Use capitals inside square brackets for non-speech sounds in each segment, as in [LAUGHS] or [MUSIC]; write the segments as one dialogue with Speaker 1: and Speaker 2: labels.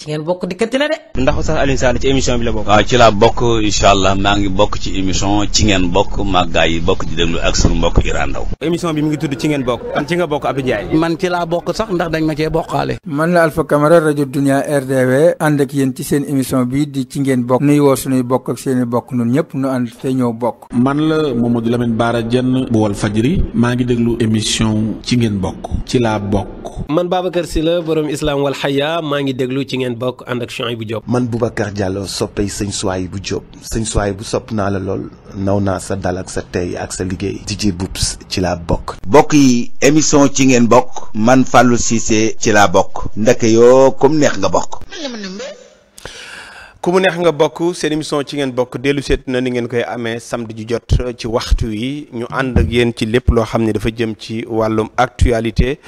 Speaker 1: ci ngeen bokk dikkati la de. ndax sax Alioune Sall ci émission bi la bokk. waaw ci laa bokk incha allah maa ngi bokk ci émission ci ngeen bokk mag gaa di ci ngeen bokk. am ci nga bokk man bokk sax ndax la Alpha Camara rajo Dunia RDV ànd ak yéen ci seen émission bi di ci ngeen bokk. nuy woo suñuy bokk ak seen bokk ñun ñëpp ñu ànd te ñëw bokk. man la Mamadou Lamine Bara Dieng bu Walf Fadjri maa ngi déglu émission ci ngeen bokk ci laa bokk. man Babacar Sylla borom islam wal xaya maa ngi déglu ci ngeen ngeen bokk ànd ak Souhaïbou Diop. man Boubacar Diallo soppey sëñ Souhaïbou Diop sëñ Souhaïbou sopp naa la lool naw naa sa dal ak sa tey ak sa liggéey. DJ Boubs
Speaker 2: ci laa bokk. bokk yi émission ci ngeen bokk. man Fallou Cissé ci laa bokk. ndeke yoo comme neex nga bokk.
Speaker 1: ku mu neex nga bokk seen émission ci ngeen bokk dellu seet na ni ngeen koy amee samedi ju jot ci waxtu wi ñu ànd ak yéen ci lépp loo xam ne dafa jëm ci wàllum actualité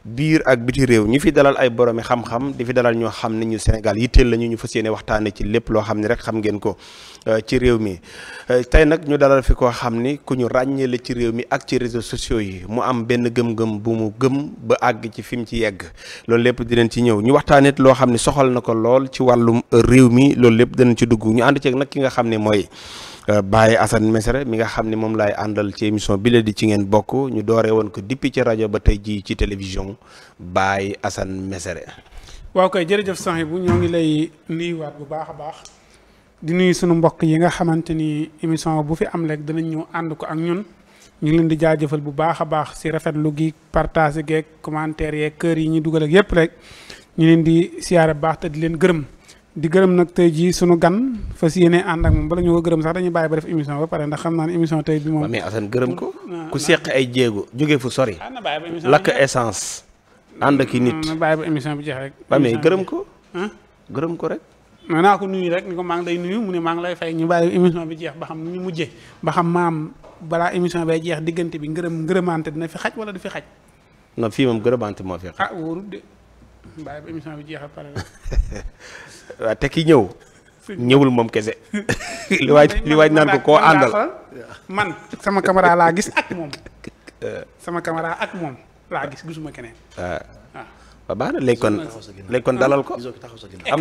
Speaker 1: biir ak biti réew ñi fi dalal ay boromi xam-xam di fi dalal ñoo xam ne ñu Sénégal yitteel lañu ñu fa yéene waxtaane ci lépp loo xam ne rek xam ngeen ko euh, ci réew mi euh, tey nag ñu dalal fi koo xam ni ku ñu ràññee ci réew mi ak ci réseau sociaux yi mu am benn gëm-gëm bu mu gëm ba àgg ci fi mu ci yegg loolu lépp dinañ ci ñëw ñu waxtaanee loo xam ne soxal na ko lool ci wàllum réew mi loolu lépp dinañ ci dugg ñu ànd ceeg nag ki nga xam ne mooy Euh, Baye Assane Mesere mi nga xam ne moom laay àndal ci émission bi la di ci ngeen bokk ñu dooree woon ko dippi ci rajo ba tey jii ci télévision Baye Assane Mesere.
Speaker 3: waaw koy jërëjëf Sohaibou ñoo ngi lay nuyuwaat bu baax a baax di nuyu sunu mbokk yi nga xamante ni émission bu fi am rek danañ ñëw ànd ko ak ñun. ñu ngi leen di jaajëfal bu baax a baax si rafetlu gi partage geek commentaire yeeg kër yi ñu dugal ak yépp rek ñu leen di siyaare baax te di leen gërëm. di gërëm nag tey jii sunu gan fas yéene ànd ak moom bala ñu ko gërëm sax dañuy bàyyi ba def émission ba pare ndax xam naa ne émission tey bi moom.
Speaker 1: mais ay jéego jóge fu sori. Ah, lakk essence. ànd ak i nit.
Speaker 3: na bàyyi ba émission bi jeex rek. mais gërëm ko. gërëm ko rek. mais naa ko nuyu rek ko maa ngi lay nuyu mu ne maa ngi lay fay ñu bàyyi émission bi jeex ba xam ñu mujjee ba xam maam balaa émission bay jeex diggante bi ngërëm ngërëmante dina fi xaj wala du fi xaj.
Speaker 1: non fii moom moo fi xaj.
Speaker 3: ah wóorul de bàyyi émission bi jeex a pare [LAUGHS]
Speaker 1: waaw te ki ñëw. ñëwul moom kese. [LAUGHS] li waaj li waaj naan ko koo àndal
Speaker 3: man sama caméra laa gis ak moom.
Speaker 1: [LAUGHS]
Speaker 3: sama caméra ak moom laa gis gisuma keneen.
Speaker 1: waaw waaw ah. baax na léegi kon
Speaker 3: léegi kon dalal ko. am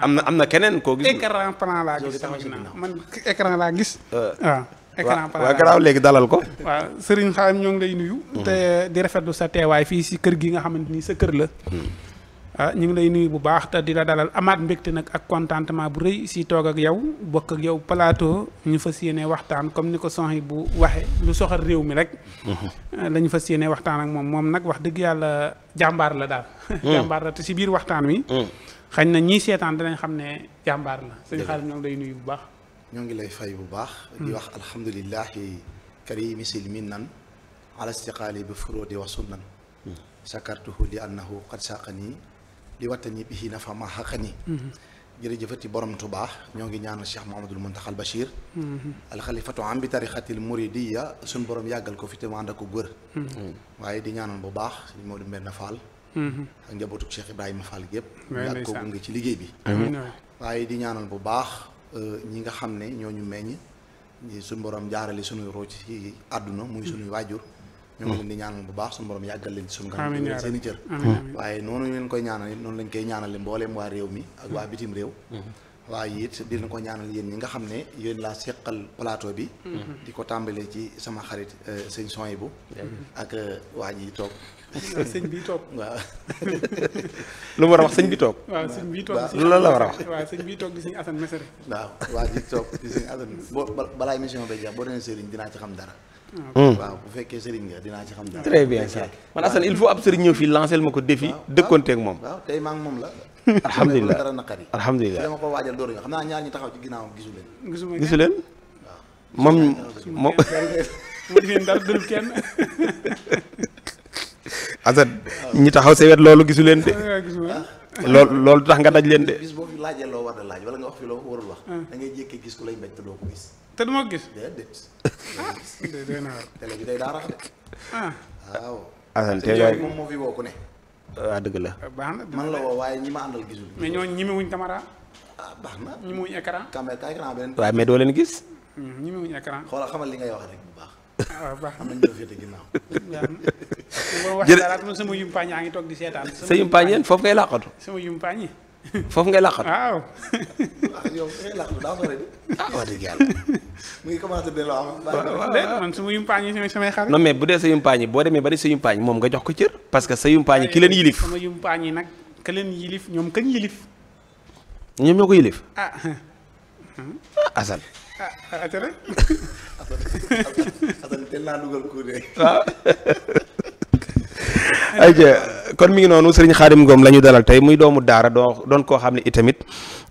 Speaker 3: am na am na keneen koo gis. laa gis sama ginnaaw man écran laa gis. waaw euh, ah, écran garaaw léegi dalal ko. waaw Serigne Xaam ñoo ngi lay nuyu. Mhm. te di rafetlu sa teewaay fii si kër gi nga xamante ni sa kër la. Mhm. ah ñu ngi lay nuyu bu baax te di la dalal amaat mbégte nag ak contentement bu rëy si toog ak yow bokk ak yow plateau ñu fas yéene waxtaan comme ni ko soxna bu waxe lu soxal réew mi rek. Mhm. Ah, la ñu fas yéene waxtaan ak moom moom nag wax dëgg yàlla jàmbaar la daal. Mm. [LAUGHS] jàmbaar la te si biir waxtaan wi. Mm. xañ na ñi seetaan danañ xam ne jàmbaar la. sëñ Xaadim
Speaker 2: ñoo ngi lay nuyu bu baax. ñoo ngi lay fay bu baax. di mm. wax alhamdulilahi karimi silminan ala istiqaali bi furoodi wa sunnan. sakartuhu li annahu qad saqani li wattani bihi nafa ma xaqani mm-hmm. jërëjëfati borom Tuubaa ñoo ngi ñaanal Cheikh Mahamadul Muntaxal Bachir mm-hmm. alxalifatu am bi tarixatil muridiyya suñ borom yàggal ko fi te mu ànd ak ko góor mm-hmm. waaye di ñaanal bu baax moo du mbenn Fall ak njabootu Cheikh Ibrahima Fall gépp yàgg ko gunge ci liggéey bi waaye di ñaanal bu baax euh, ñi nga xam ne ñoo ñu meññ suñ borom jaarale sunuy roo ci àdduna muy sunuy waajur ñoo ngi leen di ñaanal bu baax suñu borom yàggal leen ci suñu kanam seen i cër noonu ñu leen koy ñaanal noonu lañ koy ñaanale mbooleem waa mi ak waa bitim réew mm-hmm. waaye it dina ko ñaanal yéen ñi nga xam ne yéen laa seqal plateau bi mm-hmm. di ko tàmbalee ci sama xarit euh, sëñ bu mm-hmm. ak euh, waa ji toog sëñ bi toog waaw lu mu war bi toog waaw sëñ la war a wax waaw sëñ bi toog di sëñ Assane Mesere waaw waa ji toog boo balaa émission bay jeex boo demee sëriñ dinaa ci xam dara Hmm. waaw bu fekkee sëriñ dinaa ci xam dara. très bien ça man Assane il faut
Speaker 1: ab sëriñ ñëw fii lancel ma ko défi dëkkonteeg moom. waaw
Speaker 2: tey maa moom la. [LAUGHS] alhamdulilah dara naqari. alhamdulilah dama ko waajal door xam naa ñaar ñi taxaw ci ginnaawam gisu leen. gisu leen.
Speaker 1: waaw moom moom.
Speaker 2: mu defee ndar dul kenn.
Speaker 1: [LAUGHS] Assane ñi taxaw sa wet loolu gisu leen de.
Speaker 2: Ah, ah. loolu loolu tax nga daj leen de. bis boo fi laajee laaj wala nga wax fi loo ah. da ngay jékkee gis ku lay mbéj doo ko te du ma ko gis. déedéet. déedéet naa télé day daa rax de. Ah. moom moo fi woo ne. waaw ah, dëgg la. baax na man la woo waaye ñi ma àndal gisul. mais ñooñu ñime wuñ caméra. Ah, baax na ñime wuñ écran. caméra écran doo leen gis. Hmm, ñime wuñ écran. xoolal xamal li ngay wax rek bu baax. waaw na ñu féete ginnaaw.
Speaker 3: jërëjëf bu ma waxee dara sama yumpaañ yaa ngi toog di seetaan. sa yumpaañ yéen foofu ngay làqatu. sama yumpaañ yi.
Speaker 1: foofu ngay làqatu. waaw.
Speaker 3: [LAUGHS] yow ngay làqatu daa faral di.
Speaker 1: Ah, yàlla. [LAUGHS]
Speaker 3: mu ngi commencé delloo am. waaw man su ma yumpaañ yi samay xarit. non
Speaker 1: mais bu dee sa yumpaañ boo demee ba di sa yumpaañ moom nga jox ko cër. parce que sa yumpaañ ki leen yilif. sama
Speaker 3: yumpaañ yi nag ka leen yilif ñoom kañ yilif.
Speaker 1: ñoom ñoo ko yilif. ah. ah Assane.
Speaker 2: ah, ah [LAUGHS] Assane. waaw.
Speaker 1: ay kon mi ngi noonu Serigne Khadim Ngom la ñu dalal tey muy doomu daara doo doon koo xam ne itamit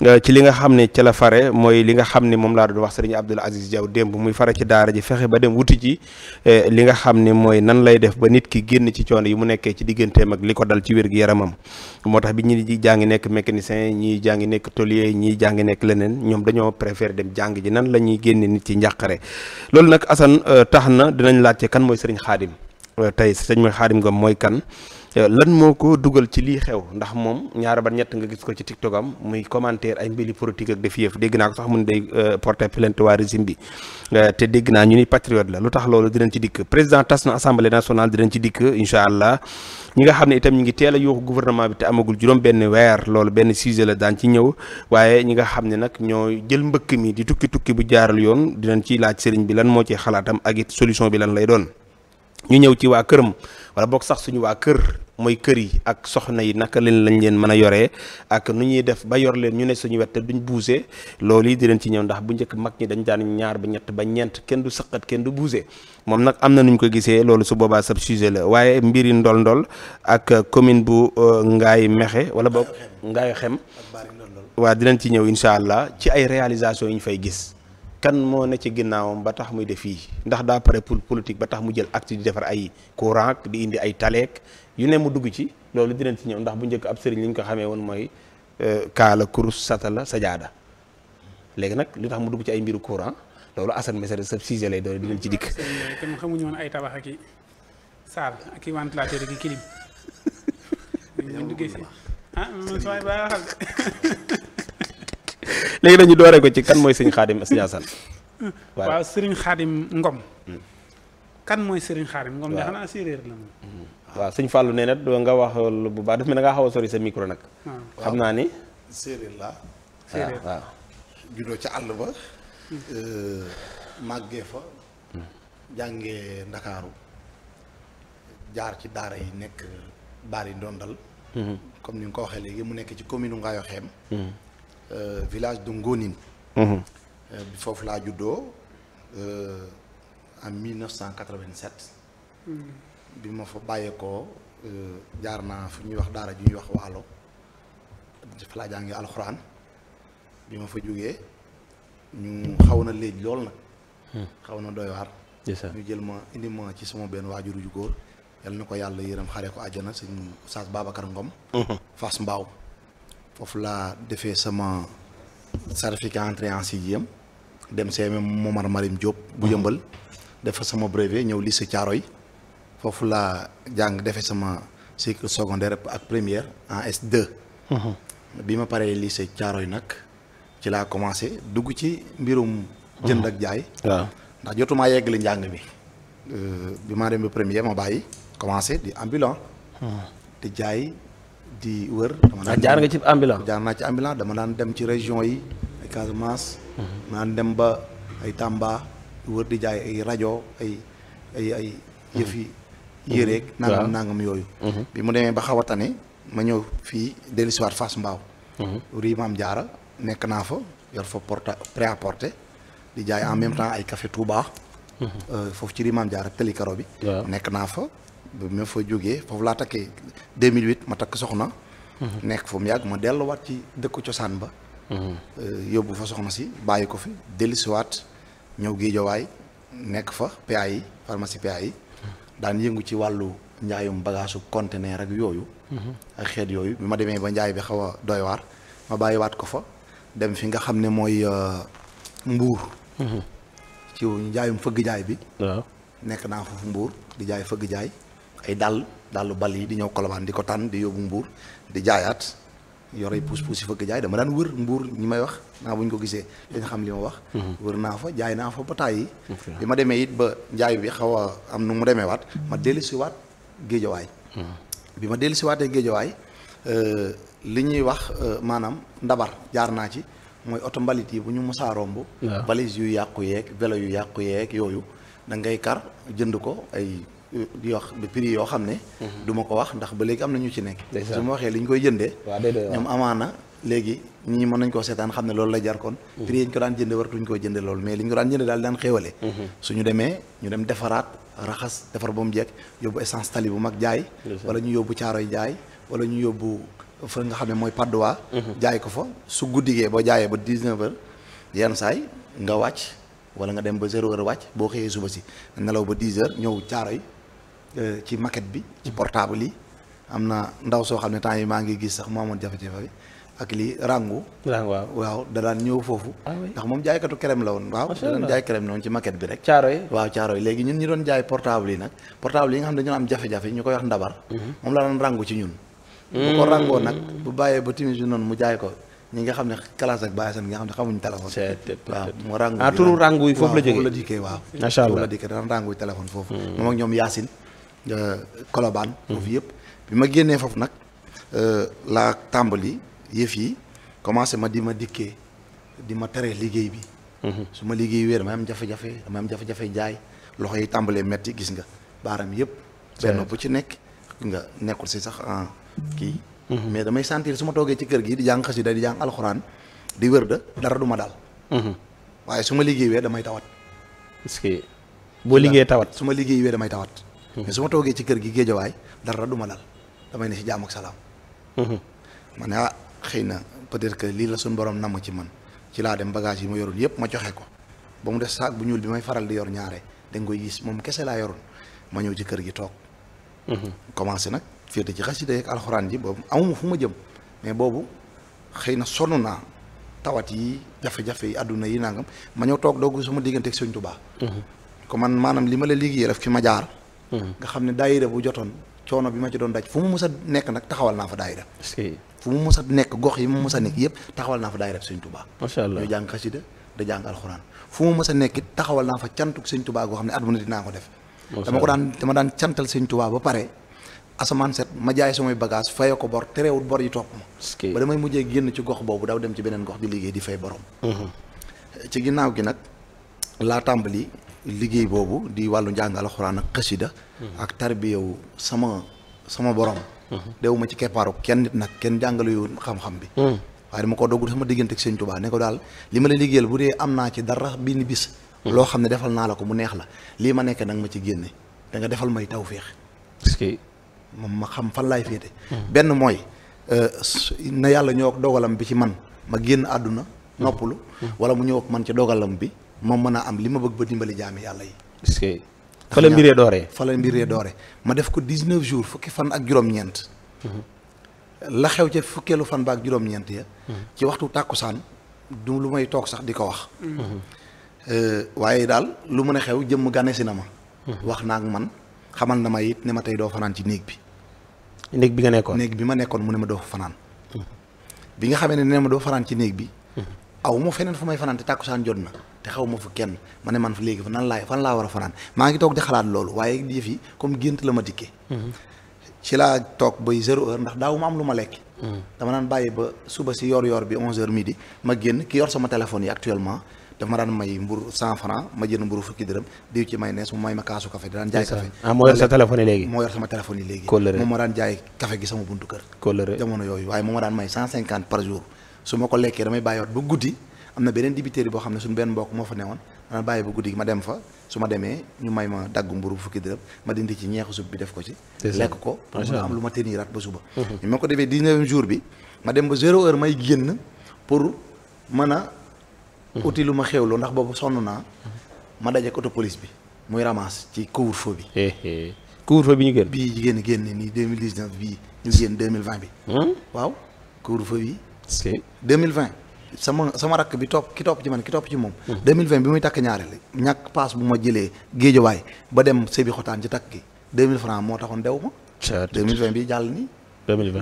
Speaker 1: euh, ci li nga xam ne ca la fare mooy li nga xam ne moom laa doon wax Serigne Abdoul Aziz Diaw démb muy fare ci daara ji fexe ba dem wuti ji euh, li nga xam ne mooy nan lay def ba nit ki génn ci coono yi mu nekkee ci digganteem ak li ko dal ci wér gi yaramam moo tax bi ñi di jàngi nekk mécanicien ñi jàngi nekk tôlier ñii jàngi nekk leneen ñoom dañoo préféré dem jàng ji nan la ñuy génne nit ci njàqare loolu nag Assane euh, tax na dinañ laajte kan mooy Serigne Khadim Euh, tey sëñ ma Xaadim Ngom mooy kan euh, lan moo ko dugal ci lii xew ndax moom ñaara ba ñett nga gis ko ci tiktok am muy commentaire ay mbili politique ak def yëf dégg naa ko sax mun day euh, porter plainte waa régime bi te dégg naa ñu ni patriote la lu tax loolu dinañ ci dikk président tas na assemblée nationale dinañ ci dikk incha allah ñi nga xam ne itam ñu ngi teel a yooxu gouvernement bi te amagul juróom benn weer loolu benn sujet la daan ci ñëw waaye ñi nga xam ne ñoo jël mbëkk mi di tukki tukki bu jaaral yoon dinañ ci laaj sëriñ bi moo ci xalaatam ak it solution bi lan lay doon ñu ñëw ci waa këram wala boog sax suñu waa kër mooy kër yi ak soxna yi naka leen lañ leen mën a yoree ak nu ñuy def ba yor leen ñu ne suñu wette duñ buuse loolu yi di leen ci ñëw ndax bu njëkk mag ñi dañ daan ñaar ba ñett ba ñeent kenn du sëqat kenn du buuse moom nag am na nuñ ko gisee loolu su boobaa sab sujet la waaye mbiri ndol ndol ak commune bu euh, ngaay mexe wala boog ngaayo xem waa dinañ ci ñëw incha allah ci ay réalisation yi ñu fay gis kan moo ne ci ginnaawam ba tax muy def fii ndax daa pare pour politique ba tax mu jël acte di defar ay courant di indi ay taleek yu ne mu dugg ci loolu dinañ ci ñëw ndax bu njëkk ab sëriñ li ñu ko xamee woon mooy euh, kaala kurus satala jaada léegi nag lu tax mu dugg ci ay mbiru courant loolu Assane Mesere sa sujet lay doo dinañ ci dikk.
Speaker 3: sëriñ xamuñu woon ay tabax ak i saal ak i ventilateur ak i clim. [LAUGHS] ah man [LAUGHS]
Speaker 1: léegi dañu dooree ko ci kan mooy sëriñ xaadim Ndiassane.
Speaker 3: waaw sëriñ xaadim Ngom. Hmm. kan mooy sëriñ xaadim Ngom. waaw xanaa séeréer la moom. Hmm.
Speaker 1: waaw sëñ Fallou nee na doo nga wax bu baax daf mel ne nga sori sa micro nag.
Speaker 2: xam naa ni. séeréer la séeréer waaw hmm. euh, fa. jàngee ndakaaru jaar ci daara yi nekk daara yi ndondal. comme ni nga ko waxee léegi mu nekk ci commune Ngayoxeem. Euh, village de Ngonin mhm. euh, bi foofu laa juddoo euh, en 1987 mhm. bi ma fa bàyyeekoo jaar naa fu ñuy wax daara ju ñuy wax waalo fa laa alxuraan bi ma fa jógee ñu xaw na léegi lool nag hmm. xaw na doy waar ñu jël ma indi ma ci sama benn waajuru ju góor yal na ko yàlla yërëm xare ko àjjana sëñ Saas Babacar Ngom hmm. Fass Mbaaw foofu laa defee sama certificat entrée en sixième dem CMM Momar Marim Diop bu mhm. yëmbal defa sama brevet ñëw lycée Thiaroye foofu laa jàng defee sama cycle secondaire ak première en s mhm. bi ma paree lycée Thiaroye nag ci laa commencé dugg ci mbirum jënd ak mhm. jaay waaw ndax jotumaa yeggali njàng mi euh, bi maa dem ba premier ma bàyyi commencé di ambulant di jaay di wër. dama daan ah, jaar nga ci ambulance. jaar naa ci ambulance dama daan dem ci région yi ay Casamance. Mhm. ma daan dem ba ay Tamba wër di jaay ay rajo ay ay ay yëf mhm. yi. Mhm. nangam nangam yooyu. bi mu demee ba xaw a tane ma ñëw fii dellusiwaat Fass Mbao. rue Jaara nekk naa fa yor fa porta prêt di jaay en même temps ay café Touba. Euh, foofu ci rue Maam Jaara tëli bi. nekk naa fa. bi ma fa jógee foofu laa takkee 2008 ma takk soxna. nekk fa mu yàgg ma delluwaat ci dëkku cosaan ba. Mhm. yóbbu fa soxna si bàyyi ko fi dellusiwaat ñëw géejawaay nekk fa PA yi pharmacie PA yi. daan yëngu ci wàllu njaayum bagaasu conteneur ak yooyu. Mhm. ak xeet yooyu bi ma demee ba njaay bi xaw a doy waar ma bàyyiwaat ko fa dem fi nga xam ne mooy euh, mbuur. Mhm. ci njaayum fëgg jaay bi. nekk naa foofu mbuur di jaay fëgg jaay. ay dàll dàllu bal yi di ñëw kolobaan di ko tànn di yóbbu mbuur di jaayaat yore puus puus yi fëgg jaay dama daan wër mbuur ñi may wax naa bu ñu ko gisee dañ xam li ma wax mhm. wër naa fa jaay naa fa ba tàyyi bi ma demee it ba jaay bi xaw a am nu mu demee waat ma dellusi waat géejawaay mhm. bi ma dellusi waatee géejawaay euh, li ñuy wax euh, maanaam ndabar jaar naa ci mooy oto mbalit yi bu ñu mosaa romb valise yu yàqu yeeg vélo yu yàqu yeeg yooyu da kar jënd ko ay yoo prix yoo xam ne mhm. du ma ko wax ndax ba léegi am na ñu ci nekk su ma waxee li koy jëndee ñoom amaana léegi ñii mën nañ koo seetaan xam ne loolu la jar kon mhm. prix yi ñu ko daan jënde waratuñ koo jënde loolu mais li ko daan jënde daal daan xéewale mhm. suñu demee ñu dem defaraat raxas defar ba mu jekk yóbbu essence tali bu mag jaay wala ñu yóbbu caaroy jaay wala ñu yóbbu fa nga xam ne mooy padduwaa jaay ko fa su guddigee boo jaayee ba 19 heures yenn saay nga wàcc wala nga dem ba zéro heure wàcc boo xëyee suba si nelaw ba 10 heures ñëw Euh, ci maquette bi ci portable yi am na ndaw soo xam ne temps yi maa ngi gis sax mu amoon jafe-jafe bi ak li rango waaw waaw da daan ñëw foofu ah ndax moom jaaykatu crème la woon waaw da daan jaay crème la ci maquette bi rek caaro yi waaw caaro yi léegi doon jaay portable yi nag portable yi nga xam ne am jafe-jafe ñu koy wax ndabar mhm. moom la daan rango ci ñun bu ko mm. rangoo bu bàyyee mu jaay ko ñi nga xam ne classe ak bàyyi seen nga xam ne xamuñu téléphone ah, yi foofu la jógee foofu la dikkee waaw macha allah foofu la dikkee daan rango yi téléphone foofu mm. moom ak ñoom yaasin Colobane. foofu yëpp bi ma génnee foofu nag euh, laa tàmbali yëf yi commencé ma di ma dikkee di ma tere liggéey bi. Mhm. su ma liggéey wéer damay am jafe-jafe damay am jafe-jafe jaay gis nga baaram yëpp. benn bu ci nekk nga nekkul si sax en ah, kii. Mhm. mais damay su ma toogee ci kër gi di jàng xasida di jàng alxuraan di wér da dara du ma daal. Mhm. waaye su ma liggéey wee damay tawat. est boo liggéeyee tawat su ma liggéey wee damay tawat. Hmm. mais su ma toogee ci kër gi géejawaay dara du ma dal damay ne si jaam ak salaam. Hmm. ma ne ah xëy na peut-être que lii la suñ borom namm ci man ci laa dem bagage yi ma yorul yëpp ma joxe ko ba mu des saak bu ñuul bi may faral di yor ñaare da koy gis moom kese laa yoroon ma ñëw ci kër gi toog. Hmm. commencé nag féete ci xasida ak alxuraan ji boobu amuma fu ma jëm mais boobu xëy na sonn naa tawat yi jafe-jafe yi àdduna yi nangam ma ñëw toog doog sama digganteeg Sëñ Tuubaa. ko man maanaam li ma la liggéeyee daf fi ma jaar. nga xam ne daayira bu jotoon coono bi ma ci doon daj fu mu mus a nekk nag taxawal naa fa daayira fu mu mus a nekk gox yi mu mus a nekk yëpp taxawal naa fa daayira sëñ Tuubaa macha allah da jàng alxuraan fu mu mus a nekk taxawal naa fa cantuk sëñ Tuubaa goo xam ne at ba pare asamaan set ma jaay samay bagage faye ko bor terewul bor yi topp ma ba damay mujjee génn ci gox boobu daw dem ci beneen gox di liggéey di fay borom mm-hmm. ci ginnaaw gi nag laa tàmbali liggéey boobu di wàllu njàng alxuraan ak xasida mhm. ak tarbiyawu sama sama borom mhm. dew ma ci keppaaru kenn nit nag kenn jàngale yu xam-xam bi mhm. waaye dama ko doggul sama diggante ak sëñ Tuubaa ne daal li ma la liggéeyal bu dee am naa ci dara benn bis loo xam ne defal naa la ko mu neex la lii ma nekk nag ma ci génne da nga defal may tawféex parce que moom ma xam fan laay féete benn mooy euh, na yàlla ñëw ak bi ci man ma génn àdduna noppalu wala mu ñëw man ci dogalam bi ma mën a am li ma bëgg ba dimbali jaami yàlla yi. que fa la mbiree dooree. fa la ma def ko 19 jours fukki fan ak juróom-ñeent. Mhm. la xew ca fukkeelu fan ba ak juróom-ñeent ya. Mhm. ci waxtu tàkkusaan du lu may toog sax di ko wax. Mhm. Euh, waaye daal lu mën a xew jëmm gane si na ma. wax naa ak man xamal na ma it ne ma tey doo fanaan ci néeg bi. néeg bi nga nekkoon néeg bi ma nekkoon mu ne ma doo fanaan. bi nga xamee ne ne ma doo fanaan ci néeg bi. aw ma feneen fu may fanaan te tàkkusaan jot na. te xaw ma fu kenn ma ne man fa léegi fa nan laay fan laa war a fanaan maa ngi toog di xalaat loolu waaye yëf yi comme gént la ma dikkee mhm. ci laa toog bay zéro heure ndax daaw ma am lu ma lekk mhm. dama daan bàyyi ba suba si yor yor bi onze heures midi ma génn ki yor sama téléphone yi actuellement dafa ma daan may mburu cent franc ma jënd mburu fukki dërëm diw ci may nees mu may ma kaasu café di daan jaay café ah moo yor sa téléphone yi léegi moo yor sama téléphone yi léegi moom ma daan yooyu waaye moom ma daan may cent ma ko lekkee damay bàyyiwaat ba guddi am na beneen dibiteeri boo xam ne suñu benn mbokk moo fa newoon dana bàyyi ba guddi gi ma dem fa su ma demee ñu may ma dagg mburu fukki dërëm ma dindi ci ñeexu sub bi def ko ci lekk ko pour mën a am lu ma teniraat ba suba ñu mm-hmm. ma ko defee dix-neuvième jour bi ma dem ba zéro heure may génn pour mën a mm-hmm. uti lu ma xewloo ndax boobu sonn naa mm-hmm. ma daje oto police bi muy ramasse ci couvre-feu bi eh, eh. couvre-feu bi ñu génn bii jigéen génn nii 2019 bii ñu génn 2020 bi hmm? waaw couvre-feu sama sama rakk bi topp ki topp ci man ki topp ci moom. 2020 bi muy takk ñaareel ñàkk paas bu ma jëlee géejawaay ba dem sébi xotaan ci takk gi 2000 francs moo taxoon ma. 2020 bi jàll nii. 2020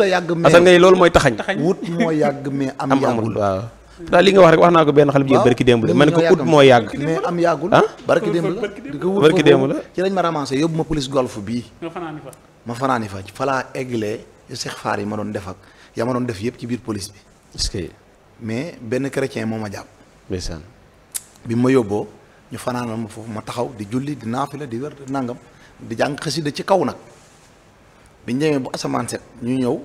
Speaker 2: a yàgg mais moo yàgg mais am yàggul waaw. daal li nga wax ko benn xale barki démb la ma ne ko ut moo yàgg mais am ah? ci lañ ma ramassé yóbbu ma police golf bii. ma fanaani fa falaa eggalee istixfaar yi ma doon def ak yaa ma doon def yëpp ci biir police bi. est que mais benn chrétien moom ma jàpp. ndeysaan bi ma yóbboo ñu fanaanal ma foofu ma taxaw di julli di la di wér di nangam di jàng xasida ci kaw nag bi demee bu asamaan set ñu ñëw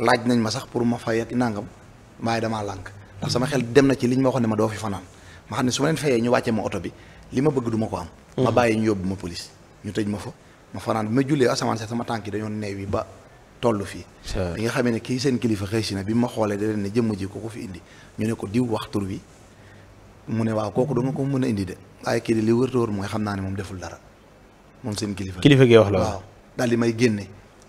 Speaker 2: laaj nañ ma sax pour ma fayat nangam waaye damaa lànk ndax sama xel dem na ci liñ ma waxoon ne ma doo fi fanaan ma xam ne su ma leen fayee ñu wàccee ma oto bi li ma bëgg duma ko am. ma mm-hmm. bàyyi ñu yóbbu ma police ñu tëj ma fa. ma fanaan bi ma jullee asamaan sax sama tànk yi dañoo neew yi ba toll fii bi nga xamee ne kii seen kilifa xëy si na bi ma xoolee da leen ne jëmm ji ko ko fi indi ñu ne ko diw waxtur wi mu ne waaw kooku danga ko mën a indi de waaye kii di li wër wër mooy xam naa ne moom deful dara moom seen kilifa kilifa gi wax la waaw daal di may génne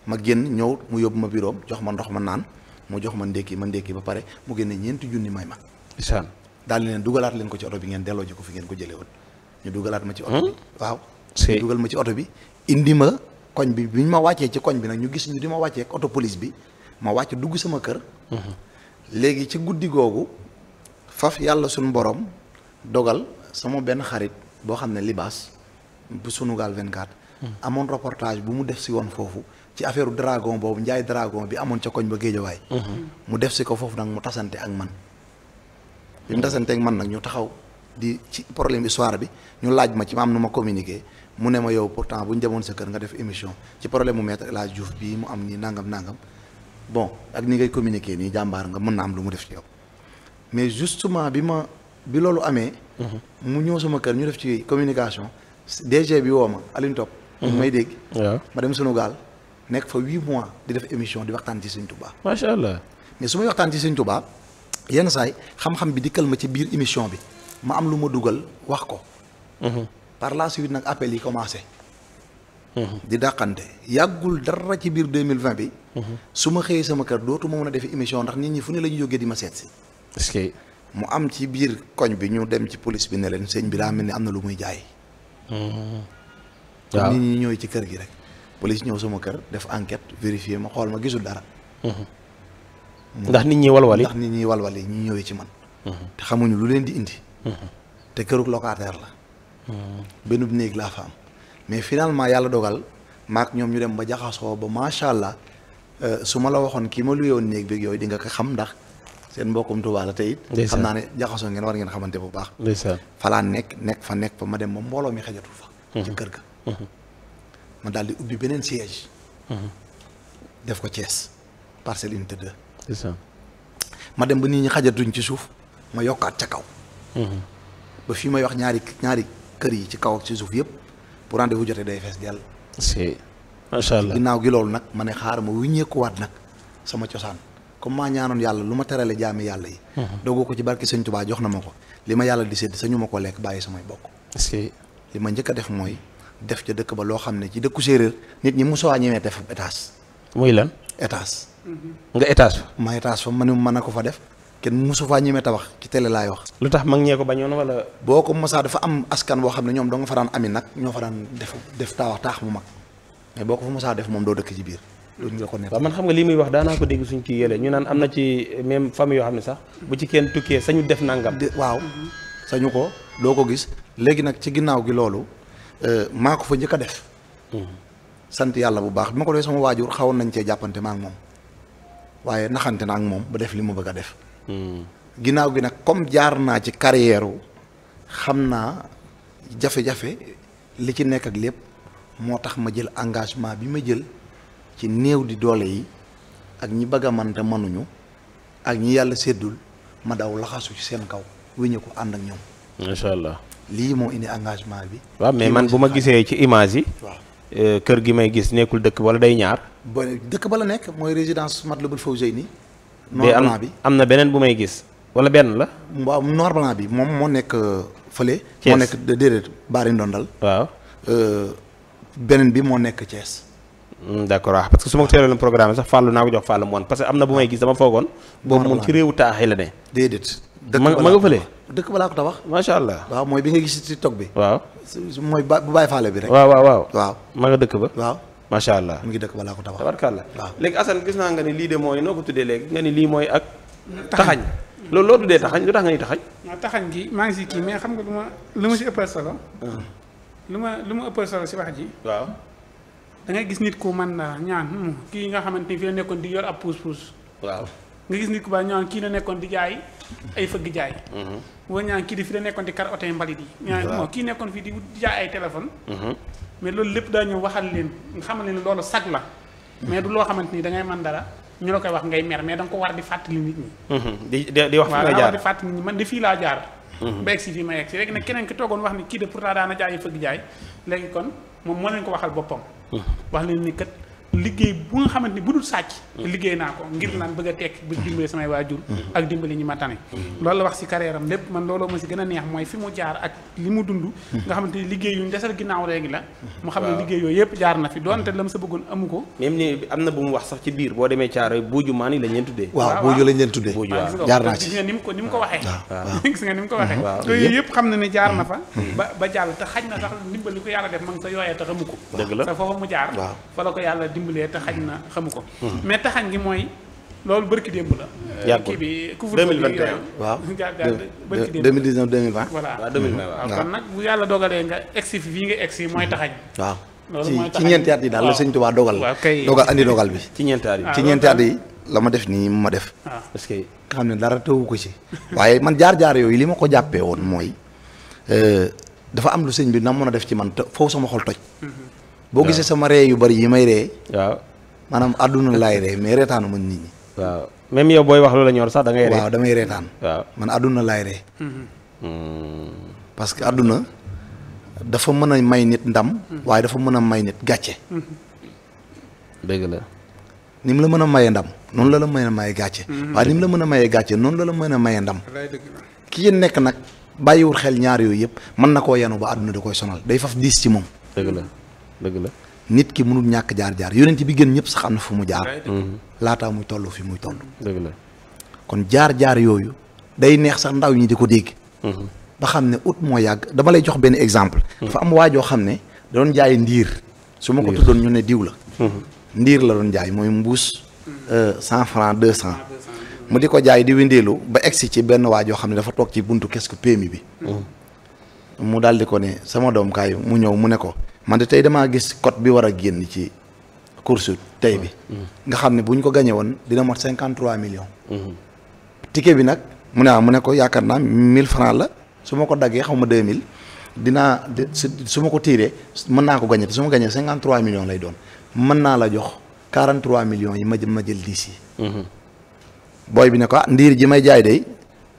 Speaker 2: ma génn ñëw mu yóbbu ma biroom jox ma ndox ma naan mu jox ma ndékki ma ndékki ba pare mu génne ñeenti junni may ma isaan daal leen dugalaat ko ci oto bi ngeen delloo ko fi ngeen ko jëlee woon dugalaat ma ci oto hmm? waaw ñu ma ci oto bi indi ma koñ bi bi ñu ma wàccee ci koñ bi nag ñu gis ñu di ma wàccee ak oto police bi ma wàcc dugg sama kër. Mm-hmm. léegi ci guddi googu faf yàlla suñu boroom dogal sama benn xarit boo xam ne libaas bu sunu Sunugal 24. Mm-hmm. amoon reportage bu mu def si woon foofu ci affaire dragon boobu njaay dragon bi amoon ca koñ ba géejawaay mm-hmm. mu def si ko foofu nag mu tasante ak man. bi mu tasante man nag ñu taxaw di ci problème histoire bi ñu laaj ma ci ma am nu ma communiqué. mu ne ma yow pourtant bu ñu demoon sa kër nga def émission ci problème mu maître El Hadj bii mu am nii nangam nangam bon ak ni ngay communiquer nii jàmbaar nga mën na am lu mu def ci yow mais justement bi ma bi loolu amee. Mhm. mu ñëw sama kër ñu def ci communication DG bi woo ma Alioune Top. Mhm. may dégg. ma dem sunu gaal nekk fa huit mois di def émission di waxtaan ci Sëñ Tuubaa. macha allah mais su may waxtaan ci Sëñ Tuubaa yenn saay xam-xam bi dikkal ma ci biir émission bi ma am lu ma dugal wax ko. Mhm. par la suite nag appel yi commencé. Mhm. di dàqante yàggul dara ci biir deux mille vingt bi. Mhm. su ma xëyee sama kër dootu ma mën a defee émission ndax nit ñi fu ne la ñu jógee di ma seet si. est que mu am ci biir koñ bi ñu dem ci police bi ne leen sëñ bi daa mel am na lu muy jaay.
Speaker 4: Mhm. waaw nit
Speaker 2: ñi ñëw ci kër gi rek. police ñëw sama kër def enquête vérifier ma xool ma gisul dara. ndax nit ñi walwali ndax nit ñi walwali ñu ñëwee ci man. te xamuñu lu leen di indi. te këruk locataire la. benn néeg laa fa am mais finalement yàlla dogal maak ñoom ñu dem ba jaxasoo ba macha allah euh, su ma la waxoon kii ma luyoon néeg bi yooyu di nga ko xam ndax seen mbokkum Tuubaa la tey it xam naa ne jaxasoo ngeen war ngeen xamante bu baax falaan nekk nekk fa nekk fa ma dem ba mbooloo mi xajatul fa mhm. ci kër ga mhm. ma daal di ubbi beneen siège mhm. def ko Thiès parcelle unité 2 c'est ma dem ba nit ñi xajatuñ ci suuf ma yokkaat ca kaw ba fii may wax ñaari ñaari kër yi ci kaw ak ci suuf yëpp bu rendez-vous jotee day fees dell. si macha allah ginnaaw gi loolu nag ma ne xaar ma wuññeekuwaat nag sama cosaan comme maa ñaanoon yàlla lu ma terale jaami yàlla yi. Mhm. dogu ko ci barki sëñ Tuubaa jox na ma ko li ma yàlla di sédd sañu ma ko lekk bàyyi samay bokk. si li ma njëkk a def mooy def ca dëkk ba loo xam ne ci dëkku séeréer nit ñi mosoo ñemee def étage. muy lan étage. nga étage fa. ma étage fa ma ne ma na ko fa def. kenn mosu faa ñemee tabax ci télé laay wax. lu tax mag ñee ko bañoon wala. boo ko mosaa dafa am askan boo xam ne ñoom doo nga fa daan ami nag ñoo fa daan def def taawax taax mu mag mais boo ko fa mosaa def moom doo dëkk ci biir. loolu ko nekk man xam nga lii muy wax daanaa ko dégg suñ kii yële ñu naan am na ci même famille yoo xam ne sax bu ci kenn tukkee sañu def nangam. waaw sañu ko doo ko gis léegi nag ci ginnaaw gi loolu euh, maa ko fa njëkk a def. Hmm. sant yàlla bu baax bi ma ko doon sama waajur xawoon nañ cee jàppante ak moom waaye naxante na ak moom ba def li mu bëgg a def ginnaaw gi nag comme jaar naa ci carrière xam naa jafe-jafe li ci nekk ak lépp moo tax ma jël engagement bi ma jël ci néew di doole yi ak ñi bëgg a man te mënuñu ak ñi yàlla séddul ma daw laxasu ci seen kaw wéññi ko ànd ak ñoom. macha allah lii moo indi engagement bi. waaw mais man bu ma
Speaker 1: gisee ci image yi. waaw. Euh, kër gi may gis nekkul dëkk wala day ñaar.
Speaker 2: ba dëkk ba la nekk mooy résidence la Matlaboul nii noir blanc bi am na beneen bu may gis wala benn la. waaw noir blanc bi moom moo nekk euh, fële. Thiès moo nekk déedéet Baari Ndondal. waaw euh, beneen bi moo nekk Thiès.
Speaker 1: Hmm, d'accord waaw parce que su ma teeloon programme sax fàllu naa ko jox fàllu moon parce que am na bu may gis dama foogoon. boobu moom ci réewu taax yi la ne. déedéet. dëkk ma nga fële.
Speaker 2: dëkk balaa ko tabax. macha allah waaw mooy bi nga gis ci TikTok bi. waaw mooy bu bàyyi faale bi rek. waaw waaw waaw. ma nga dëkk ba waaw. macha allah mu ngi dëkk balaa ko tabax tabarkàlla
Speaker 1: waaw léegi Assane gis naa nga ni lii de mooy noo ko tuddee léegi nga ni lii mooy ak
Speaker 3: taxañ loolu loo tuddee taxañ lu tax nga ni taxañ taxañ kii nga ma lu ma si ëppal nga xamante ni fi la nekkoon di yor ab puus puus waaw nga gis nit ku baax ñaan kii la nekkoon di jaay ay fëgg jaay mm-hmm. wala ñaan kii di di kar oto yi mbalit yi ñaan kii nekkoon fii di jaay ay téléphone mm-hmm. mais loolu lépp daañu waxal leen nga xamal leen loolu sag la mais du loo xamante ni da ngay mën dara ñu la koy wax ngay mer mais da nga ko war di fàttali nit ñi.
Speaker 4: Mhm.
Speaker 1: di di wax jaar war di
Speaker 3: fàttali nit ñi man de fii laa jaar. Mhm. ba egg si fii ma egg si léegi nag keneen ki toogoon wax ni kii de pourtant daana jaay fëgg jaay léegi kon moom moo leen ko waxal boppam. Mhm. wax leen ni kat liggéey bu nga xamante ni bu dul sàcc liggéey naa ko ngir lan bëgg a tekki bëgg dimbali samay waajur ak dimbali ñi ma tane loolu la wax si carrière am lépp man looloo ma si gën a neex mooy fi mu jaar ak li mu dund nga xamante ni la xam ne liggéey yooyu yëpp jaar na fi doonte la mu sa bëggoon amu ko
Speaker 1: même ni na bu mu wax sax ci biir boo demee caaro buuju maan yi lañ leen tuddee waaw buuju lañ leen
Speaker 2: tuddee jaar naa ci
Speaker 3: [LAUGHS] na ne jaar na fa hmm. ba ba jàll te xaj na sax dimbali ko yàlla la ko yàlla dimbalee te xaj na xamu ko hmm. taxañ gi mooy loolu bërki démb la. yàggul kii bi waaw [LAUGHS] bërki démb 2019 2020. voilà waaw 2020 waaw kon nag bu yàlla dogalee
Speaker 2: ci ci ñeenti at yi daal la sëñ Tuubaa dogal. indi andi dogal bi. ci ñeenti
Speaker 1: at yi ah, ci ñeenti at
Speaker 2: yi la ma def nii ma def. parce ah. que nga xam ne dara tëwu ko ci. waaye man jaar-jaar yooyu li ma ko jàppee woon mooy euh, dafa am lu sëñ bi na mën a def ci man te foofu sama xol toj. Mm-hmm. boo gisee sama ree yu bari yi may ree maanaam àdduna laay ree mais reetaanu man nit ñi. waaw même yow booy wax loola ñor sax da ngay. damay reetaan. waaw man àdduna laay ree. Mm-hmm. parce que àdduna dafa mën a may nit ndam. Mm-hmm. waaye dafa mën a may nit gàcce. Mm-hmm. la. ni la mën a maye ndam noonu la la mën a maye gàcce. waaye ni la mën a maye gàcce noonu la la mën a maye ndam. ki nekk nag bàyyiwul xel ñaar yooyu yëpp mën na koo yanu ba àdduna da koy sonal day faf diis ci moom. dëgg dëgg la. nit ki mënul ñàkk jaar-jaar yonent bi gën ñëpp sax am na fu mu jaar mm-hmm. laataa muy toll fii muy toll dëgg la kon jaar-jaar yooyu day neex sax ndaw ñi di ko dégg mm-hmm. ba xam ne ut moo yàgg dama lay jox benn exemple mm-hmm. dafa am waajoo xam ne da doon jaay ndiir su ma ko tuddoon ñu ne diw la ndiir la doon jaay mooy mbuus euh, cent franc deux cent mu di ko jaay di windeelu ba egsi ci benn waajoo xam ne dafa toog ci buntu kees ku péemi bi mu daal di ko ne sama doom kaay mu ñëw mu ne ko man de tey damaa gis cote bi war a génn ci course tey bi nga xam ne bu ñu ko gagné woon dina mot cinquante trois millions ticket bi nag mu ne ah mu ne ko yaakaar naa mille francs la su ma ko daggee xaw ma deux mille dinaa su ma ko tiiree mën naa ko gagné te su ma lay doon mën naa la jox quarante trois millions yi ma jëm ma jël dix yi booy bi ne ko ah ndiir ji may jaay day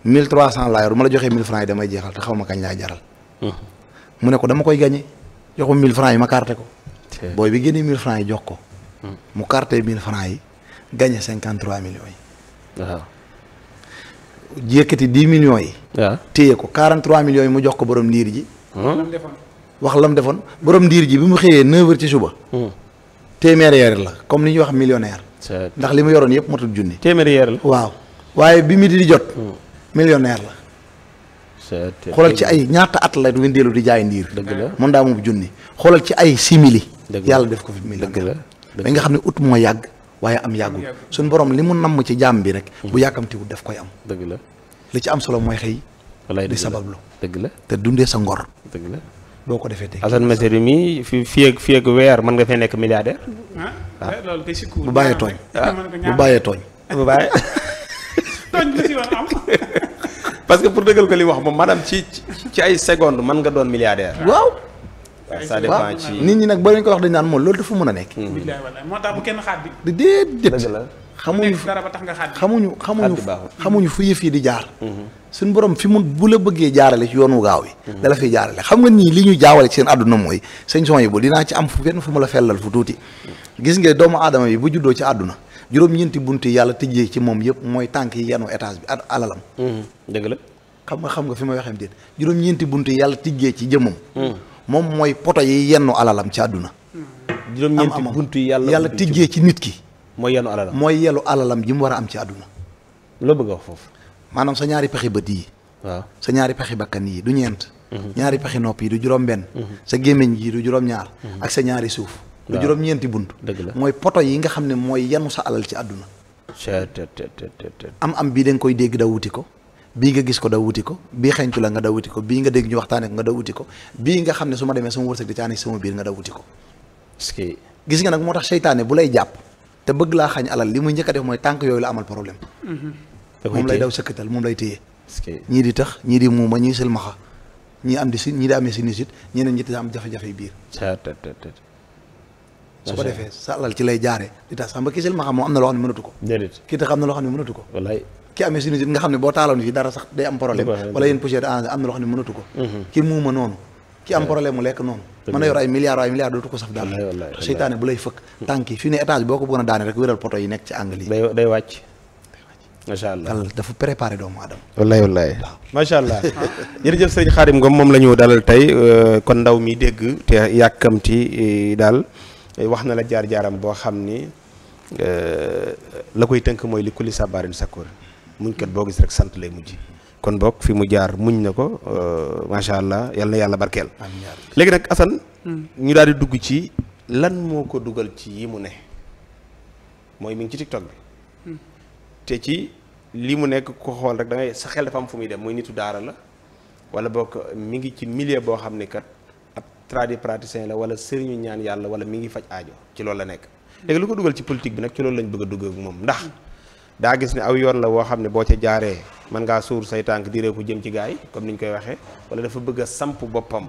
Speaker 2: mille trois cent laa yor ma la joxee mille francs yi damay jeexal te xaw ma kañ laay jaral mu ne ko dama koy gagné jox ma 1000 francs yi ma carte ko. booy bi génnee 1000 francs yi jox ko. Hmm. mu carte mille francs yi gagné 53 millions yi. waaw. yëkkati millions yi. téye ko 43 millions yi mu jox ko borom ndiir ji. Hmm? wax lam defoon borom ndiir ji bi mu xëyee 9h ci suba. Hmm. téeméeri yeer la comme li ñuy wax millionnaire. ndax li ma yoroon yëpp matul junni. téeméeri yeer la waaw waaye bi midi di jot. millionnaire la. xoolal ci ay ñaata at la windeelu di jaay ndiir dëgg la mën daa moom junni xoolal ci ay simili yàlla def ko fi mil dëgg la nga xam ne ut moo yàgg waaye am yàggul suñ borom li mu namm ci jaam bi rek bu hmm. yàkkamtiwul def koy am dëgg la li ci am solo mooy xëy di sabablu dëgg la te dundee sa ngor dëgg la boo
Speaker 1: ko defee tey Assane Mesere mi fi fii weer mën nga fee nekk milliardaire. ah,
Speaker 2: ah. Eh, loolu bu bàyyee tooñ. Ah. bu bàyyee tooñ.
Speaker 1: [LAUGHS] bu [LAUGHS] parce que pour dëggal ko li wax moom maanaam ci ci ay seconde
Speaker 2: mën nga doon milliardaire. waaw. ça dépend ci nit ñi nag boo leen ko wax dañ naan moom loolu dafa mën a nekk. Hmm.
Speaker 3: moo tax bu kenn xaat
Speaker 2: bi. déedéet. la xamuñu dara ba tax nga xaat bi xamuñu xamuñu xamuñu fu yëf yi di jaar. Hmm. suñu borom fi mu bu la bëggee jaarale ci yoonu gaaw yi. Hmm. da la fiy jaarale xam nga nii li ñu jaawale seen àdduna mooy sëñ son yi bu dinaa ci am fu kenn fu mu la fellal fu tuuti. gis nga doomu aadama yi bu juddoo ci àdduna juróom-ñeenti bunti yàlla tëjee ci moom yëpp mooy tànk yi yenu étage bi alalam. Mm-hmm. dëgg la. xam nga xam nga fi may waxee déet juróom-ñeenti bunti yàlla tijjee ci jëmmam. Mm-hmm. moom mooy poto yi yennu alalam ci àdduna. Mm-hmm. juróom-ñeenti buntu yàlla yàlla tijjee ci nit ki. mooy yennu alalam mooy yelu alalam jim war a am ci àdduna. loo bëgg a foofu. maanaam sa ñaari pexe bët yi. sa ñaari pexe bakkan yi du ñeent. ñaari pexe nopp yi du juróom-benn. sa gémmiñ yi du juróom-ñaar. ak sa ñaari suuf. lu juróom-ñeenti bunt dëgg la mooy poto yi nga xam ne mooy yanu sa alal ci àdduna am am bii da nga koy dégg daw wuti ko bii nga gis ko daw wuti ko bii xencu la nga daw wuti ko bii nga dégg ñu waxtaane ko nga da wuti bii nga xam ne su ma demee sama wërsëg di caani sama biir nga da wuti ko gis nga nag moo tax seytaane bu lay jàpp te bëgg laa xañ alal li muy njëkk a def mooy tànk yooyu la amal problème
Speaker 4: mm-hmm.
Speaker 1: moom lay daw
Speaker 2: sëkkatal moom lay téye ñii di tax ñii di muuma ñii silmaxa ñii am di si ñii di amee sinusite ñeneen ñi am jafe-jafe su ko defee sa alal ci lay jaare di tax samba kisil ma xam moom am na loo xam ne mënatu ko kii tax am na loo xam ne mënatu ko wallaay ki amee sinusite nga xam ne boo taaloon fii dara sax day am problème wala yéen poussière ange am na loo xam ne mënatu ko mhm. ki muuma noonu ki am problème mu lekk noonu mën a yor ay milliards ay milliards dootu ko saf daal seytaane bu lay fëkk tànki fii ne étage boo ko bëggoon a daane rek wéral poto yi nekk ci angle
Speaker 1: yi [LAUGHS] Eh, wax na la jaar-jaaram boo xam ni eh, la koy tënk mooy li kulli sabaarin sakoor muñ kat boo gis rek sant lay mujj kon bokk fi mu jaar muñ na ko eh, macha allah yàlla barkeel. léegi nag Assane. Hmm. ñu daal di dugg ci lan moo ko dugal ci yi mu ne mooy mu ngi ci TikTok bi. Hmm. te ci lii mu nekk ko xool rek da sa xel dafa am fu muy dem muy nitu daara la wala bokk mu ngi ci millier boo xam ne kat. tradipraticien la wala sëriñu ñaan yàlla wala mi ngi faj aajo ci loolu la nekk lu ko dugal ci politique bi nag ci a yoon la woo xam ne boo ca jaaree mën ngaa suur say tànk diree ko jëm ci gaa comme ni ñu koy waxee wala dafa bëgg a samp boppam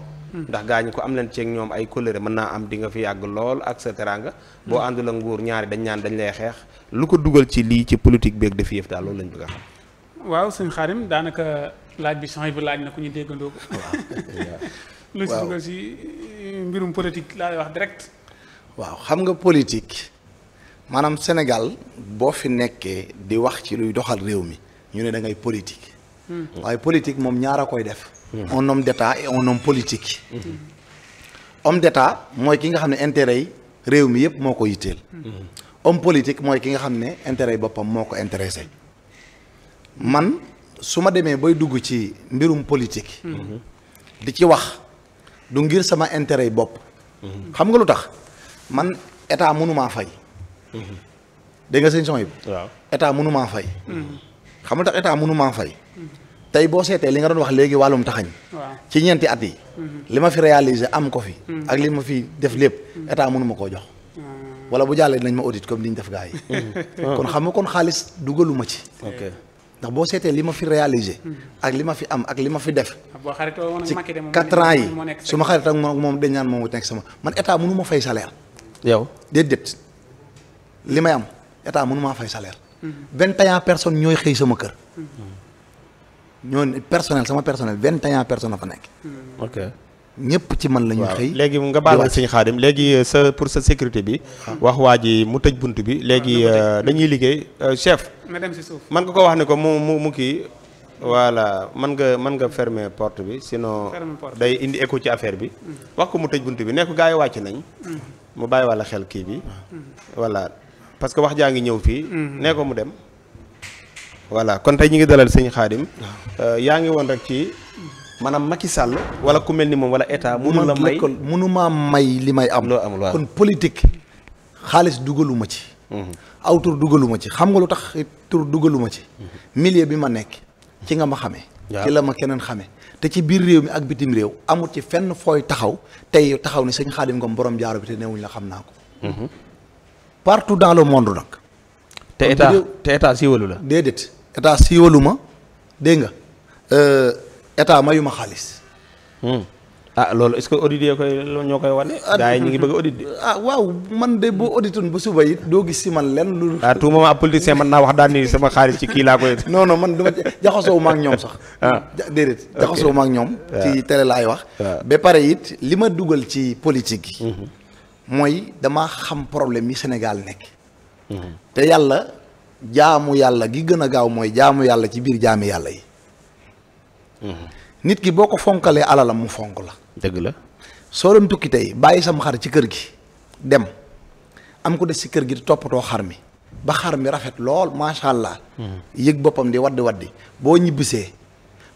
Speaker 1: ndax gaa ko am leen ceeg ñoom ay colère mën naa am di nga fi yàgg lool ak sa teranga boo àndul ak nguur ñaari dañ ñaan dañ lay xeex lu ko dugal ci lii ci politique beeg def yëf daal loolu lañ bëgg a
Speaker 3: xam waaw sëñ Xarim daanaka laaj bi sony bu laaj na ku ñu déggandoo ko [LAUGHS] lu ci eh, mbirum politique laa lay wax direct.
Speaker 2: waaw xam nga politique maanaam Sénégal boo fi nekkee di wax ci luy doxal réew mi ñu ne da ngay politique. Hmm. waaye politique moom ñaar a koy def. Hmm. un homme d'état et un homme politique. Hmm. homme d'état mooy ki nga xam ne intérêt yi réew mi yëpp moo ko yitteel. homme politique mooy ki nga xam ne intérêt yi boppam moo ko intéressé man su ma demee bay dugg ci mbirum politique. di ci wax du ngir sama intérêt yi bopp. xam nga lu tax man état mënumaa fay. dégg nga seen son yi. waaw état mënumaa fay. Mm-hmm. xam nga tax état mënumaa fay. Mm-hmm. tey boo seetee li nga doon wax léegi wàllum taxañ. ci ñeenti at yi. Mm-hmm. li ma fi réaliser am ko fi. ak li ma fi def lépp état mënuma koo jox. Ah. wala bu jàllee nañ ma audit comme ni ñu def gars yi. [LAUGHS] Ah. kon xam nga kon xaalis dugaluma ci. ndax boo seetee li ma fi réalisé. Hmm. ak li ma fi am ak li ma fi def. ci quatre ans yi su ma xarit ak moom dañ naan moom mu nekk sama man état mënu ma fay salaire. yow déedéet li may am état mënu maa fay salaire. Hmm. vingt et un personnes ñooy xëy sama kër. Hmm. ñooñu personnel sama personnel vingt et un personnes fa nekk. ñëpp ci man la ñu xëy léegi nga baalu sëñ Xaadim léegi euh, sa pour sa sécurité bi
Speaker 4: ah.
Speaker 1: wax waa ji mu tëj bunt bi léegi ah, euh, dañuy liggéey euh, chef si suuf man nga ko wax ne ko mu mu mu kii voilà man nga mën nga fermer port bi sinon day indi écho ci affaire bi mm. wax ko mu tëj bunt bi nekk gars yi wàcc nañ mm. mu bàyyi walla xel kii bi ah. mm. voilà parce que wax jaa ngi ñëw fii nee ko mu dem voilà
Speaker 2: kon tey ñu ngi dalal
Speaker 1: sëñ Xaadim yaa ngi woon rek ci maanaam Macky Sall wala ku mel ni moom wala état mënu la may kon
Speaker 2: li may am kon politique xaalis dugaluma ci mhm. aw tur dugaluma ci xam nga lu tax tur dugaluma ci mhm. milieu bi ma nekk ci nga ma xamee ci la ma keneen xamee te ci biir réew mi ak bitim réew amul ci fenn fooy taxaw tey taxaw ni sëñ Xaadim Ngom borom jaaro bi te newuñ la xam naa ko mhm. partout dans le monde nag te état siiwalu la déedéet état siiwalu ma dégg nga euh, état mayu ma xaalis. Hmm.
Speaker 1: ah loolu est-ce que audit yi ñoo koy wane. gars yi ñu ngi bëgg audit de. Ah,
Speaker 2: waaw man de boo auditoon ba suba it doo gis si man lenn lu. ah
Speaker 1: tout moment ab politicien mën naa wax daan sama xaalis ci kii laa koy. [LAUGHS]
Speaker 2: non non man dama jaxasoo ma ak ñoom sax. ah déedéet jaxasoo ma ak ñoom. Ah. ci télé laay wax. Ah. ba pare it li ma dugal ci politique yi. Mhm. mooy damaa xam problème yi Sénégal nekk. Mhm. te yàlla jaamu yàlla gi gën a gaaw mooy jaamu yàlla ci biir jaami yàlla yi. nit ki boo ko fonkalee alalam mu fonk la. dëgg la soo doon tukki tey bàyyi sam xar ci kër gi dem am ko des ci kër gi di toppatoo xar mi ba xar mi rafet lool macha allah. yëg boppam di waddi waddi boo ñibbisee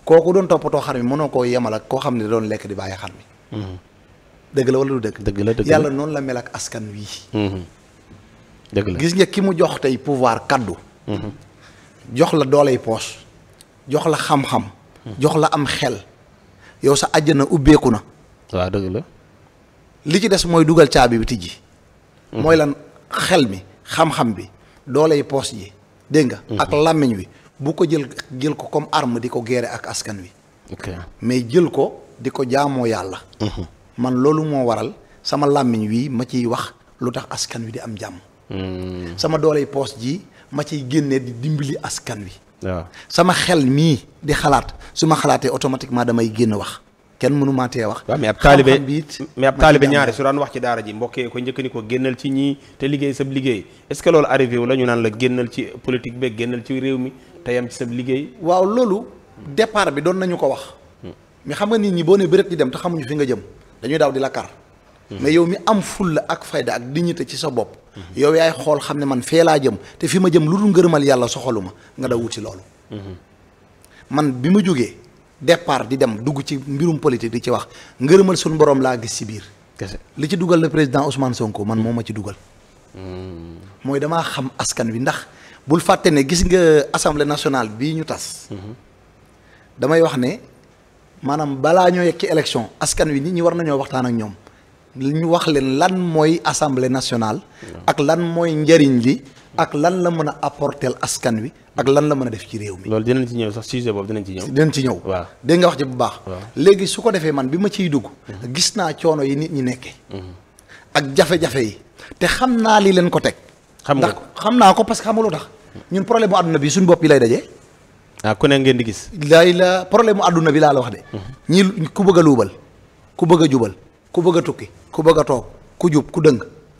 Speaker 2: kooku doon toppatoo xar mi mënoo koo yemal ak koo xam ne doon lekk di bàyyi xar mi. dëgg la wala du dëgg. la dëgg yàlla noonu la mel ak askan wi. Mhm. dëgg gis nga ki mu jox tey pouvoir kaddu. Mhm. jox la dooley poos jox la xam-xam. jox la am xel yow sa àjjana ubbeeku na. waaw la. li ci des mooy dugal caabi bi tijji. mooy lan xel mi xam-xam bi dooley poos ji dégg nga. Mhm. ak làmmiñ wi bu ko jël jël ko comme arme di ko gérer ak askan wi. mais jël ko di ko jaamoo yàlla. Mhm. man loolu moo waral sama làmmiñ wi ma ciy wax lu tax askan wi di am jàmm. Hmm. sama dooley poos ji ma ciy génne di dimbali askan wi. waaw sama xel mii di xalaat su ma xalaatee automatiquement damay génn wax kenn mënuma maa tee wax. mais ab taalibe mais ab taalibe ñaari su
Speaker 1: daan wax ci daara ji mbokkee ko njëkk ni ko génnal ci ñii te liggéey sab liggéey est-ce que loolu arrivé wu la ñu naan la génnal ci politique be génnal ci réew mi te yam ci
Speaker 2: sab liggéey. waaw loolu départ bi doon nañu ko wax. Hmm. mais xam nga nit ñi boo ne bëreet di dem te xamuñu fi nga jëm dañuy daw di la kar hmm. mais yow mi am fulla ak fayda ak di dignité ci sa bopp. yow yaay xool xam ne man fee laa jëm te fi ma jëm lu dul ngërëmal yàlla soxalu ma nga daw wut loolu man bi ma jógee départ di dem dugg ci mbirum politique di ci wax ngërëmal suñu boroom laa gis si biir li ci dugal le président Ousmane Sonko man moo ma ci dugal hmm. mooy damaa xam askan wi ndax bul fàtte ne gis nga assemblée nationale bii ñu tas hmm. damay wax ne maanaam balaa ñoo yegg ci élection askan wi nit ñi war nañoo waxtaan ak ñoom ñu wax leen lan mooy assemblée nationale. ak lan mooy njëriñ li. ak lan la mën a apporter askan wi. ak lan la mën a def ci réew mi. loolu dinañ ci ñëw sax sujet boobu dinañ ci ñëw. dinañ ci ñëw waaw dégg nga wax ji bu baax. léegi su ko defee man bi ma ciy dugg. gis naa coono yi nit ñi nekkee.
Speaker 4: Mm-hmm.
Speaker 2: ak jafe-jafe yi te xam naa li leen ko teg. xam nga xam naa ko parce que xamuloo tax ñun problème mu àdduna bi suñu bopp yi lay dajee. ah ku ne ngeen di gis. lay la problème mu àdduna bi laa la wax de. Mm-hmm. ñii ku bëgg a tukki ku bëgg a toog ku jub ku dëng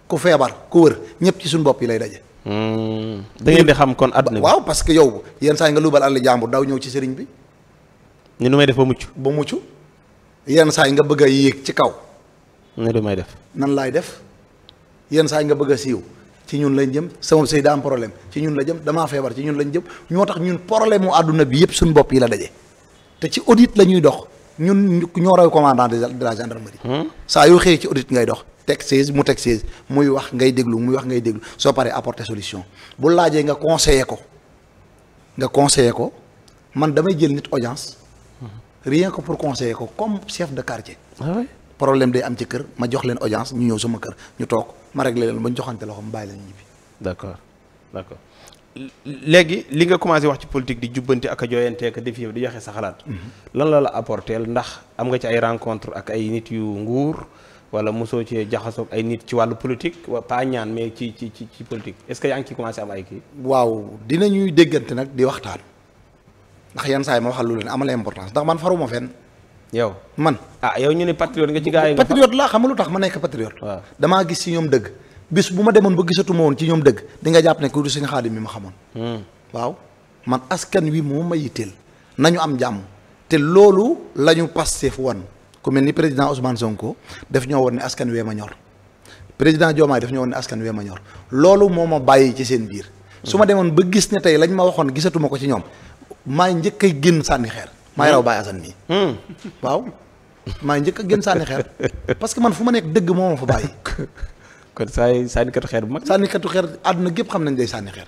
Speaker 2: ku feebar ku wër ñëpp ci suñu bopp yi lay daje.
Speaker 1: Hmm. da de di
Speaker 2: xam kon àdduna bi waaw parce que yow yenn saa yi nga luubal jàmbur daw ñëw ci sëriñ bi.
Speaker 1: ñu nu may def ba mucc. mucc
Speaker 2: yenn saa yi nga bëgg a ci kaw. ne du may def. nan laay def yenn saa yi bëgg siiw ci ñun lañ jëm sama sëy daa am ci ñun la jëm damaa feebar ci ñun lañ jëm ñoo tax ñun problème mu àdduna bi suñu bopp yi la daje te ci audit la ñuy dox. ñun ñoo roy commandant de la gendarmerie. Hmm? saa yoo xëyee ci audit ngay dox. teg mu teg seize muy wax ngay déglu muy wax ngay déglu soo paree apporter solution bu laajee nga conseiller ko nga conseiller ko man damay jël nit audience. rien ko pour conseiller ko comme chef de quartier. Ah problème day am ci kër ma jox leen audience ñu ñëw sama kër ñu toog ma réglé leen ba ñu joxante loxo mu bàyyi leen ñibbi. d'accord
Speaker 1: d'accord. léegi
Speaker 2: li nga commencé wax ci politique di
Speaker 1: jubbanti ak a jooyante ak di joxe sa xalaat. Mhm. lan la la apporteel ndax am nga ci ay rencontre ak ay nit yu nguur walla mosoo cee jaxasoo ay nit ci wàllu politique wa pas ñaan mais
Speaker 2: ci ci ci ci politique est-ce que yaa ngi ciy am ay kii. waaw dinañuy déggante nag di waxtaan ndax yan saa yi ma waxal lu leen amal importance ndax man faruma fenn. yow man ah yow ñu ne patriote nga ci gaa yi. patriote laa xam lu tax ma nekk patriote. waaw gis ci ñoom dëgg. bis bu ma demoon ba gisatuma woon ci ñoom dëgg di nga jàpp ne ku du sëñ xaadim mi ma xamoon hmm. waaw man askan wi moo ma yitteel nañu am jàmm te loolu la ñu Pastef wan ku mel ni président Ousmane Sonko daf ñoo woon ne askan wee ma ñor président Diomaye daf ñoo askan wee ma ñor loolu moo ma bàyyi ci seen biir su ma demoon ba gis ne tey lañ ma waxoon gisatuma ko ci ñoom maay njëkk a génn sànni xeer maay raw Baye Assane nii hmm. waaw maay njëkk a génn sànni xeer parce man fu ma nekk dëgg moo ma fa bàyyi [LAUGHS] kon saa yi sànnikatu xeer bu mag. sànnikatu xeer àdduna gépp xam nañ day sànni xeer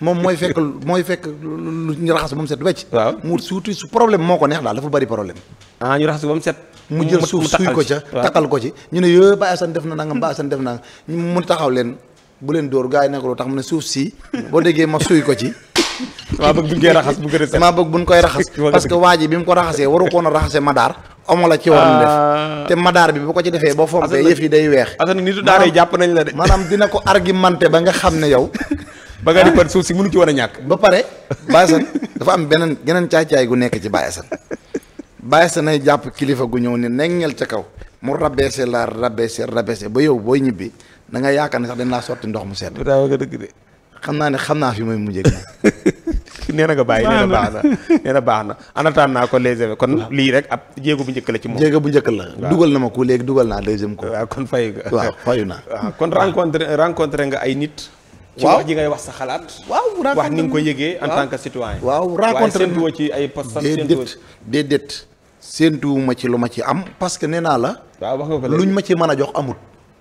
Speaker 2: moom mooy fekk mooy fekk lu ñu ah, ñu raxas ba mu set. mu jël suuf suy ko ca takkal ko ci ñu ne yooyu Baye Assane def na nangam Baye Assane def na mu taxaw leen bu leen dóor gars yi nekk lu tax mu ne suuf si boo déggee ma suy ko ci. [LAUGHS] maa bëgg buñ koy raxas maa bëgg buñ koy raxas [LAUGHS] parce que waa bi mu ko raxasee waru koon madaar omo la ci woon ah. def te madaar bi bu ko ci defee boo fompee yëf yi day weex asana nitu daara yi jàpp nañ la de maanaam dina ko argumenté ba nga xam ne yow [LAUGHS] ba nga di ah. pat suuf si mënu ci war a ñàkk ba pare Baye Assane dafa am beneen geneen caay-caay gu nekk ci Baye Assane Baye Assane ay jàpp kilifa gu ñëw ne neññel ca kaw mu rabaissé la rabaissé rabaissé ba yow booy ñibbi da nga yaakaar ne sax dañ laa sotti ndox mu sedd xam naa ne xam naa fi mooy mujjee [LAUGHS] [LAUGHS] nee na nga bàyyi nee na baax na nee baax na
Speaker 1: anataan naa ko léegi kon lii rek ab jéego bu njëkk la ci moom jéego
Speaker 2: bu njëkk la dugal na ma ko léegi dugal naa deuxième ko waaw kon fayu nga waaw fayu naa [LAUGHS]
Speaker 1: waaw kon nga
Speaker 2: ay nit ci wax ji
Speaker 1: ngay wax sa xalaat waaw wax ni nga ko yëgee en tant que citoyen waaw rencontré waaye ci ay poste déedéet
Speaker 2: déedéet séentuwuma ci lu ma ci am parce que nee naa la waaw wax nga ko luñ ma ci mën a jox amul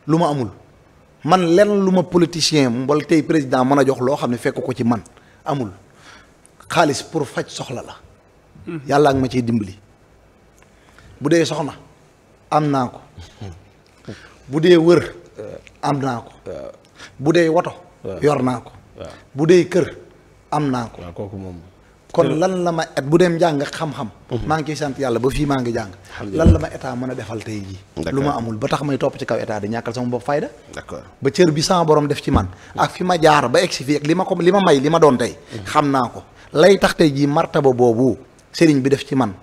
Speaker 2: lu ma amul man lenn lu ma politicien wala tey président mën a jox loo xam ne fekk ko ci man amul xaalis pour faj soxla la yàlla ak ma ciy dimbali bu dee soxna am naa ko bu dee wër am naa ko bu dee woto yor naa ko bu dee kër am naa
Speaker 1: ko moom
Speaker 2: kon lan la ma et bu dem jàng xam-xam mhm. maa ngi ciy sant yàlla ba fii maa ngi jàng lan la ma état mën a defal tey jii lu ma amul ba tax may topp ci kaw état di ñàkkal sama bopp fayda d'accord ba cër bi sama borom def ci man ak fi ma jaar ba egsi fii ak li ma ko li ma may li ma doon tey mhm. xam naa ko lay tax tey jii martaba boobu sëriñ bi def ci man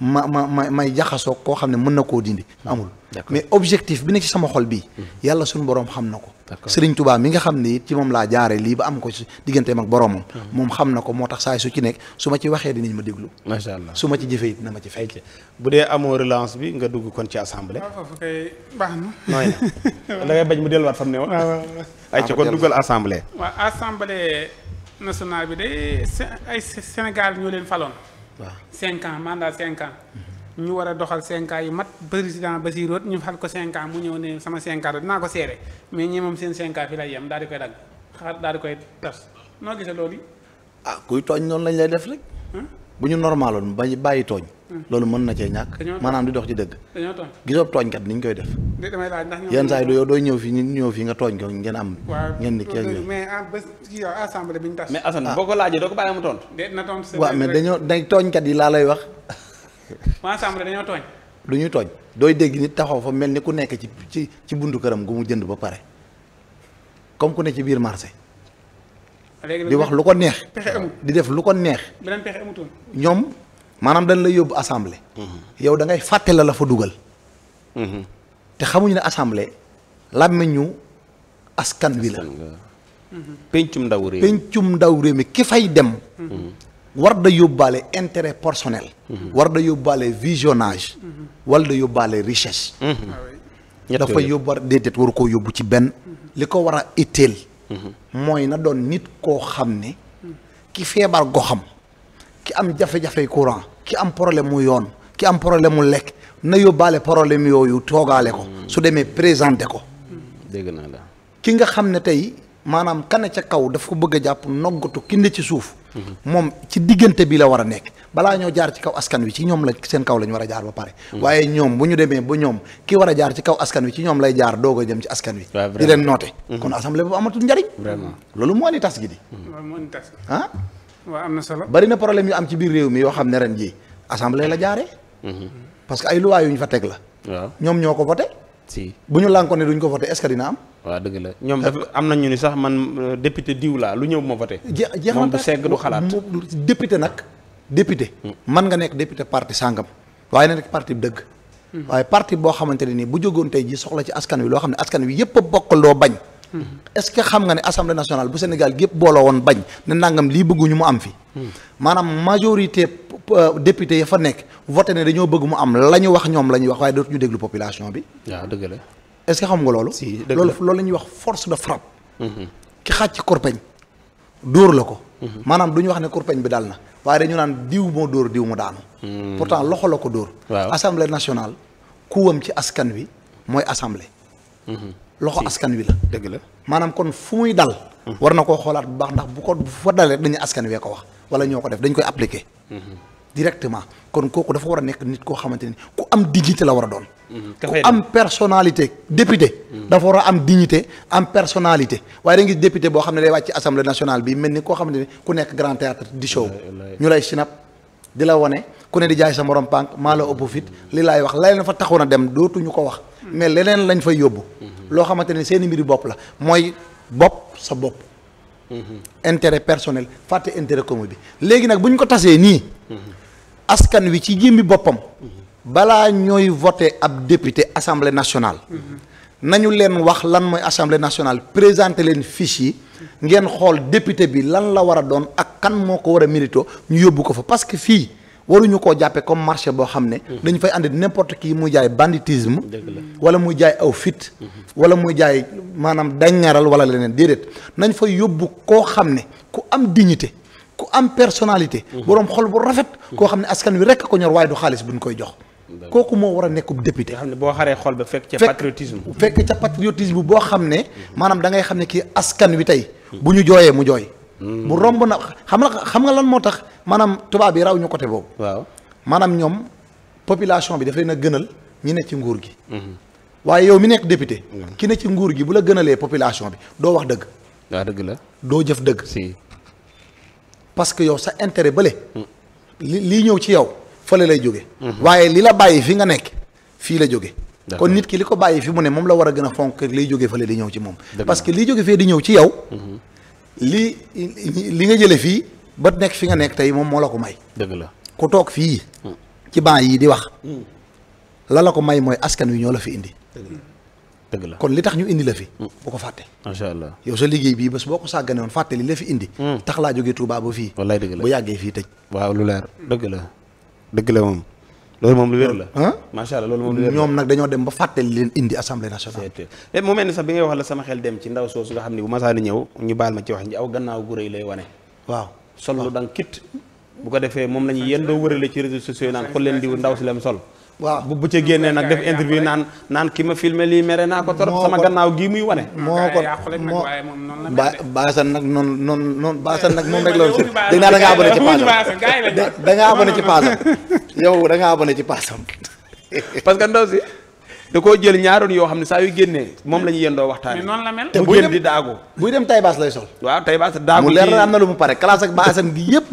Speaker 2: ma ma ma may jaxasoo koo xam ne mën na koo dindi ah, amul mais objectif bi ne ci sama xol bi mhm. yàlla suñu boroom xam na ko sëriñ tubaa mi nga xam ne ci moom laa jaare lii ba am ko ci digganteem ak boroomam ah. moom xam na ko moo tax saay su ci nekk su ma ci waxee dinañ ma déglu macha allah su ma ci jëfee dina ma ci fay bu dee amoo relance bi nga dugg
Speaker 1: kon ci assemblée ah,
Speaker 3: foofu kay baax na nooy na
Speaker 1: [LAUGHS] bañ mu delluwaat fam ne woon ay ci kon
Speaker 3: national bi day ay Sénégal ñoo leen faloon. waa cinq ans mandat cinq ans. ñu war a doxal cinq ans yu mat président Bassirou ñu fal ko cinq ans mu ñëw ne sama cinq ans dinaa ko seere mais ñi moom seen cinq ans fi lay yem daa di koy dagg xaar daal di koy tas noo gisee loolu yi.
Speaker 2: ah kuy tooñ noonu lañ lay def rek. bu ñu normaloon ba bàyyi tooñ. Hmm. loolu mën na cee ñàkk. maanaam di dox ci dëgg. dañoo tooñ gisoo tooñkat ni ñu koy def. yenn saa yi yow dooy ñëw fii ñu ñëw fii nga tooñ ko ngeen am. ngeen ni kii ak
Speaker 3: bi ñu tas. mais Assane ah. boo
Speaker 2: ko laajee doo ko bàyyi mu tontu.
Speaker 3: déet mais
Speaker 2: dañoo day tooñkat yi laa lay wax.
Speaker 3: [LAUGHS] waa
Speaker 2: du ñuy tooñ dooy dégg nit taxaw fa mel ni ku nekk ci ci ci buntu këram gu mu jënd ba pare comme ku ne ci biir marché
Speaker 3: di wax lu ko neex.
Speaker 2: di def lu ko neex.
Speaker 3: beneen pexe amutoon.
Speaker 2: ñoom maanaam dañ lay yóbbu assemblée. Mhm. yow da ngay fàtte la la fa dugal. Mhm. te xamuñu ne assemblée làmmiñu askan wi la. Mhm. pencum ndaw réew mi pencum ndaw réew mi ki fay dem. war da yóbbaale intérêt personnel. war da yóbbaale visionnage. war da yóbbaale richesse.
Speaker 4: Ah dafa yóbba
Speaker 2: déedéet waru koo yóbbu ci benn. li ko war a itteel. mooy na doon nit koo xam ne ki feebar goxam ki am jafe-jafe courant ki am problème mu yoon ki am problème mu lekk na yóbbaale problème yooyu toogaale ko mm. su demee présenté ko mm. dégg naa la ki nga xam ne tey maanaam kane ca kaw daf ko bëgg a jàpp noggatu kinde ci suuf moom ci diggante bi la war a nekk balaa ñoo jaar ci kaw askan wi ci ñoom la seen kaw la war a jaar ba pare mm. waaye ñoom bu ñu demee ba ñoom ki war a jaar ci kaw askan wi ci ñoom lay jaar doog a jëm ci askan wi di leen noote mm-hmm. kon assemblée boobu amatul njariñ loolu moo ni tas gi di
Speaker 3: mm. ah waaw
Speaker 2: yu am ci biir réew mi yoo xam ne ren jii assemblée la jaaree mm-hmm. parce que ay luwaa yu ñu fa teg
Speaker 1: la
Speaker 2: ñoom ñoo ko voté si bu ñu lànkoon ne duñ ko voté est-ce que dina am. waaw dëgg la ñoom dafa am na ñu ni sax man euh, député diw laa lu ñëw ma voté. jeex moom du segg du xalaat député nag. député. man hmm. nga nekk député parti sàngam. waaye na nekk parti bi dëgg. Hmm. waaye parti boo xamante ne nii bu jógoon tey ji soxla ci askan wi loo xam ne askan wi yëpp a bokk loo bañ. est-ce que xam nga ne assemblée nationale bu Sénégal gépp booloo woon bañ ne nangam lii bëgguñu mu am fi. maanaam majorité euh, député ya fa nekk voté ne dañoo bëgg mu am la ñu wax ñoom la ñuy wax waaye dootuñu déglu population bi. dëgg la. est-ce que xam nga loolu. si dëgg loolu loolu la ñuy wax force de frappe. Mm-hmm. ki xàcc ci korpeñ dóor la ko. Mm-hmm. maanaam du ñu wax ne kurpeñ bi daal na waaye dañu naan diw moo dóor diw mu daanu. Mm. pourtant loxo la ko dóor. waaw assemblée nationale kuwam ci askan wi mooy assemblée.
Speaker 4: Mm-hmm. loxo
Speaker 2: askan wi la. la maanaam kon fu muy dal. Mm-hmm. war na koo xoolaat bu baax ndax bu ko bu fa dalee dañu askan wee ko wax wala ñoo ko def dañ koy appliquer. Mm-hmm. directement kon kooku dafa war a nekk nit koo xamante ni ku am dignité la war a doon. Mm-hmm. ku am personnalité député. dafa war a am dignité am personnalité waaye da ngi député boo xam ne day wàcc assemblée nationale bi mel ni koo xamante ni ku nekk grand théâtre di show ñu lay sinap di la wane ku ne di jaay sa morom pànk maa la ëpp fit li laay wax la leen fa taxoon a dem dootuñu ko wax. mais leneen lañ fay yóbbu. loo xamante ne seen mbiri bopp la mooy bopp sa bopp. Mm-hmm. intérêt personnel fàtte intérêt comme bi léegi nag bu ñu ko tasee nii. Mm-hmm. askan wi ci jëmmi boppam. Mm-hmm. balaa ñooy voté ab député assemblée nationale. nañu leen wax lan mooy assemblée nationale présenté leen fiche yi ngeen xool député bi lan la war a doon ak kan moo ko war a mérito ñu yóbbu ko fa parce que fii. waruñu koo jàppe comme marché boo xam ne mhm. dañu fay andi n'importe kii muy jaay banditisme wala muy jaay aw fit mhm. wala muy jaay maanaam dañaral wala leneen déedéet nañ fa yóbbu koo xam ne ku am dignité ku am personnalité mhm. boroom xol bu rafet koo xam ne askan wi rekk ko ñor waaye du xaalis buñ koy jox kooku moo war a nekkub député. nga xam ne boo xaree xol ba fekk ca patriotisme. fekk ca patriotisme boo xam ne maanaam da ngay xam ne kii askan wi tey bu ñu jooyee mu jooy bu romb na xam nga xam nga lan moo tax maanaam tubaab yi raw ñu côté boobu. waaw maanaam ñoom population bi daf leen a gënal ñi ne ci nguur gi. Mhm. waaye yow mi nekk député. Mhm. ki ne ci nguur gi bu la gënalee population bi doo wax dëgg. dëgg la doo jëf dëgg. si parce que yow sa intérêt bële. Mm. li lii ñëw ci yow fële lay jóge mhm. waaye li la bàyyi fi nga nekk fii la jóge kon nit ki li ko bàyyi fi mu ne moom la war a gën a fonk liy jóge fële di ñëw ci moom. parce que liy jóge fee di ñëw ci yow. li li nga jële fii ba nekk fi nga nekk tey moom moo la ko may dëgg la ku toog fii ci ban yii di wax la la ko may mooy askan wi ñoo la fi indi dëgg la kon li tax ñu indi la fi mm. bu ko fàtte macha allah yow sa liggéey bii bés boo ko sàggane woon fàtte li la fi indi mm. tax laa jógee Touba ba fii wallaay dëgg la bu yàggee fii tëj waaw lu leer dëgg la dëgg la moom loolu moom lu wér la
Speaker 1: ah macha allah loolu moom lu wér ñoom nag
Speaker 2: dañoo dem ba fàttali leen indi assemblée nationale
Speaker 1: et mu mel ni sax bi ngay wax la sama xel dem ci ndaw soosu nga xam ne bu masaani ñëw ñu baal ma ci wax ñi aw gannaaw gu rëy lay wane waaw sol lu dang kit bu ko defee moom la ñuy yendoo wërale ci réseaux sociaux yi naan xool leen ndaw si lam sol waaw bu bu ca génnee nag def interview naan naan ki ma filmé lii mere naa ko trop sama gannaaw gii muy wane. moo ko
Speaker 3: moo
Speaker 2: ba Baasan nag noonu noonu noonu Baasan nag moom rek la [LAUGHS] woon si dégg naa da ngaa abonné ci paasam da ngaa abonné ci paasam yow da ngaa abonné ci paasam.
Speaker 1: [LAUGHS] parce que ndaw si da koo jël ñaaroon yoo xam ne saa yu génnee moom la ñu yendoo waxtaanee. noonu la mel te buy dem di daagu.
Speaker 2: buy dem tay baas lay sol.
Speaker 1: waaw tay baas daagu mu leer na am
Speaker 2: na lu mu pare classe ak Baasan gi yëpp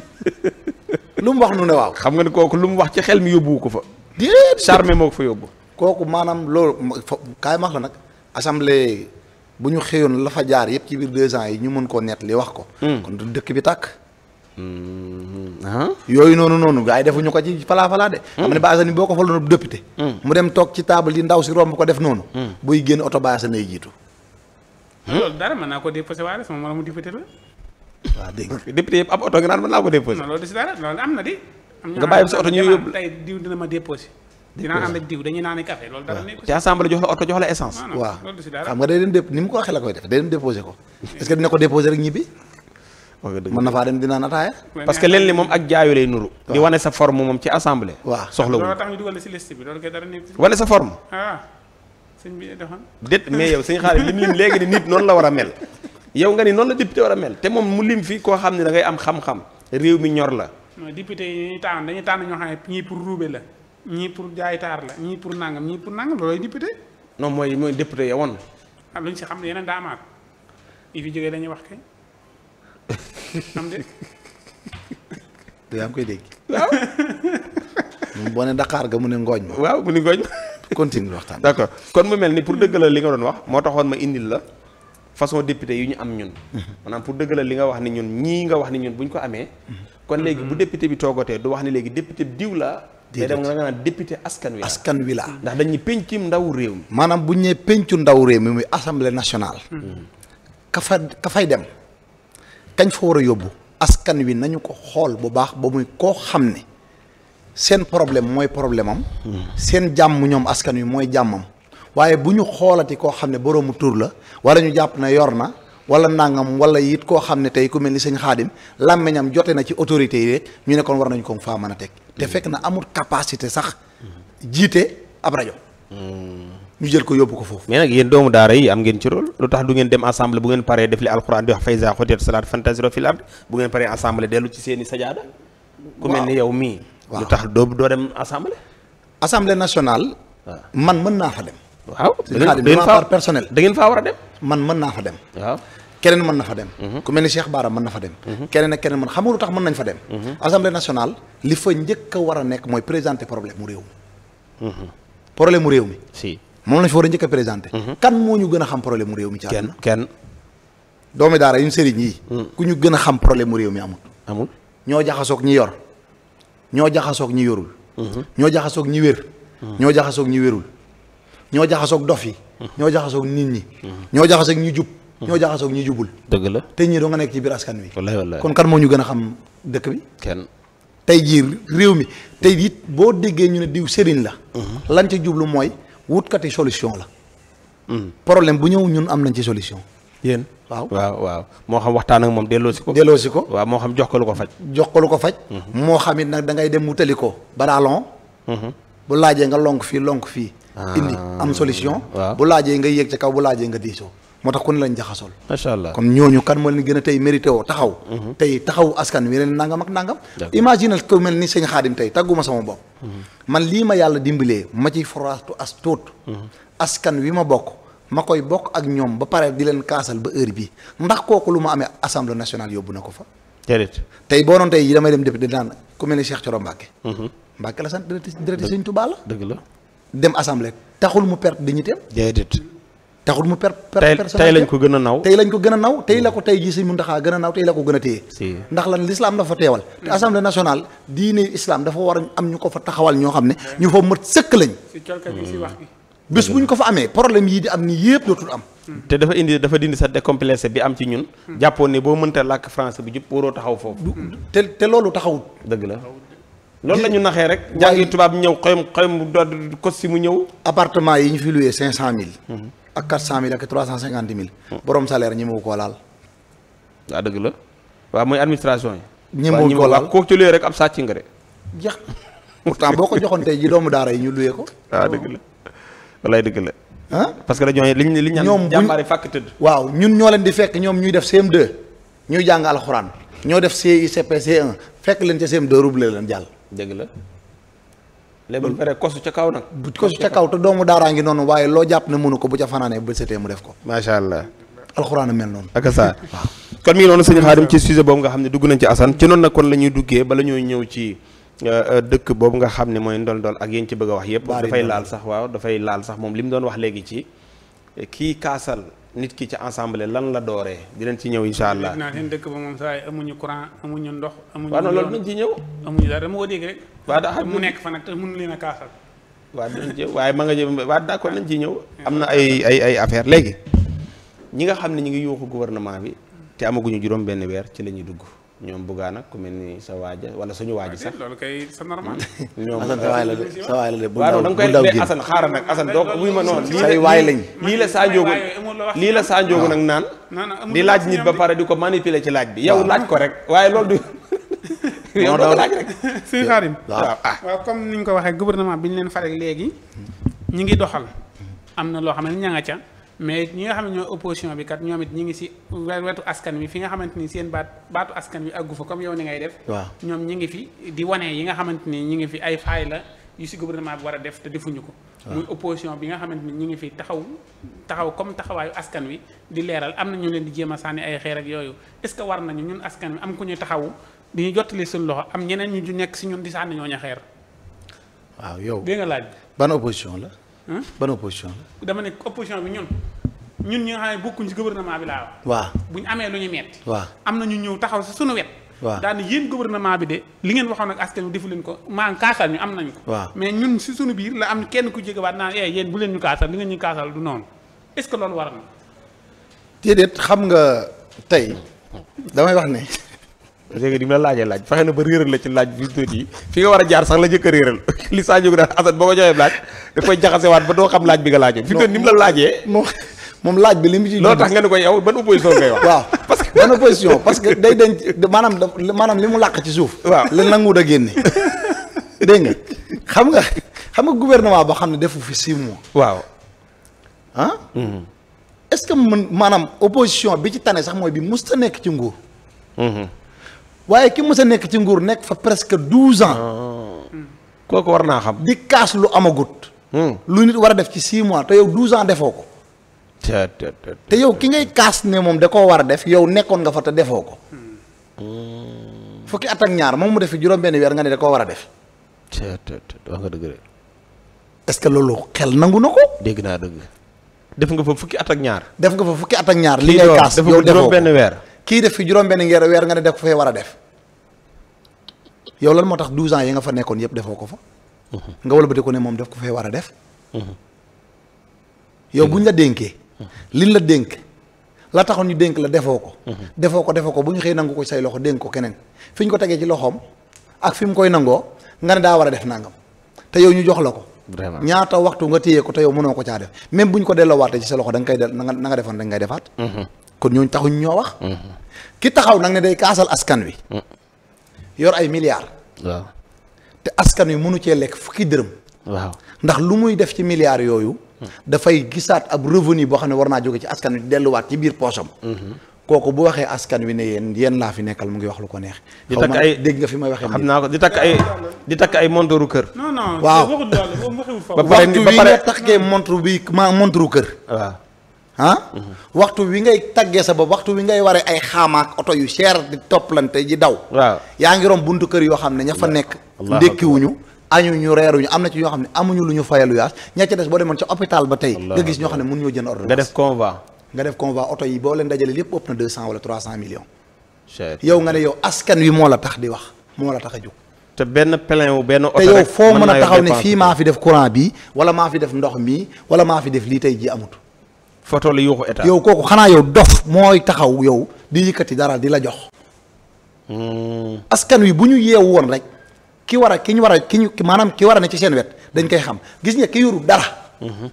Speaker 2: [LAUGHS] lu mu wax nu ne waaw. xam nga ni kooku lu mu wax ci xel mi yóbbu ko fa déedéet charme moo ko fa yóbbu. kooku maanaam loolu kaay max la nag assemblée bu ñu xëyoon la fa jaar yëpp ci biir deux ans yi ñu mën koo net li wax ko. Hmm. kon dëkk bi tàkk. Hmm. Ah. Ah. yooyu noonu noonu gars yi defuñu ko ci falaa falaa de. Hmm. xam ne baasa ni boo ko faloon député. mu dem toog ci table yi ndaw si romb ko def noonu. buy génn oto baasa nay jiitu.
Speaker 3: loolu dara mën naa ko déposé waaye sama moromu député la.
Speaker 2: waaw dégg nga député ab oto nga naan mën
Speaker 3: de si dara loolu am na di. nga bàyyi sa oto ñu yóbbu
Speaker 2: ci assemblée jox la oto jox la essence waaw xam nga day dem dép ni mu ko waxee la koy def day dem déposé ko est dina ko déposé rek ñibbi mën na faa dem dinaan ataaya parce leen li moom ak jaayu lay
Speaker 1: nuru di wane sa forme moom ci assemblée waaw soxla
Speaker 3: wu wane sa forme ah,
Speaker 1: dét mais yow sëñ xaalis lim lim léegi ni nit noonu la war a mel yow nga ni noonu la député war a mel te moom mu lim fi koo xam ne da am xam-xam réew
Speaker 3: mooy député yi ñuy tànn dañuy tànn ñoo xam ñii pour ruube la ñii pour jaay taar la ñii pour nangam ñii pour nangam loolooy député.
Speaker 1: non mooy mooy député ya woon.
Speaker 3: ah luñ si xam ne yeneen daamaat yi fi jógee dañuy wax kay. [LAUGHS] koy dégg. waaw.
Speaker 2: [LAUGHS] moom ne Dakar ga mu ne ngooñ ma. waaw mu ne ngooñ ma. continue
Speaker 1: waxtaan d'accord kon mu mel ni pour dëgg la li nga doon wax moo taxoon ma indil la façon député yu ñu am ñun. Mhm. maanaam pour dëgg dëggalal li nga wax ni ñun ñii nga wax ni ñun bu ñu ko amee. Mhm. kon léegi bu mhm. député bi
Speaker 2: toogatee du wax ne léegi député diw laa. dem nga naan député askan wi askan wi laa. ndax dañuy pencum ndaw réew mi. maanaam bu ñu nee pencu ndaw réew mi muy assemblée nationale. Mhm. ka kafay dem. kañ fa war a yóbbu. askan wi nañu ko xool bu baax ba muy koo xam ne seen problème mooy problème am. Mhm. seen jàmm ñoom askan wi mooy jàmmam. waaye bu ñu xoolati koo xam ne boroomu tur la wala ñu jàpp na yor na. wala nangam wala it koo xam ne tey ku mel ni sëñ xaadim làmmiñam jote na ci autorité yi rek ñu ne kon war nañ ko faa mën a teg te fekk na amul capacité sax jiite ab rajo ñu jël ko yóbbu ko foofu
Speaker 1: mais nag yéen doomu daara yi am ngeen ci rol lu tax du ngeen dem assemblée bu ngeen paree def li alquran di wax faysa xotiyat salaat fantasiro fil ard bu ngeen paree assemblée dellu ci seeni sajaada ku
Speaker 2: mel ni yow mii lu tax doo doo dem assemblée assemblée nationale man mën naa fa waaw xaadim par personnel da ngeen faa war a dem man mën naa fa dem waaw keneen mën na fa dem mhm. ku mel ni Cheikh Bara mën na fa dem mhm. keneen ak keneen mën xam nga lu tax mën nañ fa dem mhm. assemblée nationale li fa njëkk a war a nekk mooy présenter problème mu réew mi problème mu réew mi si moom lañ fa war a njëkk a présenter kan moo ñu gën a xam problème mu réew mi ci kenn kenn doomi daara yu sëriñ yi mm. ku ñu gën a xam problème mu réew mi amul amul ñoo jaxasoog ñi yor ñoo jaxasoog ñi yorul ñoo jaxasoog ñi wér mm. ñoo jaxasoog ñi wérul ñoo jaxasoog dof yi ñoo jaxasoog nit ñi ñoo jaxasoog ñu jub ñoo jaxasoog ñu jubul dëgg la te ñii doo nga nekk ci biir askan wi
Speaker 1: wallaay wallaay kon kan
Speaker 2: moo ñu gën a xam dëkk bi tey jii réew mi tey it boo déggee ñu ne diw sëriñ la lan ca jublu mooy wutkati solution la hmm. problème bu ñëw ñun am nañ ci solution yéen waaw waaw waaw moo xam waxtaan ak moom delloo si ko delloo si ko waaw moo xam jox ko lu ko faj ko faj hmm. moo xam it nag da ngay dem wutali ko balaa long hmm. Ah, indi am solution bu laajee nga yéeg ca kaw bu laajee nga diisoo moo tax ku ne lañ jaxasool macha allah comme ñooñu kan moo leen gën a tey mérité woo taxaw mhm. tey taxaw askan wi leen nangam ak nangam imagine ku mel ni sëñ xaadim tey tagguma sama bopp mhm. man lii ma yàlla dimbalee ma ciy foraatu as mhm. askan wi ma bokk ma koy bokk ak ñoom ba pare di leen kaasal ba heure bi ndax kooku lu ma amee assemblée nationale yóbbu na ko fa. déedéet tey boo doon tey yi damay dem député di ku mel la sant déedéet déedéet Sëñ Tuubaa la. dëgg dem assemblée taxul mu perte dignité am. déedéet. taxul mu per per personne tey lañ ko gën a naw tey lañ ko gën a naw tey la ko mm. tey ji si Muntaxa gën a naw tey la ko gën a téye ndax lan l'islam dafa teewal te assemblée nationale diine islam dafa war am ñu ko fa taxawal ñoo xam ne ñu fa mat sëkk lañ
Speaker 3: mm.
Speaker 2: bés bu ñu ko fa amee problème yii di am nii yëpp dootul am mm. te dafa indi dafa dindi sa décomplexé bi am
Speaker 1: ci ñun jàppoon ne boo mënta làkk français bi jëpp waroo taxaw foofu te te loolu taxawut dëgg la
Speaker 2: loolu la ñu naxee rek. jàngi tubaab ñëw xoyom xoyom doon ko si mu ñëw. appartement yi ñu fi loué cinq cent mille. Mhm. ak quatre cent mille ak trois cent cinquante mille. Mhm. borom salaire ñi moo ko laal.
Speaker 1: waa dëgg la waa mooy administration yi. ñi moo ko laal kooku ci loué rek am sàcc nga de.
Speaker 2: jeex pourtant boo ko joxoon tey ji doomu daara yi ñu loué ko.
Speaker 1: waaw dëgg la walaay dëgg la. ah parce que li dañoo liñ liñ ñaan jàmbaari
Speaker 2: fàkk tëdd. waaw ñun ñoo leen di fekk ñoom ñuy def CM2 ñuy jàng alxuraan ñoo def CICP c fekk leen ca CM2 roublé leen jàll dëgg la.
Speaker 1: léegi bu paree kosu ca kaw nag. bu
Speaker 2: kosu ca kaw te doomu daaraa ngi noonu waaye loo jàpp ne mënu ko bu ca fanaanee bu setee mu def ko. macha allah. alxuraan mel noonu. ak saa [LAUGHS]
Speaker 1: kon mi ngi noonu sëñ Xaadim ci sujet boobu nga xam ne dugg nañ ci Assane ci noonu nag kon la ñuy duggee ba ñoo ñëw ci. Euh, euh, dëkk boobu nga xam ne mooy ndol-ndol ak yéen ci bëgg a wax yépp dafay laal sax waaw dafay laal sax moom li mu doon wax léegi ci kii kaasal nit ki ci ensemble lan la dooree di leen ci ñëw incha allah. naa
Speaker 3: seen dëkk ba moom saa yi amuñu courant amuñu ndox. amuñu waaw loolu dinañ ci ñëw. amuñu dara dama ko dégg rek. waaw daa mu nekk fa nag te mënu leen a kaasal.
Speaker 1: waaw dinañ waaye ma nga jëm waaw d'accord nañ ci ñëw. [LAUGHS] am na ay ay ay affaire léegi ñi nga xam ne ñu ngi yuuxu gouvernement bi te amaguñu juróom benn weer ci la ñuy dugg ñoom buggaan ak ku mel ni sa waaja wala suñu waaji sax loolu
Speaker 3: kay [LAUGHS] euh, sa normal ñoom waay la de sa waay la de bu ndaw da sa koy dee Assane xaaral nag Assane doo
Speaker 1: ko wuy ma waay lañ lii la saa njóogu lii la saa njóogu nag naan di laaj nit ba pare di ko manipuler ci laaj bi yow laaj ko rek waaye loolu du [LAUGHS] yow doo laaj
Speaker 3: rek suñu xaarim [LAUGHS] ah. waaw comme ni ñu ko waxee gouvernement bi ñu leen fare léegi ñu ngi doxal am na loo xam ne ña ca mais ñi nga xam ne ñooy opposition bi kat ñoom it ñi ngi si wetu askan wi fi nga xamante ni seen baat baatu askan wi àggu fa comme yow ni ngay def ñoom ñi ngi fi di wane yi nga xamante ni ñi ngi fi ay faay la yu si gouvernement bi war a def te defuñu ko muy bi nga xamante ni ñi ngi fi taxaw taxaw comme taxawaayu askan wi di leeral am na ñu leen di jéem a sànni ay xeer ak yooyu est ce que war nañu ñun askan wi am ku ñu taxawu di ñu jottali suñu loxo am ñeneen ñu nekk si ñun di sànni ñooñu xeer
Speaker 2: waaw yow dégg nga laaj ban opposition la ban opposition
Speaker 3: la. dama ne opposition bi ñun ñun ñi nga xam ne bokkuñ ci gouvernement bi laa wax. waaw bu ñu amee lu ñu metti waa am na ñu ñëw taxaw si suñu wet. waaw daal yéen gouvernement bi de li ngeen waxoon ak askan wi defu leen ko maanaam kaasal ñu am nañu waaw mais ñun si suñu biir la am kenn ku jégawaat naan eh yéen bu leen ñu kaasal li ngeen ñu kaasal du noonu est-ce que loolu war na.
Speaker 2: déedéet xam nga
Speaker 1: tey damay wax ne. léegi ni mu la laajee laaj fexe na ba réeral la ci laaj bi tuuti yi fi nga war a jaar sax la jëkk a réeral [LAUGHS] li saa jóg daal Assane boo ko joxee laaj daf koy jaxasewaat ba doo xam
Speaker 2: laaj bi nga laajoon. fi mu ni mu la laajee. moom laaj bi li mu ci. loolu tax nga ne ko yow ban opposition ngay wax. waaw [LAUGHS] parce que ban opposition parce que day denc maanaam maanaam li mu làq ci suuf. a génne dégg nga xam nga xam nga gouvernement boo xam ne defu fi six mois. waaw ah? mhm. est-ce que mën maanaam opposition bi ci tane sax mooy bi musta nekk ci nguur. Mhm. waaye ki mës a nekk ci nguur nekk fa presque douze ans. Ah. kooku war naa xam. di kaas lu amagut. Hmm. lu nit war a def ci six mois te yow douze ans defoo ko.
Speaker 1: te
Speaker 2: yow ki ngay kaas ne moom da koo war a def yow nekkoon nga fa te defoo ko. Hmm. fukki at ak ñaar moom mu defi juróom-benn weer nga ne da koo war a def. wax nga dëgg est-ce que loolu xel nangu na ko.
Speaker 1: dégg naa dëgg. def nga fa fukki at ak ñaar.
Speaker 2: def nga fa fukki at ak ñaar. li ngay kaas yow defoo ko benn weer. kii def fi juróom benn ngeer weer nga ne def ko fee war a def yow lan moo tax 12 ans yi nga fa nekkoon yëpp defoo ko fa. Mhm. nga wëlbati ko ne moom def ko fee war a def. Mhm. yow buñ la mhm. dénkee. liñ la dénk la taxoon ñu dénk la defoo ko. defoo ko defoo bu ñu xëy nangu ko say loxo dénk ko keneen fi ñu ko tegee ci loxoom ak fi mu koy nangoo nga ne daa war a def nangam te yow ñu jox la ko. vraiment ñaata waxtu nga téye ko te yow mënoo ko caa def même bu ñu ko delloowaatee ci loxo da nga koy del na defoon da nga defaat. kon ñooñu taxuñ ñoo wax. ki taxaw nag ne day kaasal askan wi. yor ay milliards. te askan wi mënu cee lekk fukki dërëm. waaw ndax lu muy def ci milliards yooyu. dafay gisaat ab revenu boo xam ne war naa jóge ci askan wi delluwaat ci biir poosam. kooku bu waxee askan wi ne yéen yéen laa fi nekkal mu ngi wax lu ko neex. di takk ay dégg nga fi may waxee. xam ko di takk ay di takk ay montru kër. non non waaw
Speaker 3: waxtu
Speaker 2: takkee montru bi ma montru kër. ah waxtu wi ngay taggee sa bopp waxtu wi ngay waree ay xaamaak oto yu cher di toppalante ji daw yaa ngi rom buntu kër yoo xam ne ña fa nekk ndékkiwuñu añuñu reeruñu am na ci ñoo xam ne amuñu lu ñu fayalu yaas ña ca des boo demoon ca hôpital ba tey nga gis ñoo xam ne mun ñoo jënd ordonnance nga def convoi nga def convoi oto yi boo leen dajale lépp ëpp na deux cent wala trois cent millions yow nga ne yow askan wi moo la tax di wax moo la tax a jóg te
Speaker 1: benn plein wu benn oto foo mën a taxaw ne fii
Speaker 2: maa fi def courant bi wala maa fi def ndox wala maa fi def lii tey ji amut photo la yuuxu état yow kooku xanaa yow dof mooy taxaw yow di yëkkati dara di la jox. Hmm. askan wi bu ñu yeewu woon rek ki war a ki ñu war a ki ñu maanaam ki war a ne ci seen wet dañ koy xam gis nga ki yoru dara. Hmm.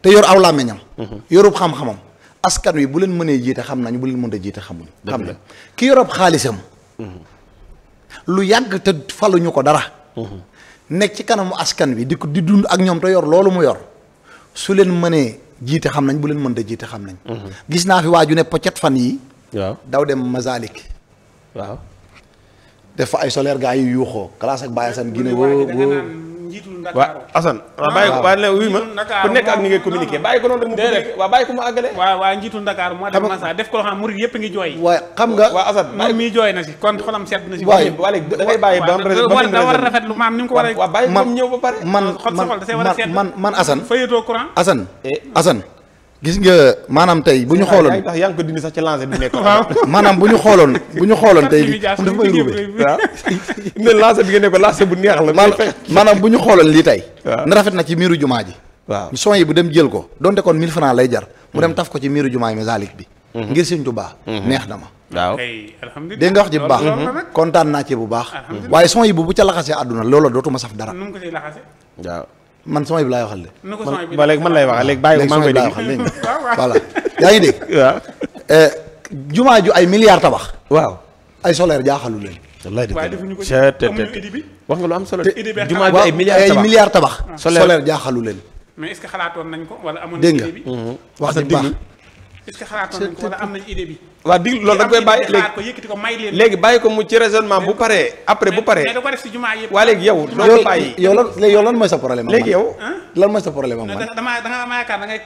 Speaker 2: te yor aw làmmiñam hmm. yorub xam-xamam askan wi bu leen mënee jiite xam nañu bu leen mënta jiite xamuñu. xam na ki yorub xaalisam. lu yàgg te faluñu ko dara. nekk ci kanamu askan wi di ko di dund ak ñoom te yor loolu mu yor su leen mënee. jiite xam nañ bu leen mën da jiite xam nañ. Mhm. gis naa fi waaju ne pocet fan yi waaw daw dem Mazalik. waaw def fa ay solaire gaa yi yuuxoo classe ak Baye Assane Guinée woo woo.
Speaker 3: waaw
Speaker 2: Assane waaw bàyyi ko waaw ah. léegi wuy ma ku nekk ak ni ngay communiqué bàyyi
Speaker 3: ko noonu rek mu communiqué waaw bàyyi ko mu àggale waaw waaw njiitul Dakar moo def massa def ko loo xam murid yëpp ngi jooy waaw xam nga waaw Assane moom mii jooy na si kon xolam sedd na si waaw waaye da bàyyi ba da war a rafet lu maam ni mu ko war a bàyyi ko ñëw ba pare man man man Assane courant
Speaker 2: Assane eh. gis nga maanaam tey bu ñu xooloon
Speaker 1: tax yaa ngi ko dindi sax ci lancé bi
Speaker 2: nekkoon. bu ñu xooloon bu ñu xooloon tey lii dafa may ruube waaw ne lancé bi nga neex la. maanaam bu ñu xooloon lii tey. na rafet na ci miiru jumaa ji. waaw son yi bu dem jël ko donte kon 1000 francs lay jar. mu dem mm-hmm. taf ko ci miiru jumaa yi Masalik bi. Mm-hmm. ngir Sëñ Tuubaa mm-hmm. neex na ma. waaw dégg nga wax ji bu baax. kontaan naa ci bu baax. waaye son yi bu bu ca laxasee àdduna loola dootuma saf dara.
Speaker 3: waaw.
Speaker 2: man sama yëpp laay waxal de. man léegi man lay wax léegi bàyyi ko maa ngi koy dégg voilà yaa ngi dégg. [LAUGHS] Eh, jumaa ju ay milliards tabax. waaw ay solaire jaaxalu leen. wallaay la te te te wax nga lu am solo. te jumaa ju ay milliards tabax ay solaire jaaxalu leen.
Speaker 3: mais est-ce que nañ ko wala amoon. dégg nga mm-hmm. wax dëgg baax est-ce que xalaatoon am nañ idée bi. waa dig loolu da nga koy bàyyi léegi léegi
Speaker 1: bàyyi ko mu ci raisonnement bu paree après bu paree
Speaker 3: waa léegi yow doo bàyyi yow
Speaker 1: lan yow lan mooy sa problème léegi yow lan mooy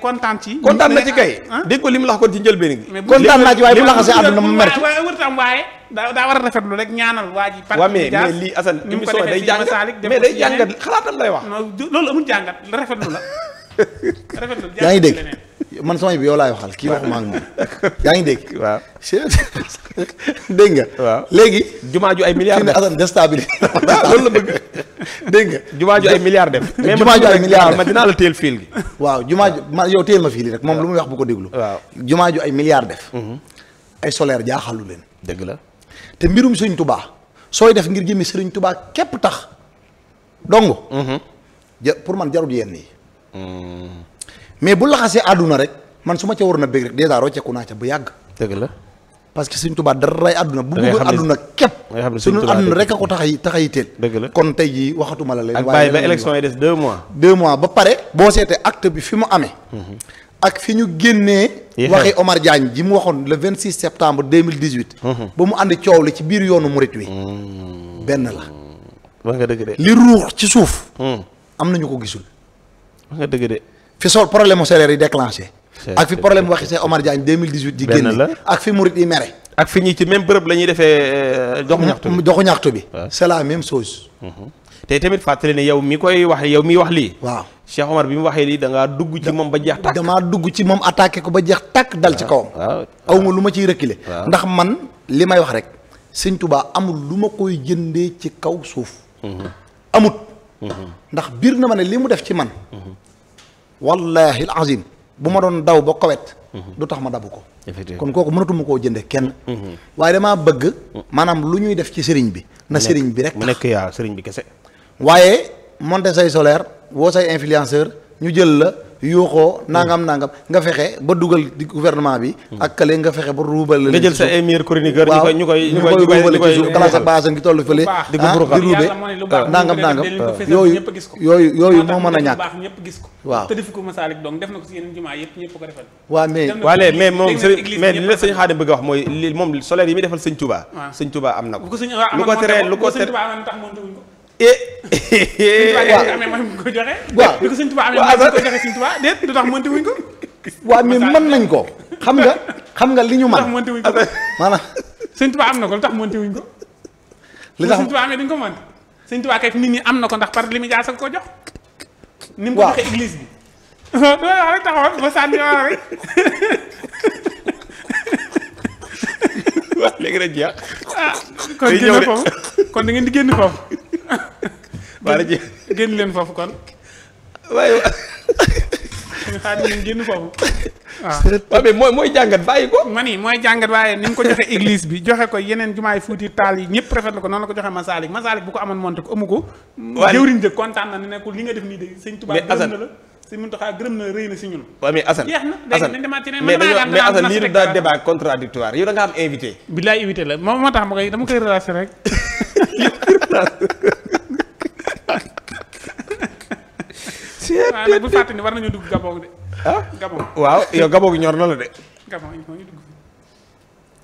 Speaker 3: kontaan ci kontaan na ci kay ah, dégg
Speaker 1: ko li mu lax ko ci njëlbeen gi kontaan naa ci waaye bu laxasee àdduna mu mer ci
Speaker 3: waaye daa war a rafetlu rek ñaanal waa ji waaw mais mais lii Assane émission day jàngat mais day jàngat xalaatam lay wax loolu amul jàngat rafetlu la [LAUGHS]
Speaker 4: rafetlu yaa ngi dégg
Speaker 2: man sama bi yow laay waxal kii waxuma moom [LAUGHS] yaa ngi dégg. waaw dégg nga. waaw léegi. jumaa ju ay milliards def asan [LAUGHS]
Speaker 1: dégg nga. jumaa ju ay milliards def. [LAUGHS] jumaa ju ay milliards def mais dinaa
Speaker 2: waaw jumaa ju ma yow teel ma moom lu muy wax bu ko déglu. waaw jumaa ju ay milliards def. Mhm. ay solaire jaaxalu leen. dëgg la te mbirum Sëriñ Tuubaa sooy def ngir jëmmi Sëriñ Tuubaa képp tax dong. Mhm. pour man jarul yenn yi. Mhm. mais bu laxasee àdduna rek man su ma ca waroon a bëgg rek dèjà rocceeku naa ca bu yàgg. dëgg la parce que Sëñ daray àdduna. bu bëggoon àdduna képp. da ngay àdduna rek a ko tax kon tey waxatuma la leen. waaye ba élection
Speaker 1: yi des deux mois.
Speaker 2: deux mois ba pare boo seetee acte bi fi mu amee. Mhm. ak fi ñu génnee. waxi Omar Diagne ji mu waxoon le 26 septembre 2018. Mhm. ba mu ànd coow li ci biir yoonu murit wi. Mhm. benn la. li ruux ci suuf. am na ñu ko gisul. wax nga dëgg de. fi sol problème mu salaire yi déclenché. ak fi problème waxi see Omar Diagne 2018. di génne ak fi murit yi mere. ak fi ñi ci même bërëb la ñuy defee euh, doxu mm-hmm. ñaxtu bi doxu ñaxtu bi. c'est même chose.
Speaker 4: Mm-hmm.
Speaker 1: te tamit fàttali ne yow mi koy wax yow mi wax lii. waaw Cheikh Omar bi mu waxee lii da ngaa dugg
Speaker 2: ci moom ba jeex tàkk. damaa ci moom attaqué ko ba jeex tàkk dal ci kawam. aw ma lu ma ciy reculer. ndax man li may wax rek. sëñ Touba amul lu ma koy jëndee ci kaw suuf. Mm-hmm. amut. ndax biir na ma ne li mu def ci man. wallahi al azim bu ma doon daw ba kowet mhm. du tax ma dabu ko kon kooku mënatuma koo jënde kenn mhm. waaye damaa bëgg mhm. maanaam lu ñuy def ci sëriñ bi na sëriñ bi rek mu nekk yaa sëriñ bi kese waaye monter say solaire woo say influenceur ñu jël la yuuxoo nangam nangam nga fexe ba dugal di gouvernement bi ak nga fexe ba ruubal la nga jël sa émir chroniqueur ñu koy ñu koy ñu koy ruubale ci suuf classe basan gi toll fële ah, di ruube ah,
Speaker 1: nangam nangam ah. yooyu yooyu yooyu moo mën a ñàkk
Speaker 3: waaw te ko masalik donc def na ko ci yeneen ko defal mais waaye mais mais
Speaker 1: li la sëñ Xaadim bëgg a wax mooy li moom solaire yi muy defal sëñ Touba sëñ Touba am na ko
Speaker 3: [LAUGHS] waaw sëñ
Speaker 2: Tuubaa amee ko joxe sëñ Tuubaa déet du tax mënti wuñ ko [LAUGHS] waaw mais mën nañ ko xam nga xam nga li ñu ma [LAUGHS] mënti wuñ ko
Speaker 3: maanaam sëñ Tuubaa am na ko lu tax mënti wuñ ko li tax amee dañ ko mënti sëñ Tuubaa kay nit ñi am na ko ndax par li mu ko jox ni mu ko joxe église bi doo wax rek taxawal ba sànni wax rek waaw léegi nag jeex ah, kon génn foofu kon da di génn foofu waa ji génn leen foofu kon. waaye. suñu xaar ñu génn foofu. [LAUGHS] Ah. waaw mais mooy mooy jàngat bàyyi ko. ma ni mooy jàngat waaye ni mu ko joxe église bi joxe ko yeneen jumaay fuuti taal yi ñëpp rafetlu ko noonu la ko joxe Masalik Masalik bu ko amoon monte ko amu ko. waaye jëwriñ jëkk kontaan na ne nekkul li nga def nii de sëñ Tuubaa. mais Assane la. si Mountakha gërëm na rëy na si ñun. waaw mais asan Assane mais mais Assane lii daa débat
Speaker 1: contradictoire yow da nga
Speaker 3: am invité. billaay invité la moom moo tax ma koy dama koy relaxé bu ni war nañu dugg Gabon de. ah Gabon
Speaker 1: waaw yow ñor na de. Gabon il faut ñu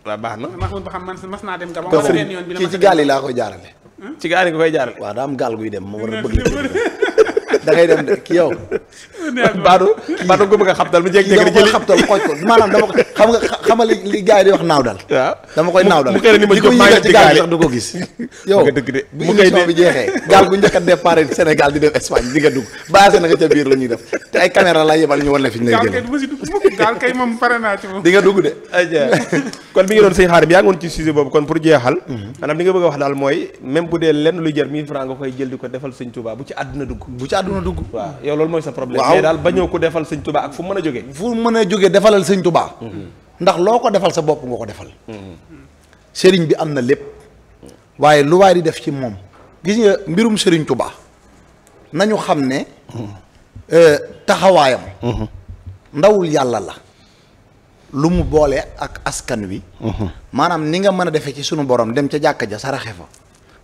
Speaker 1: na ma
Speaker 3: xamul ba xam man mas naa dem Gabon. wala benn yoon bi la ma ci gaal koy jaarale. Hmm?
Speaker 1: ci gaal yi
Speaker 2: am gaal guy dem ma war a bëgg. dangay dem de ki yow. Badou Badou ko bëgg a xabtal mu jékki-jékki di jëli xabtal xooj ko maanaam dama ko xam nga xam nga li gars di wax naaw dal. waaw dama koy naaw dal. mu xëy na ni ma jóg ko gis. [LAUGHS] bu émission bi jeexee [LAUGHS] gaal bu njëkk a départ Sénégal di dem di nga dugg basé na nga ca biir la ñuy def te ay caméra lay yebal ñu wan la fi ñu lay génn. di nga dugg de. [LAUGHS] kon bi
Speaker 1: nga doon say xaarim yaa ngi woon ci sujet boobu kon pour jeexal mhm. maanaam li nga bëgg a wax daal mooy même bu dee lenn luy jar 1000 francs nga koy jël di ko defal sëñ Touba bu ci àdduna dugg bu ci àdduna mënoo dugg waaw yow loolu mooy sa problème mais daal bañoo ko defal
Speaker 2: sëñ tubaa ak fu mën a jógee fu mën a jógee defalal sëñ tubaa mm-hmm. ndax loo ko defal sa bopp nga ko defal mm-hmm. sëriñ bi am na lépp waaye lu waay di def ci moom gis nga mbirum sëriñ tubaa nañu xam ne mm-hmm. euh, taxawaayam ndawul yàlla la lu mu boole ak askan wi maanaam ni nga mën a defee ci sunu borom dem ca jàkka ja saraxe fa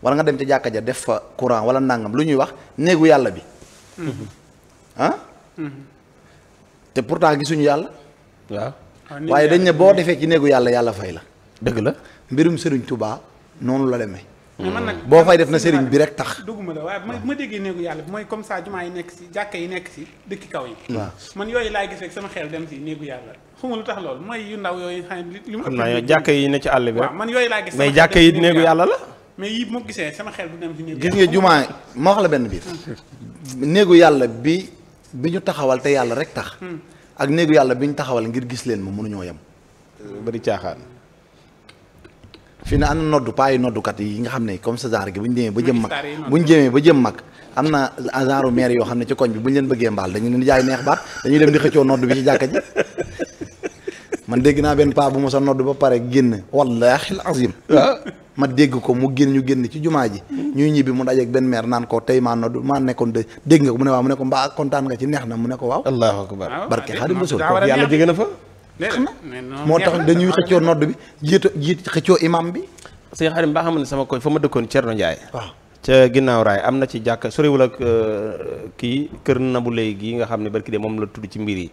Speaker 2: wala nga dem ca jàkka ja def fa courant wala nangam lu ñuy wax néegu yàlla bi ah te pourtant gisuñu yàlla
Speaker 4: waaw ah,
Speaker 2: waaye dañ ne boo defee ci néegu yàlla yàlla fay la dëgg la mbirum Serigne Touba noonu la demee man nag boo def na sëriñ bi rek tax
Speaker 3: dugguma la waaye bu ma déggee néegu yàlla mooy comme ça jumaa yi nekk si jàkka yi nekk si dëkki kaw yi yooyu laay gis sama xel dem si néegu yàlla lu tax loolu mooy yu ndaw yooyu xam ne li mu
Speaker 2: yi ne ci àll bi rek man
Speaker 3: yooyu laa gis may jàkka yi néegu yàlla la mais yii moo gisee sama xel bu dem ci néegu gis nga jumaa
Speaker 2: ma wax la benn biir néegu yàlla bi bi ñu taxawal te yàlla rek tax hmm. ak néegu yàlla bi ñu taxawal ngir gis leen ma mënuñoo yem euh, bari caaxaan fi ne am na noddu paa yi noddukat yi nga xam ne comme ça genre gi bu ñu demee ba jëm mag bu ñu jëmee ba jëm mag am na genre maire yoo xam ne ci koñ bi bu ñu leen bëggee mbaal dañu leen jaay neex baat dañuy dem di xëccoo noddu bi ci jàkka ji man dégg naa benn paa bu ma sa nodd ba pare génn wallaahi azim ah. ma dégg ko mu génn ñu génn ci jumaa ji ñuy ñibbi mu dajeeg benn maire naan ko tey maa nodd maa nekkoon de dégg nga ko mu ne waaw mu ne ko mbaa kontaan nga ci neex na mu ne ko waaw allahu akbar ah, barke xaadim rasul yàlla jege na fa xam na moo tax dañuy xëccoo nodd bi jiitu jiit xëccoo imam bi
Speaker 1: sëñ xaadim baa xam ne sama koñ fa ma dëkkoon Cerno Njaay waaw ca ginnaaw raay am na ci jàkk soriwul ak euh, kii kër Nabou Leye gii nga xam ne barki de moom la tudd ci mbir yi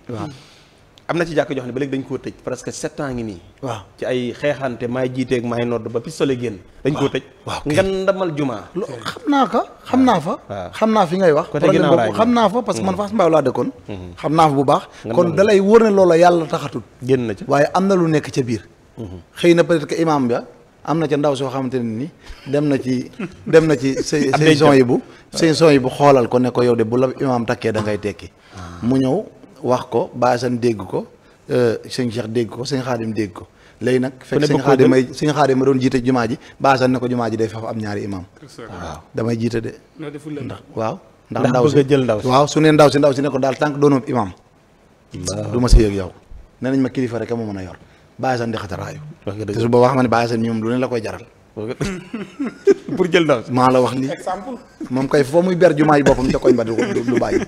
Speaker 1: am na ci jàkk jox ne ba léegi dañ koo tëj presque sept ans ngi nii waaw ci ay xeexante maay jiiteeg maay nodd ba pistolet génn dañ koo tëj ngandamal jumaa
Speaker 2: xam naa ka xam naa fa xam naa fi ngay wax xam naa fa parce que man Fass Mbaye laa dëkkoon xam naa fa bu baax kon dalay wóor ne loola yàlla taxatul génn na ci waaye am na lu nekk ca biir xëy na peut-être que imam ba am na ca ndaw soo xamante ne ni dem na ci dem na ci sëñ [LAUGHS] sëñ yi bu sëñ son yi bu xoolal ko ne ko yow de bu la imam takkee da ngay tekki ah. mu ñëw wax ko baasan dégg ko euh, sëñ Cheikh dégg ko sëñ Xaadim dégg ko léegi nag fekk sëñ Xaadim may sëñ Xaadim ma doon jiite jumaa ji baasan ne ko jumaa ji day faf am ñaari imaam waaw damay jiite de ndax waaw ndax ndaw si jël ndaw si waaw su ne ndaw si ndaw si ne ko daal tànk doonoo imaam du ma si yëg yow ne nañ ma kilifa rek moo ma mën a yor baasan di xataraayu te su boobaa xam ne baasan mi moom lu ne la koy jaral [LAUGHS] pour jël ndaw maa la wax lii. exemple moom kay foo muy ber jumaa yi boppam ca koñ ba du du bàyyi.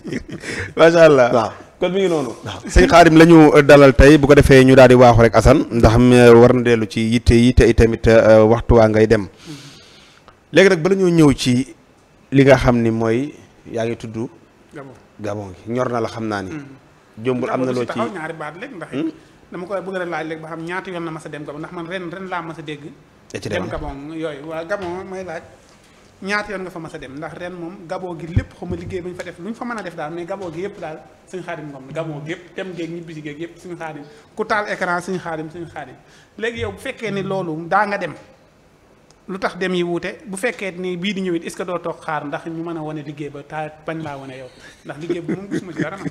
Speaker 2: [LAUGHS] macha allah waaw. kon mi ngi noonu. waaw
Speaker 1: sëñ Xaadim la dalal tey bu ko defee ñu daal di waaxu rek Assane ndax eh, war na dellu ci yitte yi te itamit eh, eh, waxtu waa ngay dem. Mm-hmm. léegi nag bala ñoo ñëw ci li nga xam ni mooy yaa ngi tudd. Gabon Gabon gi ñor na la xam naa ni. Mm-hmm.
Speaker 3: jombul am na loo ci ñaari baat hmm? a laaj léegi ba xam yoon na ma sa dem Gabon ndax man ren ren laa ma sa dégg. da ci dem Gabon yooyu waa Gabon mooy laaj ñaata yoon nga fa mas a dem ndax ren moom Gabon gi lépp xaw ma liggéey ba ñu fa def lu ñu fa mën a def daal mais Gabon gi yëpp daal suñu xaadim moom Gabon gi yëpp dem géeg ñibbi si géeg yëpp suñu xaadim ku taal écran suñu xaadim suñu xaadim léegi yow bu fekkee ni loolu daa nga dem lu tax dem yi wuute bu fekkee ni bii di ñëw it est-ce que doo toog xaar ndax ñu mën a wane liggéey ba ta bañ laa wane yow ndax liggéey bi dara nag.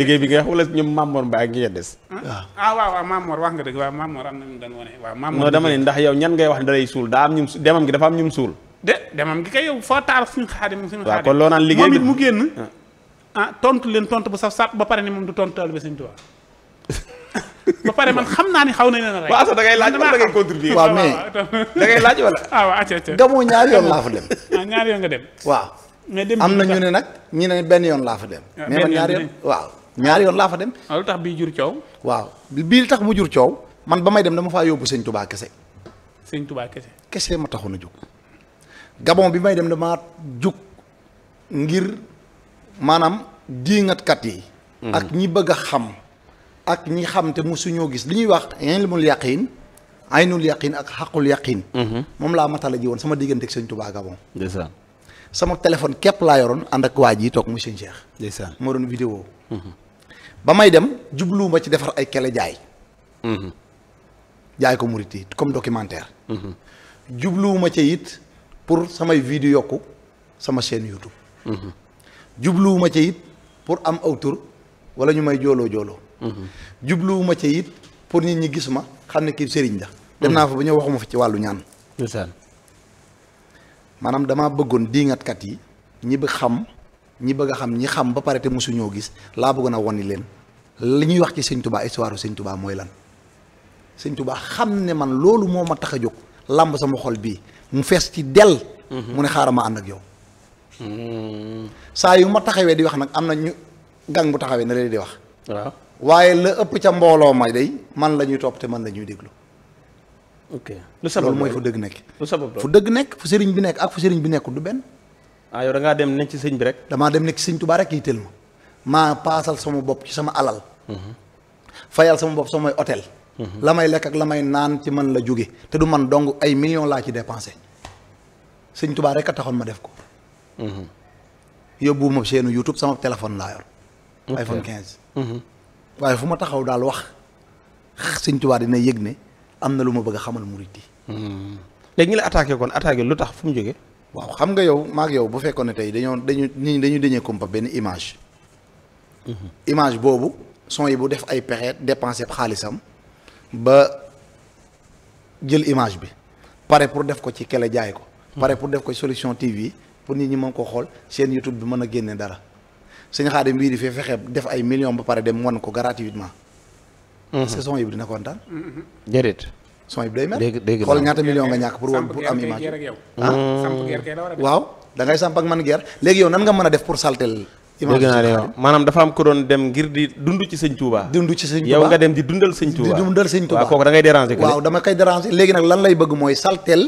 Speaker 3: liggéey bi nga wax wala
Speaker 1: ñoom Mamor Mbaye ak ñi des. ah
Speaker 3: waaw waaw Mamor wax nga dëgg waaw Mamor am na ñu daan wane waaw. Mamor non dama ne ndax
Speaker 1: yow ñan ngay wax ne dalay suul daa am ñum demam gi dafa am ñum suul.
Speaker 3: de demam gi kay yow foo taal suñu xaadim suñu xaadim. waaw kon loo naan liggéey bi moom it mu génn. Ah. ah tontu leen tontu bu saf sap ba pare ni moom du tontu taal bi Sëñ Tuubaa [LAUGHS] ba pare man xam naa ni xaw nañ leen a rey. waaw laaj wala da ngay
Speaker 2: contribuer. waaw mais
Speaker 3: da ngay laaj wala. Ah, gamoo ñaari yoon laa fa dem. ah ñaari nga
Speaker 2: dem. waaw. dem am na ñu ne nag ñi ne benn yoon laa fa dem. Ah, mais man ñaari yoon waaw ñaari yoon laa fa dem. Ah, lu tax bii jur coow. waaw bii tax mu jur coow. man ba may dem dama faa yóbbu sëñ Touba kese. sëñ Touba kese. kese ma taxoon a jóg. gabon bi may dem damaa jug ngir maanaam diingatkat yi. Mm-hmm. ak ñi bëgg a xam. ak ñi xam te mosuñoo gis li ñuy wax ilmul yaqin aynul yaqin ak xaqul yaqin mhm. moom laa matala ji woon sama diggante ak sëñ Touba Gabon ndeysaan sama téléphone képp laa yoroon ànd ak waa ji toog muy sëñ Cheikh ndeysaan moo doon vidéo mhm. ba may dem jubluwuma ci defar ay kele jaay mhm. jaay ko murit yi comme documentaire jubluwuma ci it pour samay vidéo yokku sama chaîne YouTube jubluwuma ci it pour am aw tur ñu may jooloo jooloo jubluwuma ca it pour nit ñi gis ma xam ne kii sëriñ la. dem naa fa ba ñëw waxuma fa ci wàllu ñaan. maanaam damaa bëggoon diingatkat yi ñi bëgg xam ñi bëgg a xam ñi xam ba pare te mosu ñoo gis laa bëggoon a woni leen li ñuy wax ci sëñ tubaa histoire sëñ tubaa mooy lan. sëñ tubaa xam ne man loolu moo ma tax a jóg làmb sama xol bii mu fees ci dell.
Speaker 4: Mhm. mu ne xaaral ma
Speaker 2: ànd ak yow. Mm. saa yu ma taxawee di wax nag am na ñu gang bu taxawee na leen di wax. waaye la ëpp ca mbooloo ma day man la ñuy topp te man la ñuy déglu. lu sabab loolu mooy fu dëgg nekk. lu sabab fu dëgg nekk fu sëriñ bi nekk ak fu sëriñ bi nekkul du benn. ah yow dem nekk ci sëñ bi rek. damaa dem nekk ci sëñ Tuubaa rek maa paasal sama bopp ci sama alal. Mhm. fayal sama bopp samay hôtel. Mhm. la may lekk la may naan ci man la jóge te du man dong ay millions laa ci dépensé sëñ rek a taxoon ma def ko. Mhm. yóbbu ma seenu YouTube sama téléphone laa yor. iPhone 15. waaye fu ma taxaw daal wax sëñ Tuubaa dina yëg ne am na lu ma bëgg a xamal murit yi hmm. léegi ñu la attaqué kon attaqué lu tax fu mu jógee waaw xam nga yow maak yow bu fekkoon ne tey dañoo dañu nit dañu dañee compa benn image hmm. image boobu son yi bu def ay pexeet dépensé xaalisam ba jël image bi pare pour def ko ci kele jaay ko pare hmm. pour def ko solution TV pour nit ñi mën ko xool seen YouTube bi mën a génne dara sëñ Xaadim bii di fi fexe def ay millions ba pare dem wan ko gratuitement. Mhm. est-ce que son yëpp dina kontaan. Mhm. déedéet. son yëpp day mel. xool ñaata million nga ñàkk pour. pour am image ah. Mm. waaw da ngay samp ak man ger léegi yow nan nga mën a def pour saltel dégg naa
Speaker 1: ne maanaam dafa am ko doon
Speaker 2: dem ngir di dund ci sëñ Touba. dund ci sëñ Touba yow nga dem di dundal sëñ Touba di dundal sëñ Touba waaw kooku da ngay déranger. waaw dama koy déranger léegi nag lan lay bëgg mooy saltel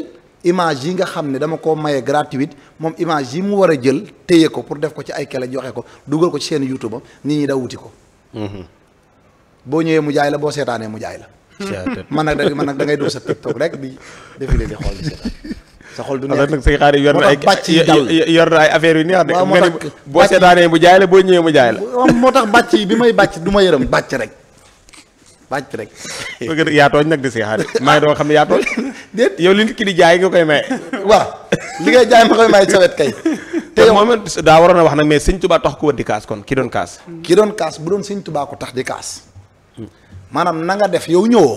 Speaker 2: image yi nga xam ne dama koo maye gratuite moom image yi mu war a jël téye ko pour def ko ci ay kele joxe ko dugal ko ci seen YouTube am nit ñi daw wuti ko. Mhm. boo ñëwee mu jaay la boo seetaanee mu jaay la. man nag da man nag da ngay dugg sa TikTok rek di défilé di xool di seetaan sa xol du nekk nag say xaar yor na ay yor na ay moo boo seetaanee
Speaker 1: mu jaay boo ñëwee mu jaay la. moo tax bàcc yi bi may bàcc du ma yërëm bàcc rek. bàcc rek. [LAUGHS] bëgg nag di seexaat maa ngi doon xam ne yaa tooñ. [LAUGHS] déet yow li nit ki di jaay nga koy maye. [LAUGHS] waaw li ngay jaay ma koy maye
Speaker 2: sawet kay. te moom daa waroon a wax nag mais sëñ tubaa tax ku wër di doon kaas. ki doon kaas bu doon sëñ tubaa ko di kaas. maanaam na nga def yow ñëwoo.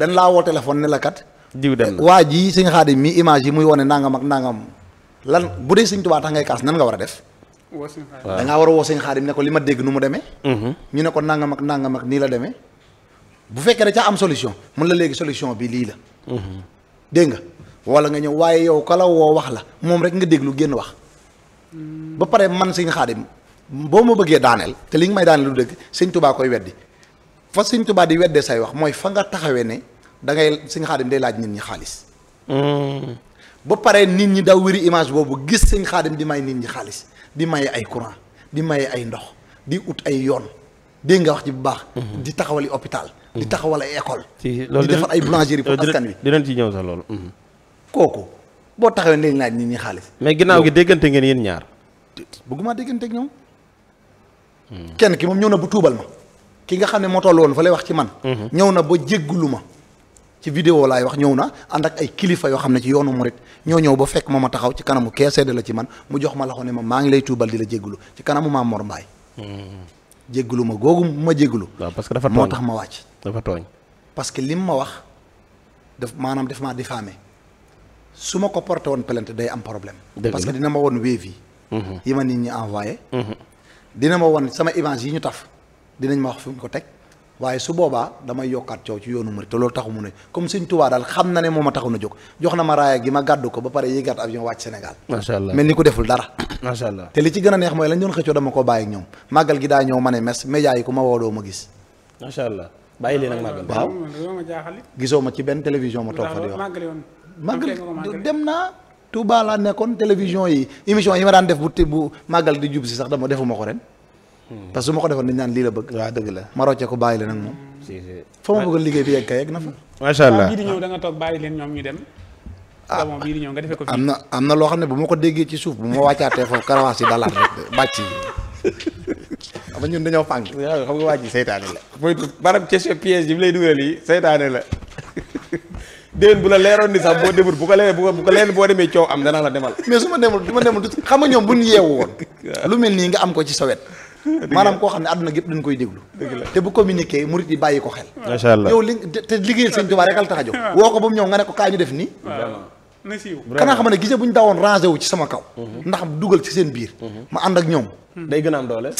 Speaker 2: dañ laa woo téléphone ne la kat. diw waa jii sëñ xaadim mi image yi muy wane nangam ak nangam lan bu dee sëñ tubaa tax ngay kaas nan nga war a def.
Speaker 4: woo sëñ xaadim da ngaa
Speaker 2: war a woo sëñ xaadim ne ko li ma dégg nu mu demee. Mhm. ñu ne ko nangam ak nangam ak nii la demee. bu fekkee da caa am solution mun la léegi solution bi lii la. dégg nga wala nga ñëw waaye yow kala woo wax la moom rek nga déglu génn wax. ba pare man sëñ Xaadim boo ma bëggee daaneel te li nga may daaneel lu dëgg sëñ Tubaa koy weddi fa sëñ Tubaa di weddee say wax mooy fa nga taxawee ne da ngay sëñ Xaadim day laaj nit ñi xaalis. ba pare nit ñi daw wéri image boobu gis sëñ Xaadim di may nit ñi xaalis di maye ay courant di maye ay ndox di ut ay yoon dégg nga wax bu baax. Mhm. di taxawali hôpital. di taxawal ay école di defar ay boulangerie pour askan wi
Speaker 1: dinañ ci ñëw sax loolu mhm.
Speaker 2: kooku boo taxawee léegi laaj nit ñi xaalis mais ginnaaw gi déggante ngeen yéen ñaar bëgguma déggante ak mhm. kenn ki moom ñëw na bu tuubal ma ki nga xam ne moo toll woon fa lay wax ci man mhm. ñëw na ba jéggulu ma ci vidéo laay wax ñëw na ànd ak ay kilifa yoo xam ne ci yoonu murit ñoo ñëw ba fekk ma ma taxaw ci kanamu kee seede la ci man mu jox ma loxo ne ma maa ngi lay tuubal di la jéggulu ci kanamu maam Mor Mbaay jéggulu ma googu ma jéggulu moo dafa tooñ. parce que lim ma wax daf maanaam daf maa diffamé su ma ko porté woon plainte day am problème. parce que dina ma woon wave yi. Mhm. yi ma nit ñi envoyé. Mhm. dina ma woon sama image yi ñu taf dinañ ma wax fi mu ko teg waaye su boobaa damay yokkaat coow ci yoonu murit te loolu taxu mu ne comme Sëñ Tuubaa daal xam na ne moo ma taxu na jóg jox na ma raaya gi ma gàddu ko ba pare yéegaat avion wàcc Sénégal. mel ni ku deful dara. [COUGHS] te li ci gën a neex mooy lañ doon xëccoo bàyyi leen ak màggal waaw gisoo ma ci benn télévision ma toog fa di wax màggal dem naa Touba laa nekkoon télévision yi émission yi ma daan def bu te bu màggal di jub si sax dama defuma ko ren hmm. parce que su ma ko defoon dañ naan lii la bëgg waaw dëgg la ma rocce ko bàyyi leen ak moom fa ma bëgg liggéey bi yegg ka yegg na fa macha ñu
Speaker 3: dem ah bii di nga defee ko am na
Speaker 2: am na loo xam ne bu ma ko déggee ci suuf bu ma wàccaatee foofu karawaas yi dalaat rek bàcc yi [LAUGHS] xam nga ñun dañoo fànk.
Speaker 1: xam nga waa ji seytaane la. mooy maanaam question piège yi mu
Speaker 2: la la leeroon ni sax boo demul bu bu ko leen boo demee coow am danaa la demal. mais su ma demul du ma demul xam nga ñoom bu ñu yeewu woon. lu mel nii nga am ko ci sawet maanaam koo xam ne àdduna gépp dañ koy déglu te bu communiqué mu yi bàyyi ko xel
Speaker 1: macha allah yow li
Speaker 2: te liggéeyal sëñ Tuubaa rekk tax a jóg [LAUGHS] woo ko ba mu ñëw nga ne ko kaa ñu def nii
Speaker 1: na siiw xanaa xam ne
Speaker 2: gisee bu ñu daawoon rangé wu ci sama kaw. Mhm. ndax dugal ci seen biir. Mhm. ma ànd ak ñoom. Mhm. day gën a am doole.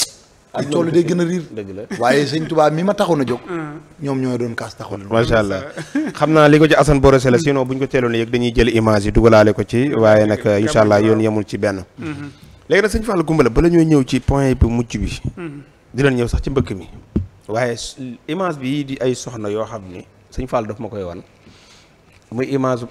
Speaker 2: ak tool day gën a riir la [LAUGHS] waaye sañ Tuubaa mi ma taxoon na jóg. ñoom ñooy doon kaas taxoon. macha allah [LAUGHS] xam naa
Speaker 1: li ko ci Assane Borosé la sinon bu ñu ko teeloon yëg dañuy jël image yi dugalaale ko ci waaye nag incha allah yoon yemul ci benn. léegi nag sëñ Fallou Goumbala bala ñoo ñëw ci point bi mujj bi. di leen ñëw sax ci mbëkk mi. waaye image bi di ay soxna yoo xam ni sëñ Fallou daf ma koy wan muy image bu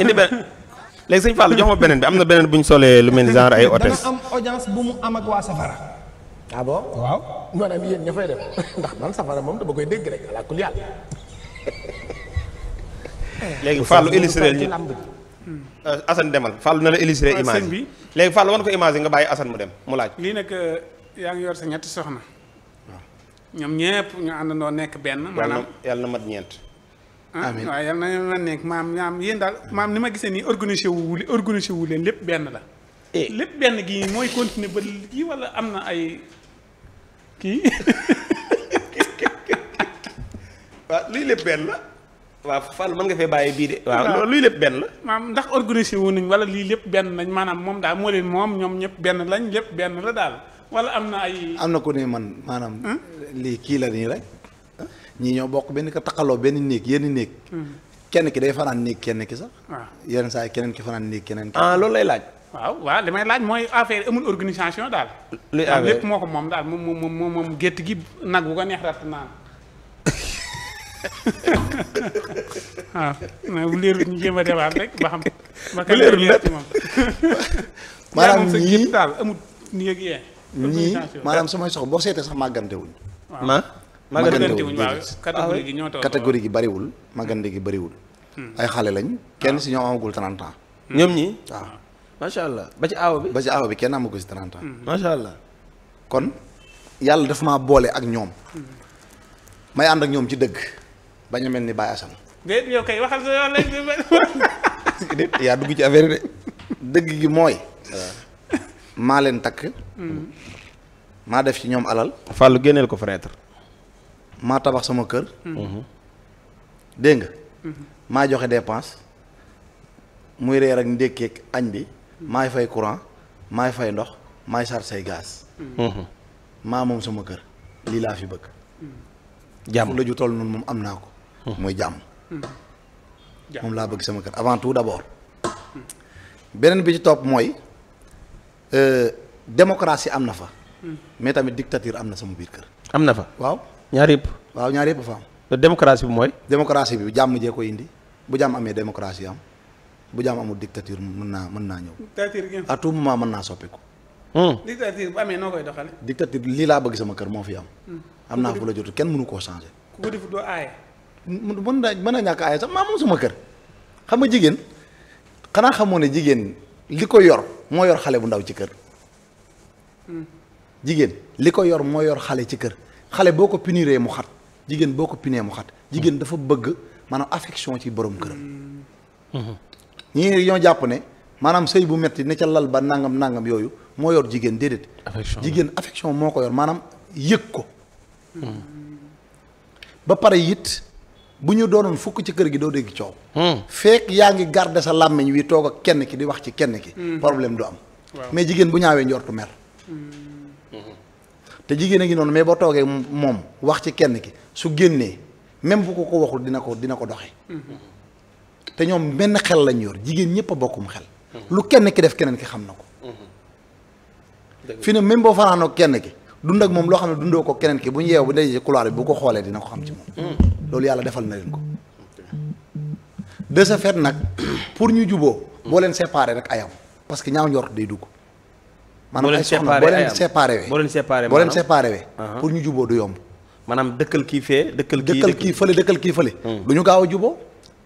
Speaker 1: indi benn léegi sëñ Fall jox ma beneen bi am na beneen bu ñu solee lu mel ni genre ay hôtesse. dana
Speaker 3: am audience bu mu am ak waa safara. ah bon waaw. maanaam yéen ña fay def ndax man safara moom dama koy dégg rek ala kulli yàlla.
Speaker 1: léegi Fallou illustré ñu euh, demal Fallou na la illustré image bi léegi Fallou wan ko image nga bàyyi Assane mu dem mu laaj.
Speaker 3: lii nag euh, yaa ngi yor sa ñetti soxna. ñoom ñëpp ñu àndandoo nekk benn. maanaam yàlla na mat ñeent. Ah, amiin waaw yàlla na ma nekk maam maam yéen daal maam ni ma gisee nii organisé wu organisé wu leen lépp benn la. Eh. lépp benn gi mooy continuer ba kii wala am na ay kii. [LAUGHS] waaw luy lépp benn la. waaw Fall
Speaker 1: mën nga bii waaw
Speaker 3: luy lépp benn maam ndax organisé wu nañ wala lii lépp benn lañ maanaam moom daal moo leen moom ñoom ñëpp benn lañ lépp benn la daal. wala am na ay.
Speaker 2: am na ko ne man maanaam. Hmm? lii kii la nii rek. ñii ñoo bokk benn ko taqaloo benn néeg yenn néeg. Hmm. kenn ki day fanaan néeg kenn ki sax. yenn saa yi keneen ki fanaan néeg keneen ki. ah lay laaj.
Speaker 3: waaw laaj mooy affaire amul organisation daal. moom daal moom moom gi nag bu ko neex rat naan. waaw [LAUGHS] ah, rek ba xam. [LAUGHS] bu leerul lépp ba [LAUGHS] maanaam ñii daal amul nii yee.
Speaker 2: ñii maanaam samay soxla boo seetee sax màggante wuñ. ma màggante wuñ ah gi ñoo bariwul màggante gi bariwul. Hmm. ay xale lañ ah. kenn si ñoom amagul 30 ans. Hmm. ñoom ñii ah. ba ci aaw bi ba bi kenn amagu si 30 ans. Hmm. allah kon yàlla dafa ma boole ak ñoom. may ànd ak ñoom ci dëgg bañ a mel ni Baye Assane. [LAUGHS] yaa dugg ci affaire de [LAUGHS] dëgg gi mooy. maa leen takk. maa def ci ñoom alal. Fallou génneel ko fenêtre. maa tabax sama kër. Mhm. dégg nga. Mhm. maa joxe dépense muy reer ak ndékkeeg añ bi. Mhm. maay fay courant maay fay ndox maay sar say gaz. maa moom sama kër lii laa fi bëgg. jàmm la ju toll noonu moom am naa ko. mooy jàmm. moom laa bëgg sama kër avant tout d'abord. beneen bi ci topp mooy. Euh, démocratie am na fa. Hmm. mais tamit dictature am na sama biir kër. am na fa waaw. ñaar yëpp. waaw ñaar yëpp fa am. te démocratie bi mooy. démocratie bi jàmm jee ko indi bu jàmm amee démocratie am bu jàmm amul dictature mën naa mën naa ñëw.
Speaker 3: dictature
Speaker 2: à tout moment mën naa soppiku. Hmm.
Speaker 3: dictature noo koy doxalee.
Speaker 2: dictature lii laa bëgg sama kër moo fi am. Hmm. am naa fu la jotul kenn mënu koo changé.
Speaker 3: ko def doo aaye.
Speaker 2: mën mën naa ñàkk aaye sama kër xam nga jigéen xanaa xamoo ne jigéen. li ko yor moo yor xale bu ndaw ci kër hmm. jigéen li ko yor moo yor xale ci kër xale boo ko puniree mu xat jigéen boo ko punee mu xat jigéen dafa bëgg maanaam affection ci borom këram hmm. hmm. ñii ñoo jàpp ne maanaam sëy bu metti ne ca lal ba nangam nangam yooyu moo yor jigéen déedéet jigéen affection moo ko yor maanaam yëg ko ba pare it bu ñu doonoon fukk ci kër gi doo dégg coow. Hmm. fekk yaa ngi garder sa làmmiñ wi toog ak kenn ki di wax ci kenn ki. Hmm. problème du am.
Speaker 4: mais jigéen bu ñaawee njortu mer. Hmm.
Speaker 2: te jigéen a gi noonu mais boo toogee moom wax ci kenn ki su génnee même bu ko ko waxul dina ko dina ko doxee. te ñoom benn xel lañ yor jigéen ñëpp a bokkum xel. lu kenn ki def keneen ki xam na ko. fi ne même boo fanaanoo kenn ki. dund ak moom loo xam ne dundoo ko keneen ki bu ñu yeew bu ndey ci couloir bi bu ko xoolee dina ko xam ci moom hmm. loolu yàlla defal na leen ko de ce fait nag pour ñu juboo boo leen séparé rek ayam parce que ñaaw njort day dugg maanaam ay soxna boo leen séparé wee boo leen séparé uh-huh. pour ñu juboo du yomb maanaam dëkkal kii fee dëkkal kii kii fële dëkkal kii fële hmm. du ñu gaaw a juboo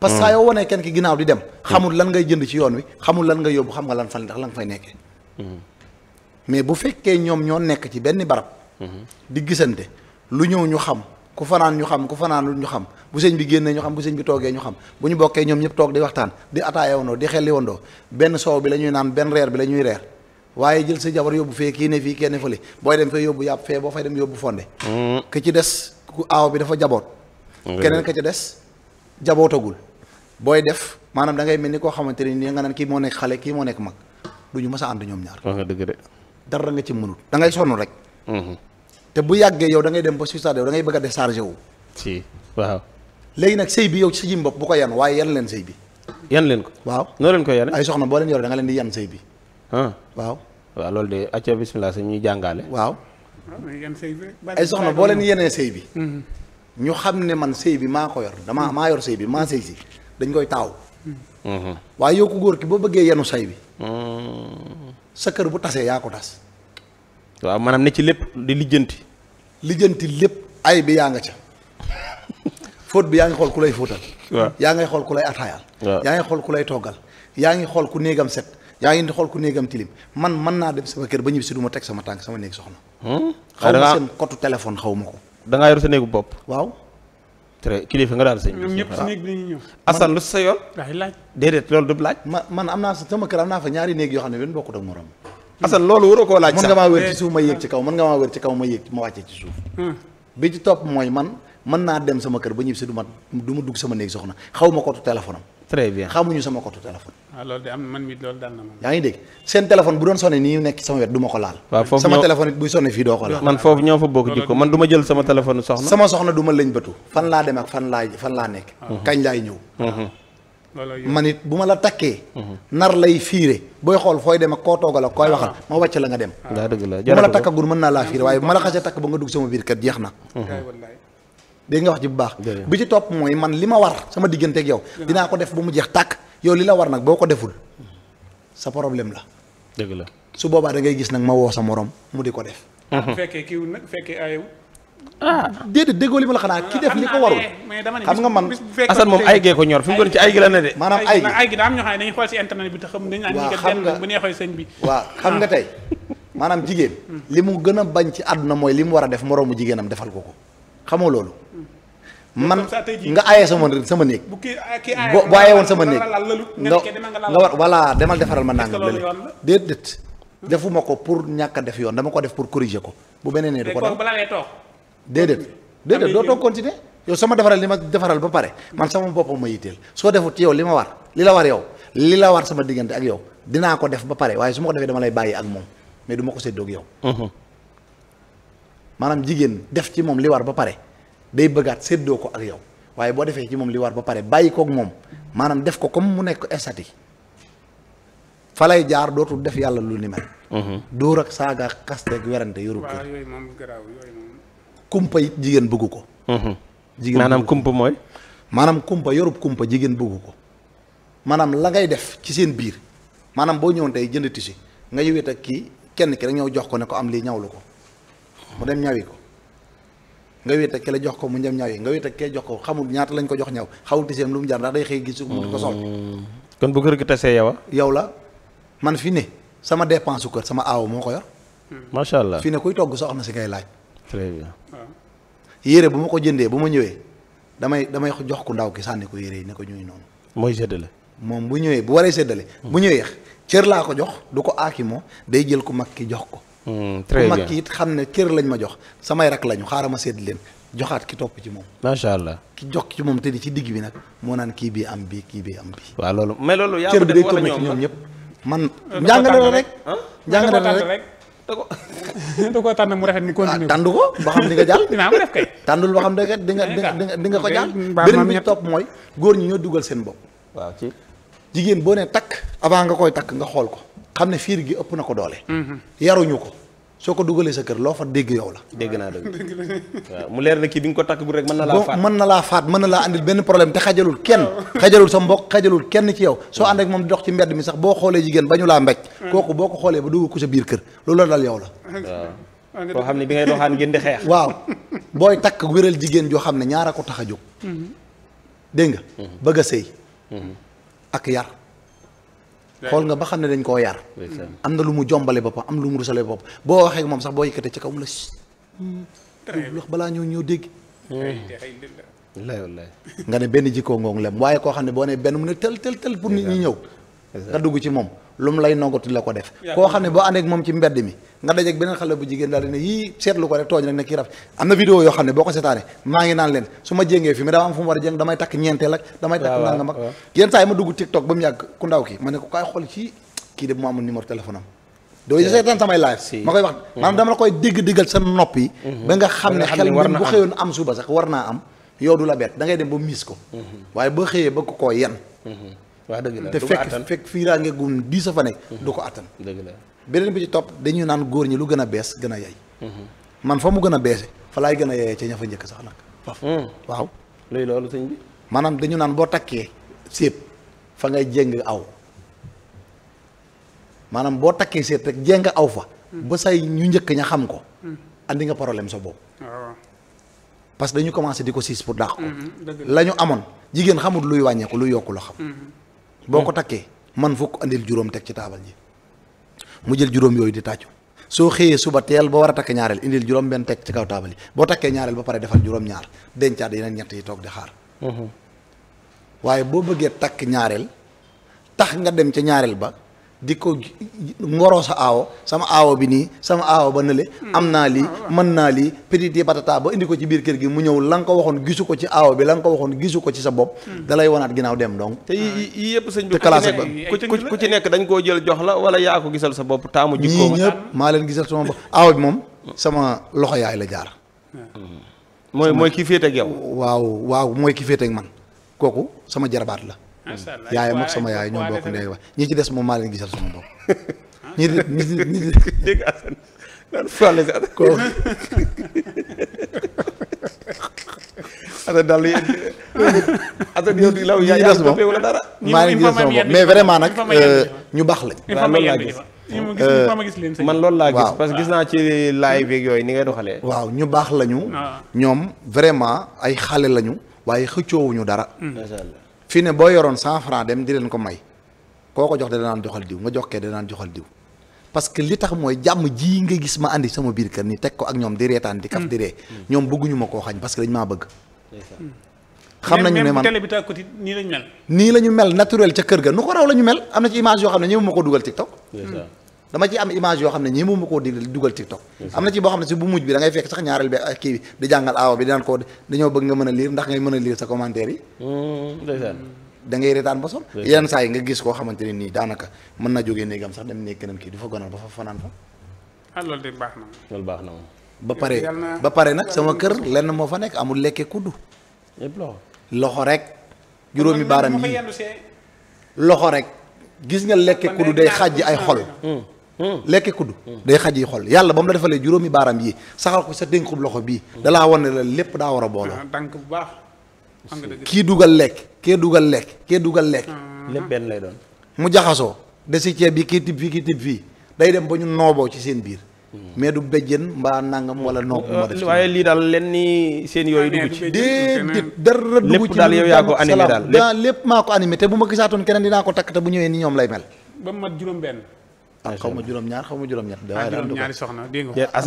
Speaker 2: parce que saa hmm. yoo kenn ki ginnaaw di dem xamul lan ngay jënd ci yoon wi xamul lan ngay yóbbu xam nga lan fan ndax lan fay nekkee mais bu fekkee ñoom ñoo nekk ci benn barab. Mhm. di gisante lu ñëw ñu xam ku fanaan ñu xam ku fanaan lu ñu xam bu sëñ bi génnee ñu xam bu sëñ bi toogee ñu xam bu ñu bokkee ñoom ñëpp toog di waxtaan di ataayawandoo di xelliwondoo benn soow bi la ñuy naan benn reer bi la ñuy reer waaye jël sa jabar yóbbu fee kii ne fii kenn fële booy dem fee yóbbu yàpp fee boo fay dem yóbbu fonde. Mhm. ki ci des ku aaw bi dafa jaboot. keneen ki ci des jabootagul. booy def maanaam da ngay mel ni koo xamante ni nga naan kii moo nekk xale kii moo nekk mag du ñu mës a ñoom ñaar. wax dara nga ci mënut da ngay sonn rek. Mhm. te bu yàggee yow dangay dem ba suy yow da ngay bëgg a décharger waaw. léegi nag sëy bi yow ci sa jëm bu ko yan waaye yan leen sëy bi. yan leen ko. waaw noo leen ko ay soxna boo leen yore da nga leen di yan sëy bi. Ah. waaw. loolu de acca bisimilah sa ñuy jàngale. waaw.
Speaker 3: ay soxna boo leen yenee sëy bi.
Speaker 2: Mhm. ñu xam ne man sëy bi maa ko yor dama mhm. maa yor sëy bi maa sëy si dañ koy taaw. waaye yow ku góor ki boo bëggee yenu sëy bi. Mm. sa kër bu tasee yaa ko tas.
Speaker 1: waaw maanaam ne ci lépp di lijjanti.
Speaker 2: lijjanti lépp ay bi yaa nga ca. fóot bi yaa ngi xool ku lay fóotal. yaa ngay xool ku lay ataayaal. yaa ngi xool ku lay toggal. yaa ngi xool ku néegam set. yaa ngi xool ku néegam tilim man mën naa dem sama kër ba ñibbi si du ma teg sama tànk sama néeg soxna.
Speaker 4: Hmm?
Speaker 1: xaw ma seen
Speaker 2: kotu téléphone xaw ma ko.
Speaker 1: da ngaa yor sa néegu bopp. waaw te kilifa nga daal sëñ bi. ñoom
Speaker 3: ñëpp
Speaker 2: ah. lu sa yoon. waaye laaj déedéet loolu du laaj. man am naa sama kër am naa fa ñaari néeg yoo xam ne benn bokkut ak morom. Assane loolu waroo koo laaj sax. mën nga maa wér ci suuf ma yéeg ci kaw mën nga maa wér ci kaw ma yéeg ma wàccee ci suuf. Hmm. bi ci topp mooy man mën naa dem sama kër ba ñibbi si ma du ma dugg sama néeg soxna xaw ma ko téléphone am très bien xamuñu sama kotu téléphone.
Speaker 3: waaw ah, loolu de am man mi loolu dal na ma.
Speaker 2: yaa ngi dégg seen téléphone bu doon sonné nii nekk sama wet du ma ko laal. waaw foofu sama téléphone buy sonné fii doo ko man foofu
Speaker 1: ñoo fa bokk jikko man du jël sama téléphone soxna. sama
Speaker 2: soxna du ma fan laa dem ak fan laa nekk. Ah. kañ laay ñëw. Mhm. man it bu ma la takkee. Mhm. nar lay fiire booy xool fooy dem ak koo toogal ak koy waxal ah. ma wàcc la nga dem.
Speaker 1: daa dëgg la bu ma
Speaker 2: la mën naa laa fiire waaye bu ma la xasee takk ba nga dugg sama biir dégg nga wax ji bu baax bi ci topp mooy man li ma war sama digganteeg yow dinaa ko def ba mu jeex tàkk yow li la war nag boo ko deful sa problème la dëgg la su boobaa da ngay gis nag ma woo sa morom mu di ko def
Speaker 3: mhm. fekkee kiiwul nag fekkee ayewu
Speaker 2: ah li ma la xanaa ki def li ko warul
Speaker 3: ah, xam nga man Assane moom ay gee ko ñor fi mu doon ci ay gi la ne de maanaam ay gi daa am ñoo xam bi te xam dañ naan xam nga bu neexee bi
Speaker 2: waaw xam nga ah. tey maanaam jigéen mm. li mu gën a bañ ci àdduna mooy li mu war a def moroomu jigéenam defal ko ko xamoo loolu man nga aaye sama sama néeg
Speaker 3: ah, boo boo aaye woon sama néeg nga nga war
Speaker 2: voilà demal defaral ma nangam lële déedéet defuma ko pour ñàkk def yoon dama ko def pour corriger ko bu beneen nee du ko
Speaker 3: def
Speaker 2: déedéet déedéet doo toog continuer yow sama defaral li ma defaral ba pare man sama boppam ma yitteel soo defut yow li ma war li la war yow li la war sama diggante ak yow dinaa ko def ba pare waaye su ma ko defee dama lay bàyyi ak moom mais du ma ko séddoog yow mhm. maanaam jigéen def ci moom li war ba pare day bëggaat séddoo ko ak yow waaye boo defee ci moom li war ba pare bàyyi kook moom maanaam def ko comme mu nekk estati fa lay jaar dootul def yàlla lu ni mel. Mm-hmm. dóor ak saaga xaste ak werante yorul kër. kumpa it jigéen bëggu ko. Mm-hmm. jigéen maanaam kumpa mooy. maanaam kumpa yorub kumpa jigéen bëggu ko maanaam la ngay def ci seen biir maanaam boo ñëwoon tey jënd tissu nga yëwit ak kii kenn ki rek ñëw jox ko ne ko am li ñawlu ko mu dem ñawi ko. nga wéet ak ki la jox ko mu njëm ñaaw nga wet ak kee jox ko xamul ñaata lañ ko jox ñaw xaw tiseem lu mu jar ndax day xëy gis mu ko sol
Speaker 1: mm. kon bu kër gi tasee yow
Speaker 2: yow la man fi ne sama dépense su kër aaw moo ko yor
Speaker 1: mm. macha allah fi ne
Speaker 2: kuy togg soxna si ngay laaj très bien yére bu ma ko jëndee bu ma ñëwee damay damay jox ku ndaw ki sànni ko yére yi ne ko ñuy noonu mooy séddale moom bu ñëwee bu waree séddale bu ñëwee cër laa ko jox du ko aaki moo day jël ku mag ki jox ko
Speaker 1: Hmm, très bien bu mag
Speaker 2: it xam ne cër lañ ma jox samay rak lañu xaaral ma sédd leen joxaat ki topp ci moom. macha allah ki jox ci moom te di ci digg bi nag moo naan kii bii am bi kii bii am bii. waaw loolu mais loolu yaa cër bi day tourné ci ñoom ñëpp. man la rek. njàngale la
Speaker 3: rek.
Speaker 4: da
Speaker 2: koo [LAUGHS] mu rafet ni continué tànd ko ah, xam di nga jàll [LAUGHS] dinaa ko xam di nga di nga di nga ko jàll beneen bi topp mooy góor ñi ñoo dugal seen bopp waaw ci jigéen boo ne takk avant nga koy takk nga xool ko xam ne fiir gi ëpp na ko doole mm-hmm. yaruñu ko soo ko dugalee sa kër loo fa dégg yow la. dégg naa dëgg mu leer na kii bi nga ko takk bu rek mën na laa faat mën na laa faat mën na laa andil benn problème te xajalul kenn [LAUGHS] xajalul sa mbokk xajalul kenn ci yow soo ànd ak moom dox ci mbedd mi sax boo xoolee jigéen ba ñu laa mbéj hmm. kooku boo ko xoolee ba dugal ko sa biir kër loolu la dal yow la
Speaker 1: waaw xam ne bi ngay doxaan ngeen
Speaker 2: di xeex waaw booy takk wéral jigéen joo xam ne ñaara ko tax a jóg hmm. dégg hmm. bëgg a sëy ak yar xool nga ba xam ne dañ koo yar am na lu mu jombale boppam am lu mu rusale bopp boo waxee moom sax boo yëkkatee ci kaw mu la wax balaa ñoo ñoo dégg wallaay wallaay nga ne benn jikkoo ngoog lem waaye koo xam ne boo nee benn mu ne tël tël tël pour nit ñi ñëw nga dugg ci moom lu mu lay noggatu la ko def koo xam ne boo àndeek moom ci mbedd mi nga dajeeg beneen xale bu jigéen daal di ne yii seetlu ko rek tooñ ne na vidéo yoo xam ne boo ko ma jéngee fi mi dama am fu mu a jéng damay takk ñeenteel ak damay takk nangam ak yenn saa ko kaay kii de am mm-hmm. dama la koy dégg-déggal sa nopp yi
Speaker 4: mm-hmm. ba nga xam ne xel mi bu xëyoon
Speaker 2: am suba sax war naa am yow du la bett da dem ba miis ko mm-hmm. waaye boo xëyee bëgg ko koo yen waaw dëgg la te fekk fekk fii raa ngegum dii sa fa nekk mm-hmm. du ko attan beneen bi ci topp dañuy naan góor ñi lu gën a bees gën a yay mm-hmm. man fa mu gën a beese fa laay gën a yeyee ca ña fa njëkk sax nag faf mm. waaw luy loolu sëñ bi maanaam dañu naan boo takkee séet fa ngay jéng aw maanaam boo takkee séet rek jéng aw fa mm. ba say ñu njëkk ña xam ko mm. andi nga problème sa boobu oh. parce que dañu commencé di ko siis pour dàq ko
Speaker 4: mm-hmm. la ñu amoon
Speaker 2: jigéen xamul luy wàññeeku luy yokku la xam boo hmm. ko takkee man fukk andil juróom teg ci taabal ji mu jël juróom yooyu di tàccu soo xëyee suba teel ba war a takk ñaareel indil juróom benn teg ci kaw taabal yi boo takkee ñaareel ba pare defal juróom-ñaar dencaat yeneen ñett yi toog di xaar hmm. waaye boo bëggee takk ñaareel tax nga dem ca ñaareel ba di ko ngoroo sa aawo sama aawo bi nii sama aawo ba nële hmm. am naa lii ah, mën naa lii péditi patata ba indi ko ci biir kër gi mu ñëw la ko waxoon gisu ko ci aawo bi la ko waxoon gisu ko ci sa bopp hmm. da wanaat ginnaaw dem donc te
Speaker 1: yii yëpp sëñ bi ku ci nekk dañ koo jël jox la wala yaa ko gisal sa bopp taamu jikkoo ñii ñëpp
Speaker 2: maa leen gisal sama bopp aawo bi moom sama loxo yaay la jaar hmm. mooy mooy kii féete ak waaw waaw mooy ki féete ak man kooku sama jarabaat la yaayam ak sama yaay ñoo bokk ndey wax ñi ci des moom maa leen gisal sama bopp ñi di ñi di ñi di
Speaker 1: mais vraiment nag ñu baax lañ waaw loolu laa gis
Speaker 2: man loolu laa gis parce que gis naa ci live yeeg yooyu ni ngay doxalee waaw ñu baax lañu ñoom vraiment ay xale lañu waaye xëccoowuñu dara fii ne boo yoroon cent franc dem di leen ko may koo ko jox da danaan joxal diw nga jox kee danaan joxal diw parce que li tax mooy jàmm ji nga gis ma indi sama biir kër ni teg ko ak ñoom di reetaan di kaf di ree ñoom bëgguñu ma koo xañ parce que dañ maa bëgg xam nañu ne man télé bi tàkkuti nii lañu mel nii la ñu mel naturel ca kër ga nu ko raw la ñu mel am na ci image yoo xam ne ñëw ma ko dugal TikTok dama ci am image yoo xam ne ñii moom ma koo digal dugal TikTok am na ci boo xam ne si bu mujj bi da fekk sax ñaareel bi ak kii di jàngal aawa bi dinaan ko dañoo bëgg nga mën a lire ndax ngay mën a lire sa commentaire yi mm-hmm. da ngay retaan ba son yenn saa yi nga gis koo xamante ne nii daanaka mën na jógee néegam sax dem néeg keneen kii du fa gonal ba fa fanaan fa
Speaker 3: ah loolu baax na
Speaker 2: loolu baax na moom ba pare ba pare nag sama kër lenn moo fa nekk amul lekke kuddu loxo rek juróomi baaram yi loxo rek gis nga lekke day xàjj ay xol lekke kudd day xaj yi xol yàlla ba mu la defalee juróomi baaram yi saxal ko sa dénkub loxo bii dalaa wan la lépp daa war a booloo ah,
Speaker 3: tànk bu baax kii
Speaker 2: dugal lekk kee dugal lekk kee dugal lekk ah. lépp benn lay doon mu jaxasoo de si ceeb bi kii tib fii kii tib fii day dem ba ñu nooboo ci seen biir hmm. mais du béjjën mbaa nangam wala noob moo def waaye
Speaker 1: lii daal leen ni seen yooyu ah, dugg ci déedéet dara dugg ci daal yow yaa ko animé daal
Speaker 2: lépp maa ko animé te bu ma gisaatoon keneen dinaa ko takk te bu ñëwee ni ñoom lay mel ba mat ah xaw ma juróom-ñaar xaw ma juróom-ñett. waaye ah, daal juróom-ñaari soxna dégg nga. Ah,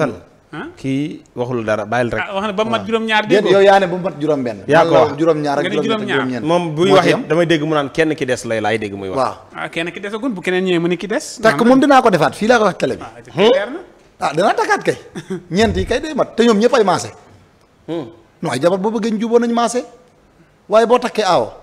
Speaker 2: ah? na ba mat ñaar dégg nga yow yaa ne ba mat juróom-benn. yaa ko wax juróom-ñaar ak juróom
Speaker 1: moom buy wax damay dégg mu naan kenn ki des lay laay dégg muy wax. waaw
Speaker 3: ah kenn ki desagul bu keneen ñëwee mu ne ki des. takk
Speaker 2: moom dinaa ko defaat fii laa ko wax télé bi. ah dinaa takkaat kay. ñeent yi kay day mat te ñoom ñëpp ay maase. non hmm. ay jabar boo bëggee njuboo nañ maase waaye boo takkee aawo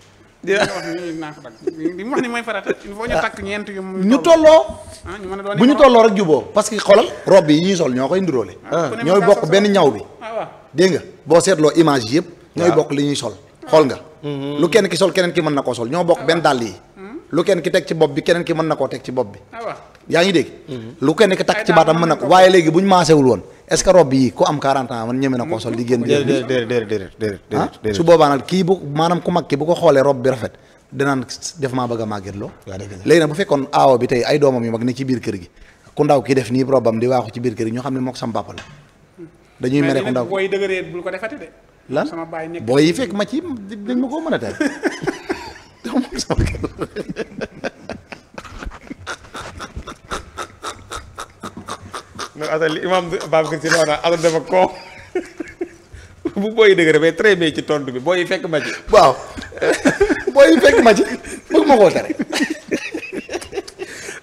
Speaker 3: di wax ni naa ko ñu ah.
Speaker 2: takk ñeent yu ñu tolloo
Speaker 3: ah, bu ñu tolloo
Speaker 2: rek juboo parce que xoolal rob ñuy yi sol ñoo koy nduróole ah, ñooy bokk benn ñaw bi dégg nga boo seetloo image yëpp ñooy bokk li ñuy sol xool nga mm-hmm. lu kenn ki sol keneen ki mën na koo sol ñoo bokk benn dàll yi lu kenn ki teg ci bopp bi keneen ki mën na koo teg ci bopp bi yaa ngi dégg mm-hmm. lu kenn ki takk ci baatam mën na ko waaye léegi bu ñu maasewul woon est-ce que robe yi ku am 40 man ñeme na koo sol di génn ah, déedéet
Speaker 1: déedéet su
Speaker 2: boobaa nag kii bu maanaam ku mag ki bu ko xoolee robe bi rafet danaan def maa bëgg a màgget loo léegi bu fekkoon aawo bi tey ay doomam yu mag ne ci biir gi ndaw ki def nii robam di waaxu ci biir kër gi ñoo xam ne moo ko sam papa la dañuy mere ku ndaw booy
Speaker 3: dëgëree bul lan sama yi fekk
Speaker 2: ma ci dañ ma koo mën a tey [LAUGHS] mais asal li imaam
Speaker 1: Babacar Sy loona asal dafa koo bu booy dëgg rek mais ci tontu bi
Speaker 2: booy fekk ma ci. waaw booy fekk ma ci bëgg ma koo tere.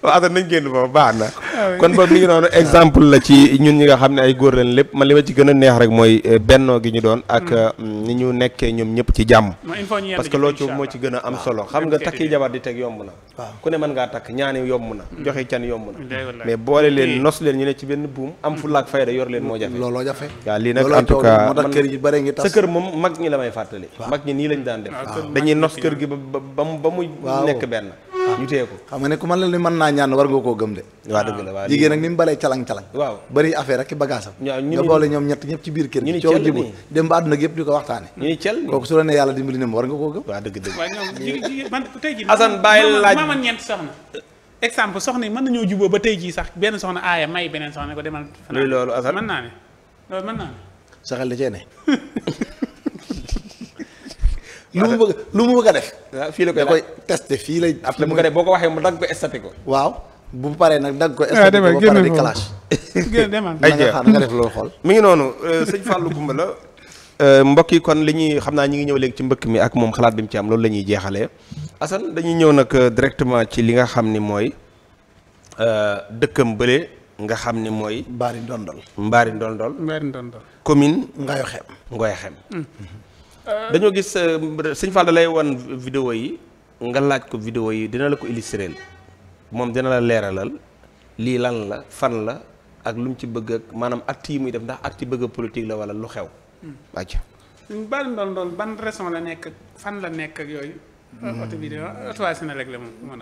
Speaker 1: waaw Assane nañ génn foofu baax na. kon boobu mi ngi noonu exemple la ci ñun ñi nga xam ne ay góor leen lépp man li ma ci gën a neex rek mooy euh, bennoo gi ñu doon. ak mm. euh, ni ñu nekkee ñoom ñëpp ci jàmm. parce que loo ci moo ci gën am solo. xam nga takki jabar di teg yomb na. ku ne mën ngaa takk ñaani yomb na. Mm. joxe can yomb na. mais boole leen nos leen ñu ne ci benn buum am mm. fulla ak fayda yor leen moo jafe. looloo jafe waaw lii nag en tout cas sa kër moom mag ñi la may fàttali. mag ñi nii lañ daan def dañuy nos kër gi
Speaker 2: ba mu nekk benn Ah. ñu téye ko xam nga ne ku man la ni mën naa ñaan war nga koo gëm de waaw dëgg la waaw jigéen ak ni mu balee calang-calang waaw bëri affaire ak i bagaasam nga boole ñoom ñett ñëpp ci biir kër gi coow jibul la ne dëgg dëgg waaw
Speaker 3: ñoom man tey jii Assane bàyyi laaj ma ñeent juboo ba tey jii sax benn soxna aaya may beneen soxna ko demal
Speaker 2: luy loolu
Speaker 1: Assane mën naa ne loolu saxal da cee [LAUGHS]
Speaker 2: lu mu bëgg mu bëgg a def. fii la koy da koy testé fii lay. mu ko def boo ko waxee mu dagg ko estati ko. waaw bu paree nag dagg ko. Eh, estati ko ba pare di clash. [LAUGHS] génn demal [LAUGHS] def loolu xool. mi ngi noonu
Speaker 1: euh, sëñ fàllu Goumba la. Euh, mbokk yi kon li ñuy xam naa ñi ngi ñëw léegi ci mbëkk mi ak moom xalaat bi mu ci am loolu lañuy ñuy jeexalee dañuy ñëw nag euh, directement ci li nga xam ni mooy dëkkam bële nga xam ni mooy. Mbaari Ndondol. Mbaari Ndondol. Mbaari Ndondol. commune. Ngayoxem Ngayoxem. Mm. dañoo gis euh, sëñ Fall da won wan yi nga laaj ko vidéo yi dina la ko illustrer moom dina la leeralal lii lan la fan la ak lu mu ci bëgg ak maanaam acte yi muy def ndax ak ci bëgg politique la wala lu xew. wàcc.
Speaker 3: Hmm. la nekk fan la nekk ak yooyu. Hmm. oto bi de waaw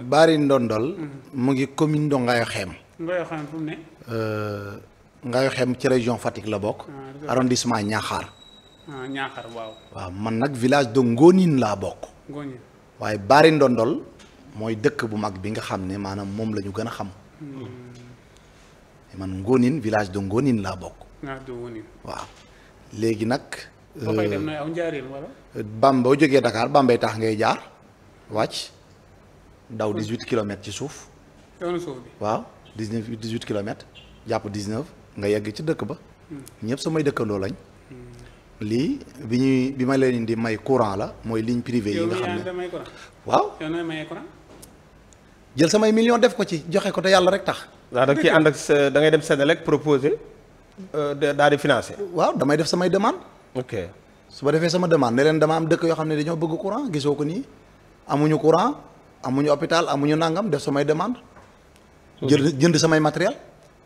Speaker 3: Bari
Speaker 2: Ndondol. Hmm. mu ngi commune do Ngayo Xem. Ngayo Xem euh, ci région Fatick la bokk. Ah, arrondissement Niakhar.
Speaker 3: ñaaxar ah, waaw. man
Speaker 2: nag village de Ngonin laa bokk. waaye Bari Ndondol mooy dëkk bu mag bi nga xam ne maanaam moom la ñu gën a xam. Hmm. man Ngonin village de Ngonin laa bokk. waaw léegi nag. Euh, boo koy boo jógee Dakar Bambey tax ngay jaar wàcc daw 18 kilomètres ci suuf. yoonu suuf bi waaw 19 18 kilomètres jàpp 19 nga yegg ci dëkk ba. Hmm. ñëpp samay dëkkandoo lañ. lii bi ñuy bi ma leen di may courant la mooy ligne privée yi nga xam ne waaw jël samay million def ko ci joxe ko te yàlla rek tax waaw da ciy ànd ak da ngay dem Sénélec proposer euh, daal di financer waaw damay def samay demand su ma defee sama demande ne leen dama am dëkk yoo xam ne dañoo bëgg courant gisoo ko nii amuñu courant amuñu hôpital amuñu nangam def samay demande jënd jënd samay matériel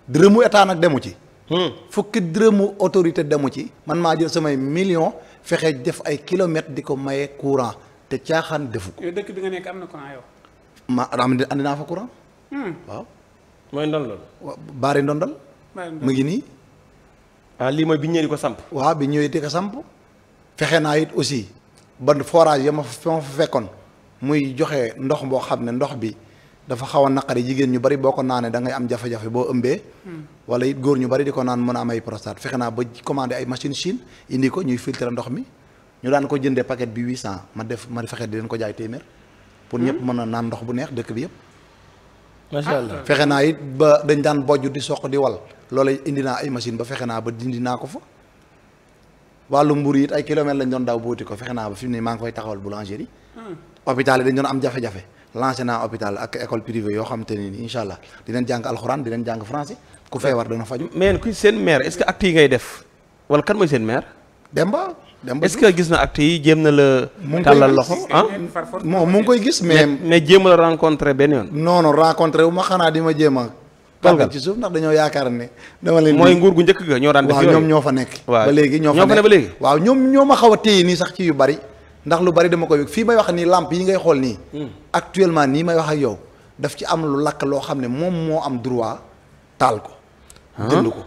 Speaker 2: dërëmu état nag demu ci Hmm. fukki dërëmu autorité demu ci man maa jël samay million fexe def ay kilomètres di ko maye courant te caaxaan defu
Speaker 3: ko. dëkk am na
Speaker 2: courant naa fa courant. Hmm. waaw. mooy ndondol. baari ndondol. mu ngi nii. ah lii mooy bi ñëwee di ko samp. waaw bi ñëwee di ko samp. fexe naa it aussi ba forage ya ma fa ma fa fekkoon muy joxe ndox boo xam ne ndox bi. dafa xaw a naqari jigéen ñu bari boo ko naanee da ngay am jafe-jafe boo ëmbee wala it góor ñu bari di ko naan mën a am ay prostate fexe naa ba commandé ay machine Chine indi ko ñuy filtre ndox mi ñu daan ko jëndee paquet bi huit cent ma def ma fexe di ko jaay téeméer pour ñëpp hmm. mën a naan ndox bu neex dëkk bi yëpp macha allah ah. fexe naa it ba dañ daan bojj di soq di wal loola indi naa ay machine ba fexe naa ba dindi naa ko fa wàllu mburu it ay kilomètres lañ doon daaw booti ko fexe naa ba fi maa ngi koy taxawal boulangerie hmm. hôpital yi dañ doon am jafe-jafe lancé naa hôpital ak école privée yoo xamante ne nii incha allah di leen jàng alxuraan di leen jàng français ku feebar dana faju mais ku seen maire
Speaker 1: est-ce que est-ce que gis na acte yi jéem na la. tàllal loxo ah
Speaker 2: moom mu ngi koy gis mais. mais
Speaker 1: jéem la rencontré benn yoon.
Speaker 2: non non rencontré wu ma xanaa di ma jéem a. tàggal ci suuf ndax dañoo yaakaar ne. dama leen mooy nguur gu njëkk ga ñoo daan def. waaw ñoom ñoo fa nekk. ba léegi ñoo fa nekk ba waaw ñoom ñoo ma xaw a nii sax ci yu bari ndax lu bari dama koy yëg fii may wax nii làmp yi ngay xool nii. Hmm. actuellement nii may wax ak yow daf ci am lu lakk loo xam ne moom moo am droit taal ko. Ah. jënd ko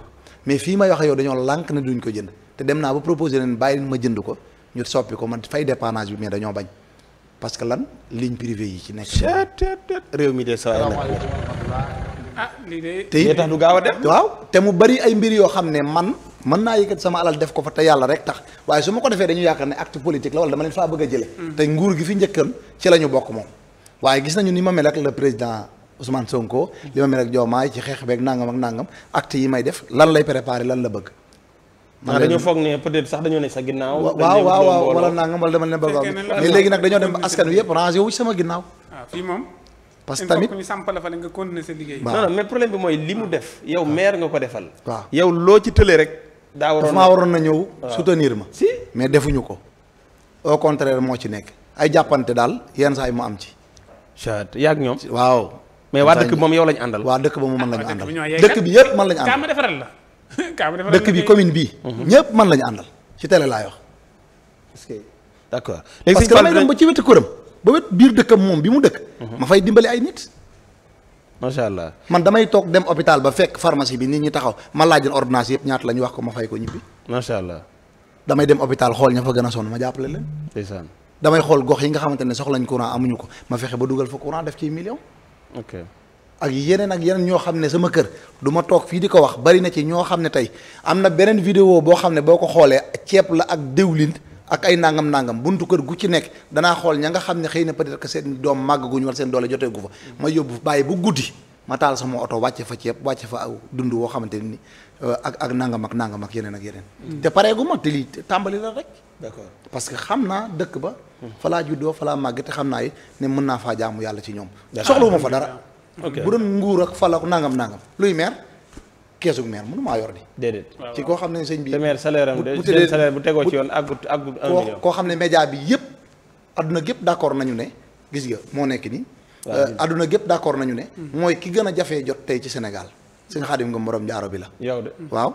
Speaker 2: mais fii may wax ak yow dañoo lànk na duñ ko jënd te dem naa ba proposé leen bàyyi ma jënd ko ñu soppi ko man fay dépannage bi mais dañoo bañ parce que lan ligne privée yi ci nekk. réew mi de saa
Speaker 3: ah lii te
Speaker 2: gaaw a dem waaw te mu bari ay mbir yoo xam ne man. mën naa yëkkat sama alal def ko fa te yàlla rek tax waaye su ma ko defee dañu yaakaar ne acte politique la wala dama leen faa bëgg a jële mm. te nguur gi fi njëkkan ci la ñu bokk moom waaye gis nañu ni ma mel ak président Ousmane Sonko li ma mel ak Diomaye ci xeex beeg nangam ak nangam acte yi may def lan lay préparé lan la bëgg man dañoo
Speaker 1: foog ne peut-être sax dañoo ne sa ginnaaw waaw waaw waaw wala nangam
Speaker 2: wala dama leen bëgg mais léegi nag dañoo dem askan yëpp rangé wu sama ginnaaw
Speaker 3: ah, fii moom
Speaker 1: parce que tamit ñu sampal fa la liggéey non non mooy li mu def yow ko defal
Speaker 2: waaw yow loo ci
Speaker 1: tële rek daa
Speaker 2: waroon maa waroon na ñëw. Ah. soutenir ma. si mais defuñu ko. au contraire moo ci nekk ay jàppante daal yenn saa yi mu am ci. chat yaa ak ñoom. waaw. mais waa dëkk moom yow lañu àndal. waa dëkk ba moom man lañu ah, àndal dëkk bi yëpp man lañu àndal.
Speaker 3: Kaama defaral la. [LAUGHS] Kaama
Speaker 2: defaral la dëkk bi commune bi. Mhm. ñëpp man lañu àndal ci télé laay wax. parce que d'accord léegi parce que damay dem ba ci wetu këram ba wet biir dëkkam moom bi mu dëkk. Mhm. ma fay dimbali ay nit. macha allah man damay toog dem hôpital ba fekk pharmacie bi nit ñi taxaw ma laaj leen ordonnance yëpp ñaata la ñu wax ko ma fay ko ñibbi. macha damay dem hôpital xool ña fa gën a sonn ma jàppale leen. ndeysaan damay xool gox yi nga xamante ne soxlañ courant amuñu ko ma fexe ba dugal fa courant def ci million. ak yeneen ak yeneen ñoo xam ne sama kër du ma toog fii di ko wax bari na ci ñoo xam ne tey am na beneen vidéo boo xam ne boo ko xoolee ceeb la ak déwlin ak ay nangam nangam buntu kër gu ci nekk danaa xool ña nga xam ne xëy na peut-être que seen doom màgg gu ñu war seen doole jotee gu fa ma yóbbu bàyyi bu guddi ma taal sama oto wàcce fa ceeb wàcce fa aw dund woo xamante ni euh, ak ak nangam ak nangam ak yeneen ak yeneen. Mm. te pareegu ma te lii tàmbali la rek. d'accord parce que xam naa dëkk ba. Mm. fa laa juddoo fa laa màgg te xam naa it ne mën naa faa jaamu yàlla ci ñoom. soxlawuma fa dara. bu doon nguur ak fal ak nangam nangam luy meer. keesu maire mënu maa yor di déedéet ci koo xam ne sëñ bi maire salaire am de seen salaire bu tegoo ci yoon àggut àggut un million koo xam ne média bi yëpp adduna gépp d'accord nañu ne gis nga moo nekk ni euh, adduna gépp d'accord nañu ne hmm. mooy ki gën a jafe jot tey ci Sénégal sëñ Xaadim nga morom jaaro bi la yow de waaw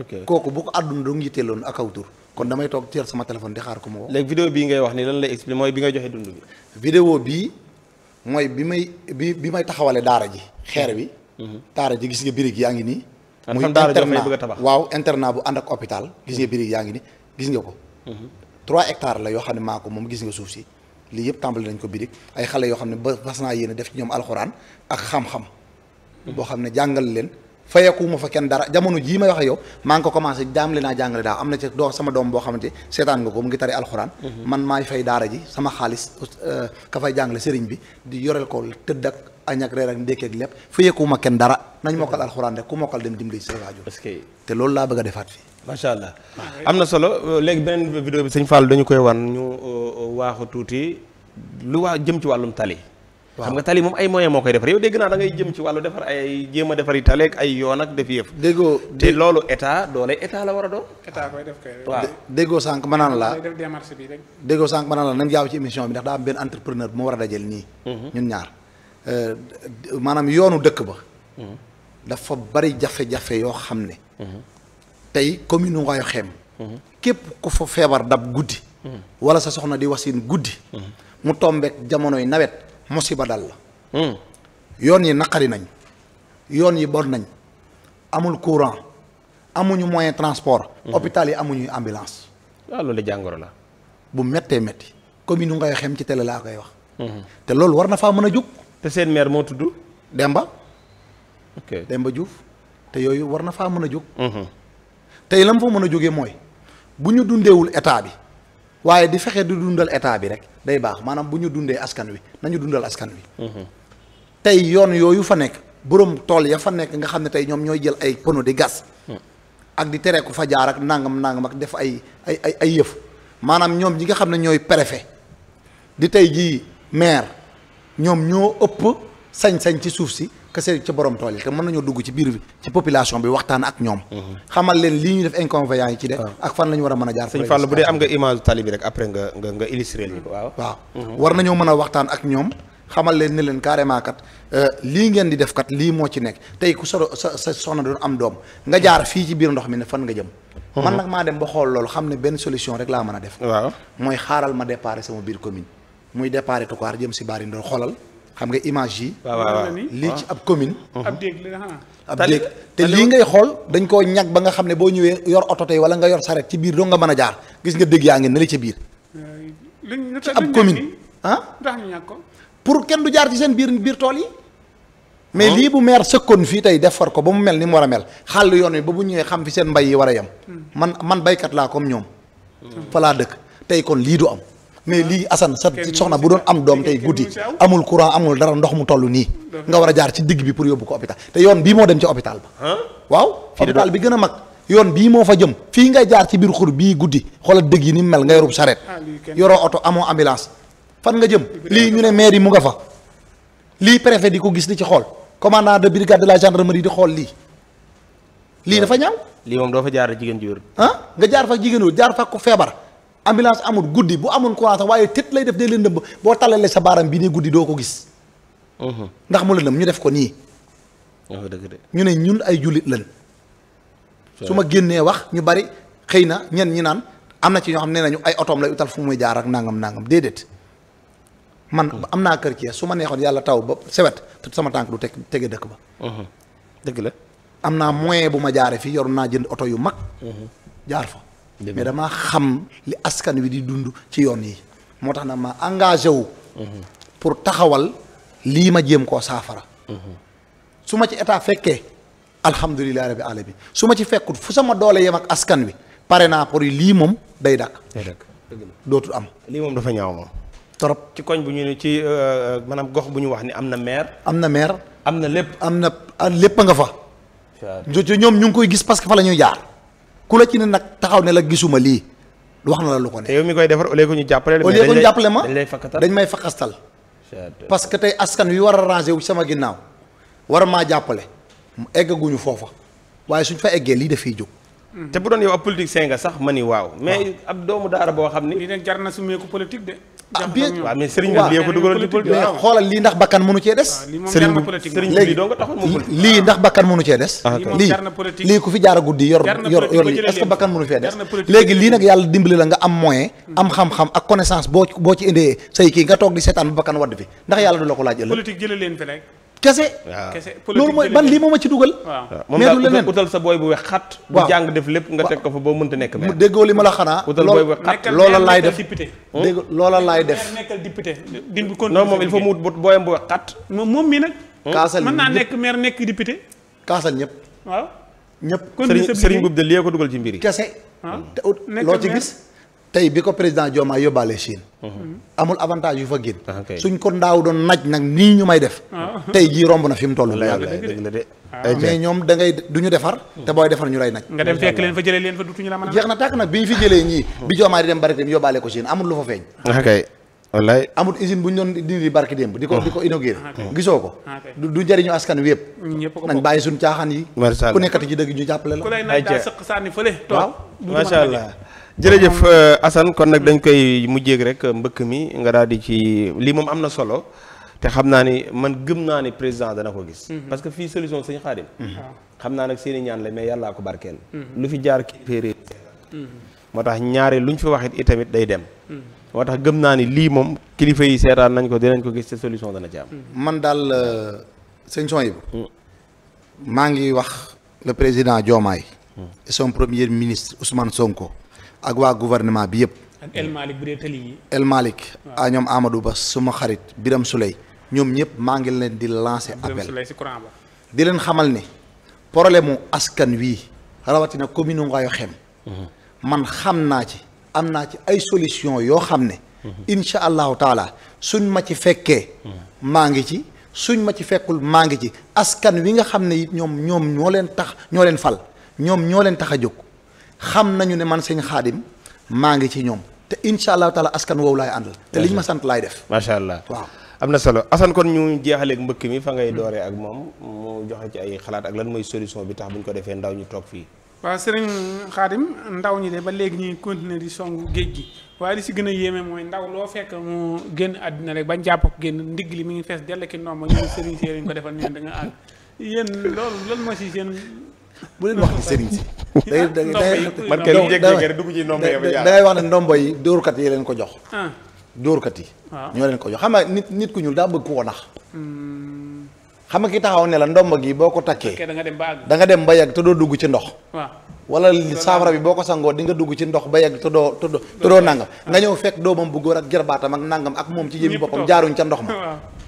Speaker 2: ok kooku bu ko àdduna du ngitteeloon ak aw tur kon damay toog teel sama téléphone di xaar ko moo woo léegi vidéo bii ngay wax ni lan lay expliquer mooy bi nga joxe dund bi vidéo bii mooy bi may bi may taxawale daara ji xeer bi Mhm. daara ji gis nga birig yaa ngi nii muy internat waaw internat bu ànd ak hôpital gis nga birig yaa ngi nii gis nga ko mhm. trois hectares la yoo xam ne maa ko moom gis nga suuf si lii yëpp tàmbali nañ ko birig ay xale yoo xam ne ba fas naa yéene def ci ñoom alxuraan ak xam-xam mhm. boo xam ne jàngal leen fayeekuwuma fa kenn dara jamono jii may wax yow maa ngi ko commencé jaamle naa jàngale daaw am na ci doo sama doom boo xamante seetaan nga ko mu ngi tari mhm. sama xaalis euh, ka fay jàngale sëriñ bi di yoreel ko tëdd ak añ ak reer ak ndékk ak lépp fayeekuwuma kenn dara nañ mhm. mokkal alxuraan rek ku mokkal dem dimbali sa waajur te loolu laa bëgg a defaat fii macha am na solo léegi beneen
Speaker 1: vidéo bi sëñ Fall dañu koy wan ñu euh, waaxu tuuti lu waa jëm ci wàllum tali xam nga tali moom ay moyen moo koy defar yow dégg naa da ngay jëm ci wàllu defar ay jéem a defar yi taleeg ay yoon ak def yëf déggoo te loolu
Speaker 2: état doole
Speaker 3: état la war a doon état koy def kay
Speaker 2: déggoo sànq ma naan la
Speaker 3: def bi rek
Speaker 2: déggoo sànq ma naan la nañ jaaw ci émission bi ndax daa benn entrepreneur bu ma war a dajal nii mhm. ñun ñaar euh, maanaam yoonu dëkk ba mhm. dafa bari jafe-jafe yoo xam ne mhm. tey commune Ngaayu Xeem képp ku fa feebar dab guddi wala sa soxna di wasin guddi mu tombeek jamonoy nawet musiba dal la hmm. yoon yi naqari nañ yoon yi bon nañ amul courant amuñu moyen transport hmm. hôpital yi amuñu ambulance waaw ah, loolu jàngoro la bu méttee métti comme nu ngay xem ci télé laa koy wax hmm. te loolu war na faa mën a jug te seen maire moo tudd Demba ok Demba Diouf te yooyu war na faa mën a jóg tey la mu fa mën a jóge mooy bu ñu dundeewul état bi waaye di fexe du dundal état bi rek day baax maanaam bu ñu dundee askan wi nañu dundal askan wi. Mhm. tey yoon yooyu fa nekk borom tool ya fa nekk nga xam ne tey ñoom ñooy jël ay pono di gas. Hmm. ak di tere ko fa jaar ak nangam nangam ak def ay ay ay ay yëf maanaam ñoom ñi nga xam ne ñooy préfet di tey ji maire ñoom ñoo ëpp sañ-sañ ci suuf si. kese ca borom tool yi te mën nañoo dugg ci biir ci population bi waxtaan ak ñoom xamal leen lii ñu def inconvénients yi ci de ak fan la war a mën a jaar sëñ Fall bu dee am nga
Speaker 1: image mhm.
Speaker 2: a waxtaan ak ñoom xamal leen euh, di def kat lii moo ci nekk tey ku sa sa soxna doon am doom nga jaar fii ci biir ndox mi ne fan nga jëm mhm. man nag maa dem ba xool loolu xam ne benn solution rek laa mën a def waaw mooy xaaral ma déparé sama biir commune muy déparé Toucar jëm si baari ndoor xoolal xam nga image yi. lii ci ab commune. Uh-huh. ab
Speaker 3: déeg la ah. ab déeg
Speaker 2: te lii ngay xool dañ koo ñag ba nga xam ne boo ñëwee yor oto tey wala nga yor saret ci biir doo nga mën a jaar gis nga dégg yaa ngi ne la euh, ci biir. ci ab commune ah. ndax ko. pour kenn du jaar ci seen biir biir tool yi. mais oh. lii bu maire sëkkoon fii tey def defar ko ba mu mel ni mu war a mel xàll yoon wi ba bu ñëwee xam fi seen mbay yi war a yem. Hmm. man man baykat laa comme ñoom. Hmm. fa laa dëkk tey kon lii du am. mais lii Assane sa soxna bu doon am doom tey guddi amul courant amul dara ndox mu toll nii nga war a jaar ci digg bi pour yóbbu ko hôpital te yoon bii moo dem ci hôpital ba waaw hôpital bi gën a mag yoon bii moo fa jëm fii ngay jaar ci biir xur bii guddi xoolal digg yi ni mel nga yorub charrette
Speaker 4: ah, yoroo
Speaker 2: oto amoo ambulance fan nga jëm lii ñu ne maire yi mu nga fa lii préfet di ko gis ni ci xool commandant de brigade de la gendarmerie di xool lii lii dafa ñaaw
Speaker 1: lii doo fa jaar jigéen ju wér
Speaker 2: ah nga jaar fa jigéen wér jaar fa feebar ambulance amul guddi bu amoon courant waaye tët lay def day lëndëm boo talalee sa baaram bi nii guddi doo ko gis. Uh-huh. ndax mu lëndëm ñu def ko nii. Oh, ñu ne ñun ay jullit lan su ma génnee wax ñu bari xëy na ñen ñi naan am na ci ñoo xam ne nañu ay otoom la utal fu muy jaar ak nangam nangam déedéet. man uh-huh. am naa kër Thiès su ma neexoon yàlla taw ba sewet te sama tànk du teg tege dëkk ba. Uh-huh. dëgg la am naa moyen bu ma jaaree fii yor naa jënd oto yu mag. jaar fa. mais damaa xam li askan wi di dund ci yoon yi moo tax na ma engagé wu mhm. pour taxawal lii ma jéem koo saafara mhm. su ma ci état fekkee alhamdulilahi rabbi alamin su ma ci fekkut fu sama doole yem ak askan wi pare naa pour lii moom day dakk day dakk dootul am lii moom dafa ñaaw moom trop ci koñ bu ñu ne ci euh, euh, maanaam gox bu ñu wax ni am na maire am na maire am na lépp am na ah, lépp a nga fa ñoom ñu ngi koy gis parce que fa la ñuy jaar ku la ci ne nag taxaw ne la gisuma lii wax na la lu ko ne. te yow mi koy defar au lieu que ñu jàppale. mais dañ lay jàppale ma dañ may fakastal parce que tey askan wi war a rangé wu sama ginnaaw war a maa jàppale eggaguñu foofa waaye suñ fa eggee lii dafay jóg. Mhm. te bu doon yow ab politicien nga sax ma ni waaw. mais
Speaker 3: ab doomu daara boo xam ni. lii nag jar ah, mënu
Speaker 2: cee des. lii ah, lii ku fi jaar a guddi yor yor yor lii que bakkan mënu fee des. léegi lii nag yàlla dimbali la nga am moyen. am xam-xam ak connaissance boo boo ci indee say kii nga toog di seetaan bu bakkan wadd fi ndax yàlla du la ko laaj
Speaker 3: ëllëg.
Speaker 2: kese loolu mooy ban lii moo ma ci dugal
Speaker 3: moom daal utal sa booy bu wex xat bu
Speaker 1: jàng def lépp nga teg ko fa ba mënta nekk maire déggoo li ma la xanaa utal booy bu wex xat loola laay def dégg loola laay def
Speaker 3: nekkal député non moom il faut mu wut booyam bu wex xat moom mi nag
Speaker 2: hmm? kaasal mën naa nekk
Speaker 3: maire nekk député kaasal ñëpp waaw
Speaker 2: ñëpp sëriñ Boub de lii ko dugal ci mbir yi kese ah. loo ci gis tey bi ko président Diomaye yóbbaale Chine. Mhm. amul avantage yu fa génn. Ah, suñ ko ndaaw doon naaj nag nii ñu may def. Ah. tey jii romb na fi mu toll. dëgg ah. eh, mais ñoom da ngay du ñu defar. te booy defar ñu lay naaj. nga dem fekk leen fa a. jeex na tàkk nag bi ñu fi jëlee ñii. bi Diomaye di dem bari dem yóbbaale ko Chine amul lu fa feeñ. wallaay usine bu ñu doon dindi barki démb di ko di ko inauguré gisoo ko du jëriñu askan wi nañ bàyyi suñ caaxaan yi ku nekkati ci dëgg ñu jàppale
Speaker 3: la ku jërëjëf euh,
Speaker 1: Assane kon nag dañ koy mujjéeg rek euh, mbëkk mi nga daal di ci lii moom am na solo te xam naa ni man gëm naa ni président dana ko gis. Mhm. parce que fii solution sëñ Xaadim. Mhm. xam naa nag seen ñaan la mais yàllaa ko barkeel. Mhm. lu fi jaar kii féeré moo tax ñaare lu ñu fi waxit itamit day dem. moo tax gëm naa ni lii moom kilifa yi seetaan nañ ko dinañ ko gis te solution dana ci
Speaker 2: man daal euh, sëñ son yi. maa ngi wax le président Diomaye. et premier ministre Ousmane Sonko. ak waa gouvernement bi yëpp.
Speaker 3: ak El Malick bu dee tali
Speaker 2: yi. ah ñoom Amadou Ba suma xarit biram Souley ñoom ñëpp maa ngi leen di lancer appel di leen xamal ne problème mu askan wii rawatina commune Ngaayo Xem man xam naa ci am naa ci ay solution yoo xam ne. incha allahu taala suñ ma ci fekkee. maa ngi ci suñ ma ci fekkul maa ngi ci askan wi nga xam ne it ñoom ñoom ñoo leen tax ñoo leen fal ñoom ñoo leen tax a jóg. xam nañu ne man sëñ xaadim maa ngi ci ñoom te incha allahu taala askan woowu laay àndal. te liñ ma sant laay def. macha allah waaw. am na solo Assane kon ñu jeexaleeg mbëkk mi fa ngay
Speaker 1: dooree ak moom mu joxe ci ay xalaat ak lan mooy solution bi tax bu ñu ko defee ndaw ñu toog fii.
Speaker 3: waaw sëriñ xaadim ndaw ñi de ba léegi ñuy continuer di songu géej gi waaye li si gën a yéeme mooy ndaw loo fekk mu génn àddina rek bañ jàpp génn ndigg li mi ngi fees dell ki ndomba ñoom sëriñ séeréer ñu
Speaker 2: ko defal ñu da nga àgg
Speaker 3: yéen loolu lan moo si seen. bu leen wax ci sëriñ si.
Speaker 2: da ngay da ngay ci ndombo yi da ngay wax ne ndombo yi dóorkat yi leen ko jox. Ah. dóor kat yi. ñoo leen ko jox xam nga nit nit ku ñuul daa bëgg koo nax. Hmm. xam nga ki taxaw ne la ndomba gi boo ko takkee. da
Speaker 3: nga dem ba àgg da
Speaker 2: nga dem ba yàgg te doo dugg ci ndox. waaw saafara bi boo ko sangoo di nga dugg ci ndox ba yegg te doo te doo nangam. nga ah. ñëw fekk doomam bu góor ak jarbaatam ak nangam ak moom ci jëmmi boppam jaaruñ ca ndox ma. [LAUGHS]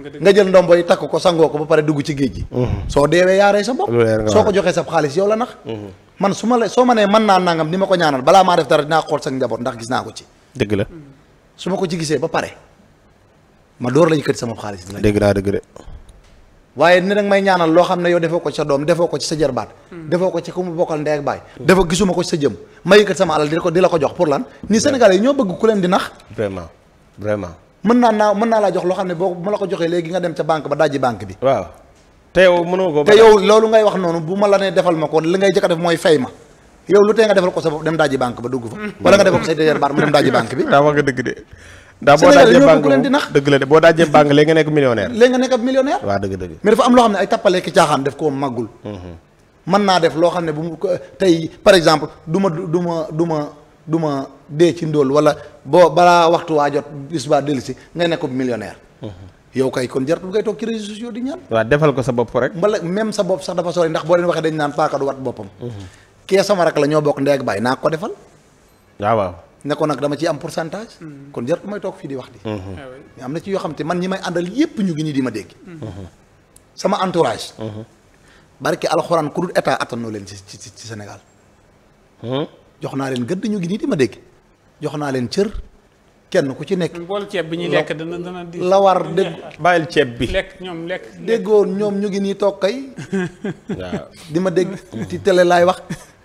Speaker 2: nga jël ndombo yi takk ko sangoo ko ba pare dugg ci géej gi mhm. soo deewee yaaree sa bopp soo ko joxee sa xaalis yow la nax mhm. man su ma la soo ma nee mën naa nangam ni ma ko ñaanal balaa maa def dara dinaa xool sax njaboot ndax gis naa ko ci dëgg la mhm. su ma ko ci ba pare ma door la yëkkati sama xaalis dina dëgg naa dëgg de waaye ni nag may ñaanal loo xam ne yow defoo ko ci sa doom defoo ko ci sa jarbaat defoo ko ci ku mu bokkal ndey ak baay defoo gisuma ko ci sa jëm ma yëkkati sama alal di la ko jox pour lan ni Sénégalais yi ñoo bëgg ku di nax mën naa naa mën naa laa jox loo xam ne boo bu ma la ko joxee léegi nga dem ca banque ba dajji banque bi waaw te yow mënoo ko te yow loolu ngay wax noonu bu ma la ne defal ma ko li ngay jëkk a def mooy fay ma yow lu tee nga defal ko sa ba dugg fa mm. dem dajji banque bi [LAUGHS] daa nga
Speaker 1: dëgg de boo daajee banque leen nga nekk millionnaire
Speaker 2: léegi nga nekk ab millionnaire
Speaker 1: waaw dëgg dëgg mais
Speaker 2: dafa am loo xam ne ay tappalee caaxaan def koo màggul mm-hmm. mën naa def loo xam ne bu ma du ma dee ci ndóol wala boo balaa waxtu waa jot bis baa dellusi nga nekk millionnaire. Mhm. yow kay kon jartul ngay toog ci réseaux sociaux di ñaan. waaw
Speaker 1: defal ko sa bopp rek. mbala
Speaker 2: même sa bopp sax dafa sori ndax boo leen waxee dañ naan paaka du wat boppam. Mhm. kee sama rak la ñoo bokk ndey ak baay naa ko defal. waaw waaw. ne ko nag dama ciy am pourcentage. Mhm. kon jartu may toog fii di wax di.
Speaker 4: Ah mais
Speaker 2: am na ci yoo xam te man ñi may àndal yépp ñu ngi nii di ma dégg. sama entourage. barke alxuraan ku dul état attanoo leen jox naa leen gën ñu ngi nii di ma dégg jox naa leen cër kenn ku ci nekk. bool ceeb bi ñuy lekk dana
Speaker 3: dana. la war dégg
Speaker 2: bàyyil ceeb bi.
Speaker 3: lekk ñoom lekk
Speaker 2: déggoon ñoom ñu ngi nii toog kay. [LAUGHS] waaw di ma dégg ci tele laay wax.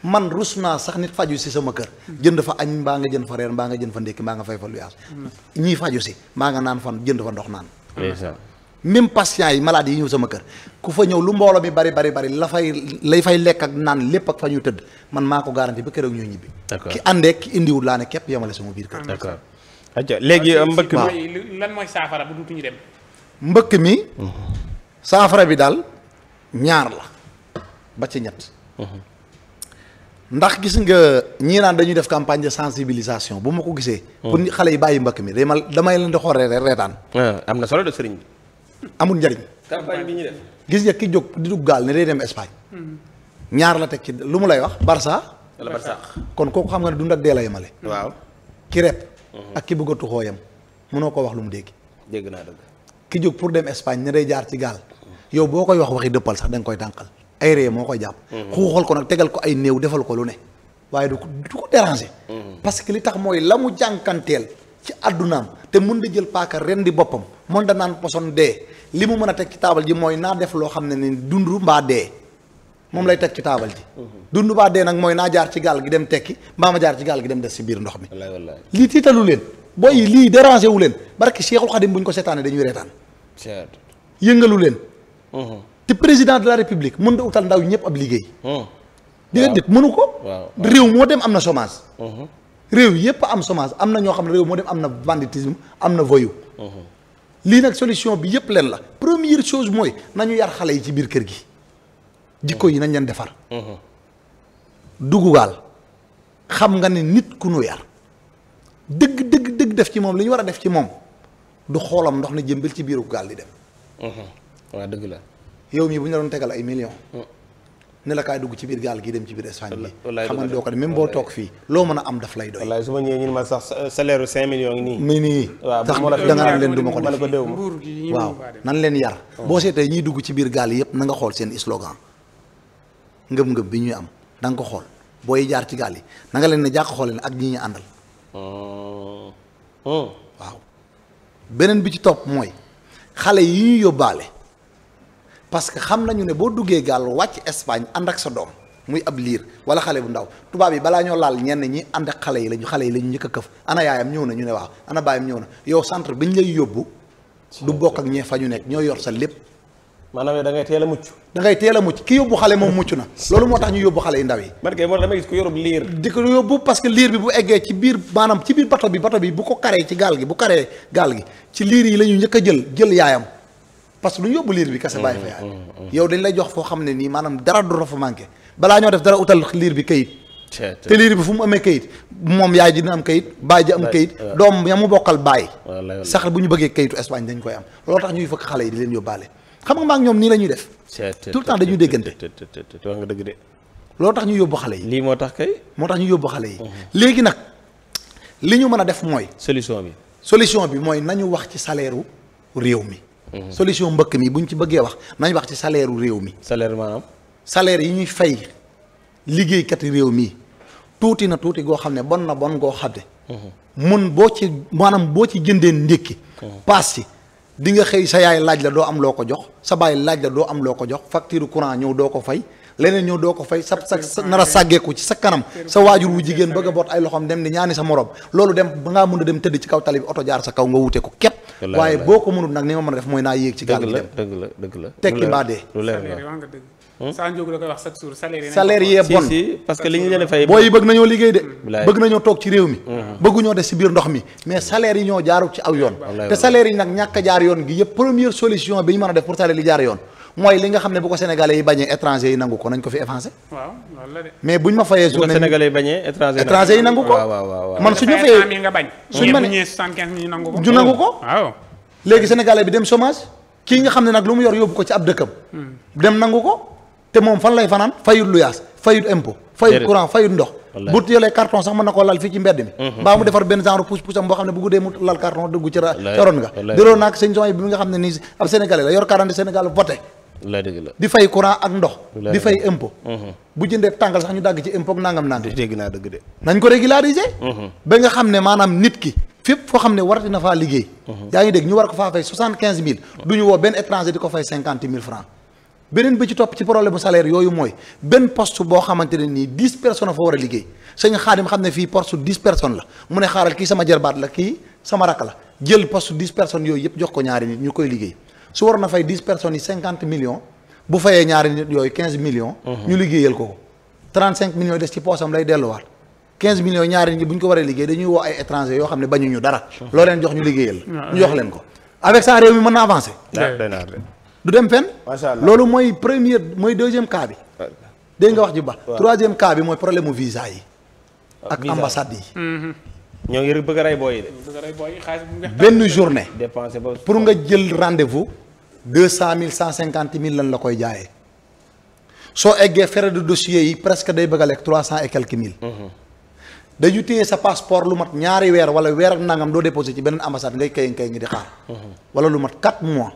Speaker 2: man rus naa sax nit faju si sama kër jënd fa añ mbaa nga jënd fa reer mbaa nga jën fa ndékki mbaa nga fay fa luyaas mm. ñii faju si mbaa nga naan fan jënd fa ndox naan même patient yi malade yi ñëw sama kër ku fa ñëw lu mbooloo mi bari bari bari la fay lay fay lekk ak naan lépp ak fa ñu tëdd man maa ko garanti ba keroog ñuy ñibbi. ki àndee ki indiwul laa ne képp yemale sama biir kër. d'accord léegi mbëkk
Speaker 3: mi saafara bu duutu ñu dem.
Speaker 2: mbëkk mi. Mhm. saafara bi daal ñaar la ba ci ñett. Mhm. ndax gis nga ñii naan dañuy def campagne de sensibilisation bu ma ko gisee. pour mhm. xale yi bàyyi mbëkk mi day ma damay leen di xoolee reetaan. Ah, am na solo de sëriñ amul njariñ. campagne bi ñu def. gis nga ki jóg di dugg gaal ne day dem Espagne. ñaar la teg ci lu mu lay wax Barça. wala Barça kon kooku xam nga ne dund ak dee la yemale. Mm-hmm. waaw ki rep. Mm-hmm. ak ki bëgg a tuxoo yam ko wax lu mu dégg. dégg naa dëgg. ki jóg pour dem Espagne ne day jaar ci gaal. yow boo koy wax waxi dëppal sax da koy tànqal. ay ree moo koy jàpp.
Speaker 4: Mm-hmm.
Speaker 1: xuuxal
Speaker 2: ko nag tegal ko ay néew defal ko lu ne. waaye du ko du ko déranger. parce que li tax mooy la mu jànkanteel ci àddunaam te mun da jël paaka ren di boppam mën da li mu mën a teg ci taabal ji mooy naa def loo xam ne ni dund mbaa dee moom lay teg ci taabal ji dundu mbaa dee nag mooy naa jaar ci gaal gi dem tekki mbaa ma jaar ci gaal gi dem des si biir ndox mi lii tiitalu leen boy yi lii dérangé wu leen barki Cheikhul Khadim bu ñu ko seetaanee dañuy reetaan yëngalu leen uh-huh. te président de la république mën da utal ndaw ñëpp ab liggéey uh-huh. déedéet mënu ko réew moo dem am na chômage uh-huh. réew yëpp am chômage am na ñoo xam ne réew moo am na banditisme am na voyou lii nag solution bi yëpp leen la première chose mooy nañu yar xale yi ci biir kër gi jikko yi nañ leen defar dugugaal xam nga ne nit ku nu yar dëgg dëgg dëgg def ci moom li ñu war a def ci moom du xoolam ndox na jëmbal ci biiru gaal di dem waaw dëgg la yow mii bu ñu la doon tegal ay millions mm. ne la kaay dugg ci biir gaal gi dem ci biir Espagne bi xam nga doo ko même boo toog fii loo mën a am daf lay doy wallaay ma ñëwee ñun ma sax salaire u cinq millions nii mi tax da nga leen du ko def waaw nan leen yar boo seetee ñiy dugg ci biir gaal yi yëpp na nga xool seen slogan ngëm-ngëm bi ñuy am da nga ko xool booy jaar ci gaal yi nanga leen ne jàkk xool leen ak ñi ñu àndal oh. Oh. waaw beneen bi ci topp mooy xale yi ñu yóbbaale parce que xam nañu ne boo duggee gaal wàcc Espagne ànd ak sa doom muy ab liir wala xale bu ndaw tubaab yi balaa ñoo laal ñenn ñi ànd xale yi lañu xale yi lañu njëkk a këf ana yaayam ñëw na ñu ne waaw ana baayam ñëw na yow centre bi ñu lay yóbbu. du bokk ak ñee fa ñu nekk ñoo yor sa lépp. maanaam da ngay a mucc. da ngay a mucc ki yóbbu xale moom mucc na. loolu moo tax ñu yóbbu xale yu ndaw yi. man kay moo damay gis ku que liir bi bu eggee ci biir maanaam ci biir bi bato bi bu ko karee ci gaal gi bu karee gaal gi ci yi la ñu njëkk a jël jël yaayam parce que du yóbbu liir bi kase bàyyi fa yaay mm, mm, mm, yow dañ lay jox foo xam ne nii maanaam dara du fa manqué balaa ñoo def dara utal liir bi kayit te liir bi fu mu amee kayit moom yaay dina am kayit baay ji am kayit doom ya mu bokkal bàyyi sax bu ñu bëggee kayitu Espagne dañ koy am loolu tax ñuy fëkk xale yi di leen yóbbaale xam nga maa ñoom nii la ñuy def tout le temps dañuy déggante loolu tax ñu yóbbu xale yi lii moo tax kay moo tax ñu yóbbu xale yi mm-hmm. léegi nag li ñu mën a def mooy solution bi solution bi mooy nañu wax ci salaire u réew mi Mhm. solution mbëkk mii bu ñu ci bëggee wax nañ wax ci salaire réew mi. salaire maanaam. salaire yi ñuy fay liggéeykati réew mi tuuti na tuuti goo xam ne bon na bon goo xam ne. Mhm. mun boo ci maanaam boo ci jëndee ndékki. Mhm. paas ci di nga xëy sa yaay laaj la doo am loo ko jox sa baay laaj la doo am loo ko jox facture courant ñëw doo ko fay. leneen ñëw doo ko fay sa sa nar a sàggeeku ci sa kanam sa waajur wu jigéen bëgg a boot ay loxoom dem di ñaani sa morom loolu dem ba ngaa mën a dem tëdd ci kaw tali bi oto jaar sa kaw nga wute ko képp waaye boo ko mënul nag ni ma mën a def mooy naa yéeg ci gaal gi dem
Speaker 1: dëgg la dëgg la tekki mbaa dee
Speaker 3: Sa hmm? yee bon si
Speaker 1: a yi bëgg nañoo
Speaker 2: liggéey de. bëgg nañoo toog ci réew mi. Hmm. bëgguñoo des si biir ndox mi mais salaire yi ñoo jaarul ci aw yoon. te salaire yi nag ñàkk a jaar yoon gi yëpp première solution bi ñu mën a def pour jaar yoon. mooy li nga xam ne bu ko sénégalais yi bañee étranger yi nangu ko nañ ko fi avancé. mais buñ ma fayee journée bu ko sénégalais
Speaker 1: yi bañee étranger. étranger yi nangu ko waaw waaw waaw ma fayee
Speaker 2: mi ne nangu ko. ko waaw. léegi sénégalais bi dem chômage kii nga xam ne nag lu mu yor yóbbu ko ci ab dëkkam. Hmm. dem nangu ko te moom fan lay fanaan fayut luyaas fayut impôt fayut courant fayut ndox. bu yolee carton sax mën na koo lal fii ci mbedd mi hmm. mbaa mu defar benn genre pousse pousse am boo xam ne bu guddee mu lal carton dugg di fay courant ak ndox di fay impôt mm-hmm. bu jëndee tàngal sax ñu dàgg ci impôt nangam nangam dégg naa mm-hmm. nit ki fépp foo xam ne warati na faa liggéey mm-hmm. yaa ngi dégg ñu war ko faa fay soixante quinze mille du ñu woo benn étranger di ko fay cinquante mille francs beneen bi ci topp ci problème salaire yooyu mooy benn poste boo xamante ne nii dix personnes war a liggéey sëñ Xaadim xam ne fii poste dix personnes la mu ne xaaral kii sama jarbaat la kii sama rakk la jël poste dix personnes yooyu yëpp jox ko ñaari liggéey su waroon a fay dix personnes yi cinquante millions bu fayee ñaari yooyu quinze millions. Mhm. ñu liggéeyal ko ko trente cinq millions des ci poosam lay delluwaat. quinze millions ñaari bu ñu ko waree liggéey dañuy woo ay étranger yoo xam ne bañuñu dara. Mhm. loo jox ñu liggéeyal. Ah, ñu jox leen ko avec ça réew mi mën na avancer. du dem fenn. macha allah loolu mooy première mooy deuxième cas bi. dégg nga wax ji troisième cas bi mooy problème mu visa yi. ak ambassade yi. Mhm. ñoo ngi bëgg a rey booy yi
Speaker 1: de.
Speaker 2: benn journée. dépensé ba pour nga jël rendez-vous. deux cent mille cent cinquante mille lan la koy jaayee. soo eggee frais de dossier yi presque day bëgg a lekk trois cent et quelques mille. Mhm. dañu téye sa passeport lu mat ñaari weer wala weer ak nangam doo déposé ci beneen ambassade ngay kay kay ngi di xaar. Mhm. wala lu mat quatre mois.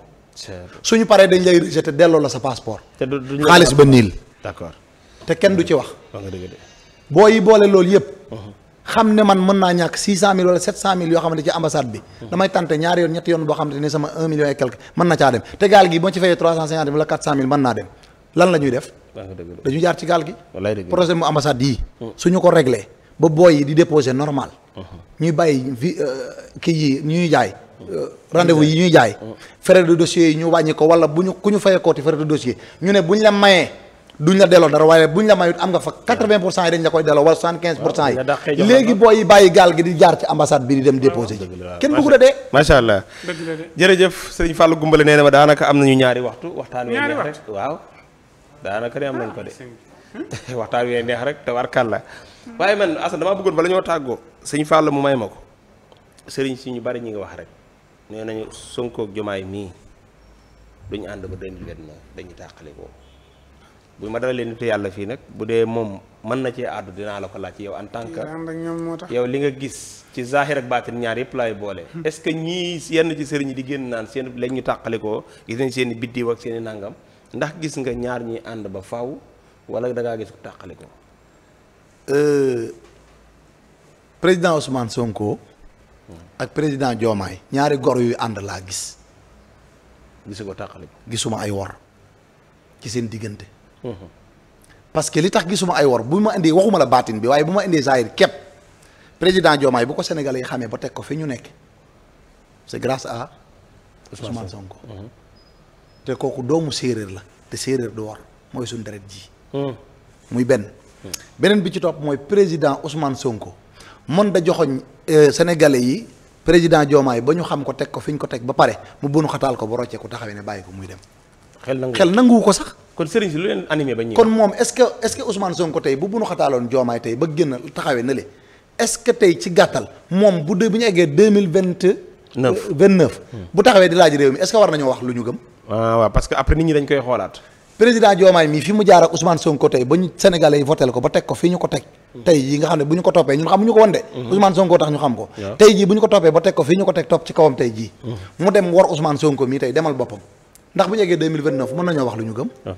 Speaker 2: suñu paree dañ lay rejeté delloo la sa passeport. xaalis ba niil. te kenn du ci wax. boo yi boole loolu yëpp. Mhm. xam ne man mën naa ñàkk six cent mille wala sept cent mille yoo xamante ci ambassade bi damay tante ñaari yoon ñetti yoon boo xamante ni sama un million et quelque mën na caa te gaal gi boo ci fayee trois cent cinquante mille wala quatre cent mille mën naa dem lan la ñuy def dañu jaar ci gaal gi projet mu ambassade yii suñu ko réglé ba booy yi di déposer normal ñuy bàyyi vi ñuy jaay rendez yi ñuy jaay euh, frais de dossier ñu wàññi ko wala bu ñu ku ñu duñ la delloo dara waaye buñ la mayut am nga fa 80 pour cent yi dañ la koy delloo wala 75 pour cent yi ah, léegi booy yi bàyyi gaal gi di jaar ci ambassade bi di dem déposé ji kenn bëggu la dee macha allah
Speaker 1: jërëjëf sëriñ Fallou Gumbale nee na ma daanaka am nañu ñaari waxtu waxtaan wi neex rek waaw daanaka ne am nañ ko de ah, [LAUGHS] waxtaan wi neex rek te warkàlla waaye man Assane damaa bëggoon bala ñoo tàggoo sëñ Fallou mu may ma ko sëriñ si ñu bari ñu ngi wax rek nee nañu Sonko ak Jomaay mii duñu ànd ba 2029 dañuy tàqale ko bu ma dara leen nitu yàlla fii nag bu dee moom mën na cee àddu dinaa la ko laaj yow en tant que yow li nga gis ci zahir ak baatin ñaar yëpp laay boole hmm. est ce que ñii yenn ci ñi di génn naan seen lañ ñu tàqalikoo gis nañ seeni i biddiw ak seeni i nàngam ndax gis nga ñaar ñuy ànd ba faw wala dangaa gis ku tàqalikoo
Speaker 2: euh, président Ousmane Sonko hmm. ak président Diomaye ñaari gor yuy ànd laa gis gisu ko tàqalikoo gisuma ay wor ci seen diggante parce que li tax gisuma ay wor bu ma indee waxuma la baatin bi waaye bu ma indee zaahir képp président Diomaye bu ko Sénégalais yi xamee ba teg ko fi ñu nekk c'est grâce à Ousmane Sonko mhm. te kooku doomu séeréer la te séeréer du wor mooy suñu deret ji mhm. muy benn mhm. beneen bi ci topp mooy président Ousmane Sonko mën da joxoñ euh, Sénégalais yi président Diomaye ba ñu xam ko teg ko fi ñu ko teg ba pare mu bunu xataal ko ba roccee ku taxawee ne bàyyi ko muy dem xel nangu xel nanguwu ko sax.
Speaker 1: kon sëriñ si lu leen animé ba ñii. kon
Speaker 2: moom est ce que est ce que Ousmane Sonko tey bu bunu xataaloon joomaay tey ci gàttal moom bu dee bu ñu eggee deux mille hmm. bu wax lu ñu gëm. waaw ah, waaw parce que après nit ñi dañ koy xoolaat. président Diomaye mii fi mu jaar ak Ousmane Sonko tey ñu ko ba teg ko fii ñu ko teg hmm. tey yi nga xam ne bu ñu ko toppee ñun xamuñu ko woon de hmm. Sonko tax ñu xam ko tey jii bu ñu ko toppee ba teg ko fii ñu ko teg topp ci kawam tey jii mu dem war Ousmane Sonko mii tey demal boppam ndax bu ñu eggee deux mille vingt neuf mën nañoo wax lu ñu gëm. wax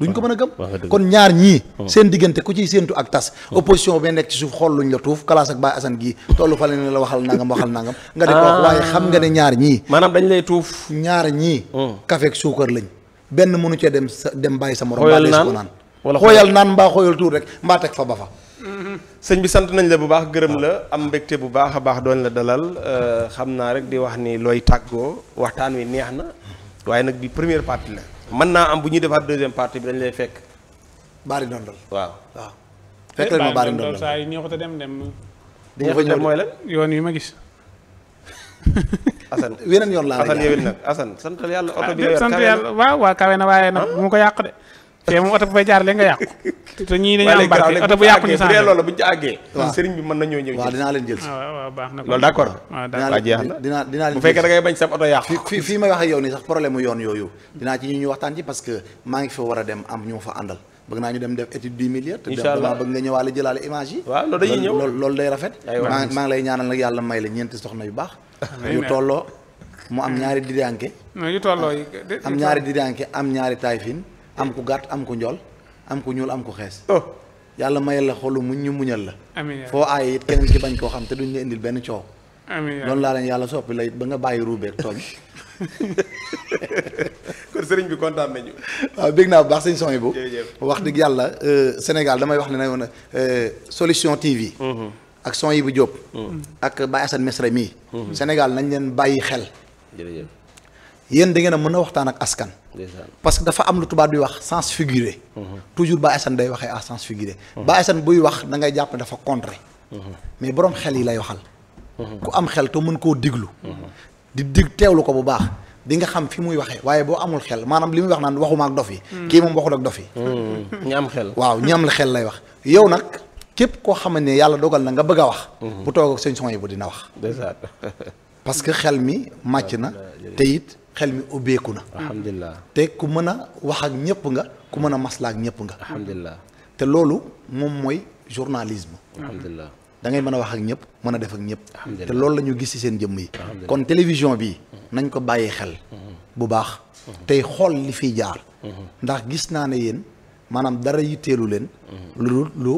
Speaker 2: nga ko mën a gëm kon ñaar ñii oh. seen diggante ku ci séentu ak tas oh. opposition bi nekk ci suuf xool luñ la tuuf kalaas ak Baye Assane gii tollu fa leen la waxal nangam waxal nangam nga di ko wax ah. waaye xam nga ne ñaar ñii maanaam dañ lay tuuf ñaar ñii kafeek oh. suukar lañ benn mënu cee dem sa dem bàyyi sa morom mbaa des naan wala xooyal naan mbaa xooyal tuur rek mbaa
Speaker 1: teg fa ba fa sëñ bi sant nañ la bu baax gërëm ah. la am mbegte bu baax a baax doon la dalal euh, xam naa rek di wax ni looy tàggoo waxtaan wi neex na waaye nag bi première partie la mën naa am bu ñuy defaat deuxième partie bi dañ lay fekk baari ndondol waaw
Speaker 2: waaw
Speaker 3: fekk leen ma baari ndondol saa yi ñëw ko te dem dem di mooy la yoon yi ma gis Assane weneen yoon laa Assane yow nag Assane santal yàlla oto bi ah, sant yàlla waaw waa kawe na waaye nag bu ah? mu ko yàq de te moom oto bu fay jaar léegi nga yàqu. te ñii dañu am
Speaker 1: bu yàqu ñu ah. na ñoo ñëw. waaw dinaa leen jël si ah, waaw waaw baax na loolu d' accord. waaw ah, dinaa dinaa dinaa leen bu fekkee da ngay bañ sa
Speaker 2: oto yàqu. fii may wax ak yow nii sax problème yoon yooyu. dinaa ci ñu waxtaan ci parce que maa ngi fa war a dem am ñu fa àndal. bëgg naa ñu dem def étude du milieu te dama bëgg nga ñëwaale jëlaale image yi loolu day rafet maa maa ngi lay ñaanal nag yàlla may la ñeenti soxna yu baax yu tolloo mu am ñaari am ku gàtt am ku njool am ku ñuul am ku xees. Oh. yàlla mayal la xolu mu ñu muñal la. amiin foo aay it keneen ci bañ koo xam te duñ la indil benn coow. amiin loolu laa leen yàlla soppi lay ba nga bàyyi ruubeeg tooñ. [LAUGHS] kon sëriñ
Speaker 1: bi kontaan nañu.
Speaker 2: waaw naa baax sëñ son bu wax dëgg yàlla euh, Sénégal damay wax ne na woon euh, solution TV. Mm-hmm. ak son yi bu Diop. Mm-hmm. ak Baye Assane Mesra mii. Mm-hmm. Sénégal nañ leen bàyyi xel. yéen da ngeen a mën a waxtaan ak askan. parce que dafa am lu tubaab di wax sens figuré. Mhm. toujours Baye Assane day waxee à sens figuré. Mhm. Baye Assane buy wax da ngay jàpp ne dafa contré. Mhm. mais borom xel yi lay waxal. ku am xel te mën koo diglu. di dig teewlu ko bu baax. di nga xam fi muy waxee waaye boo amul xel maanaam li muy wax naan waxuma ak dof yi. kii moom waxul ak dof yi. ñi am xel waaw ñi am xel lay wax. yow nag képp koo xamante ne yàlla dogal na nga bëgg a wax. [LAUGHS] xel mi ubbeeku na. te ku mën a wax ak ñëpp nga ku mën a maslaa ak ñëpp nga. alhamdulilah te loolu moom mooy journalisme. alhamdulilah da mën a wax ak ñëpp mën a def ak ñëpp. te lool la gis ci seen jëmm yi. kon télévision bi nañ ko bàyyi xel. bu baax tey xool li fi jaar. ndax gis naa ne yéen maanaam dara yitteelu leen. lu lu.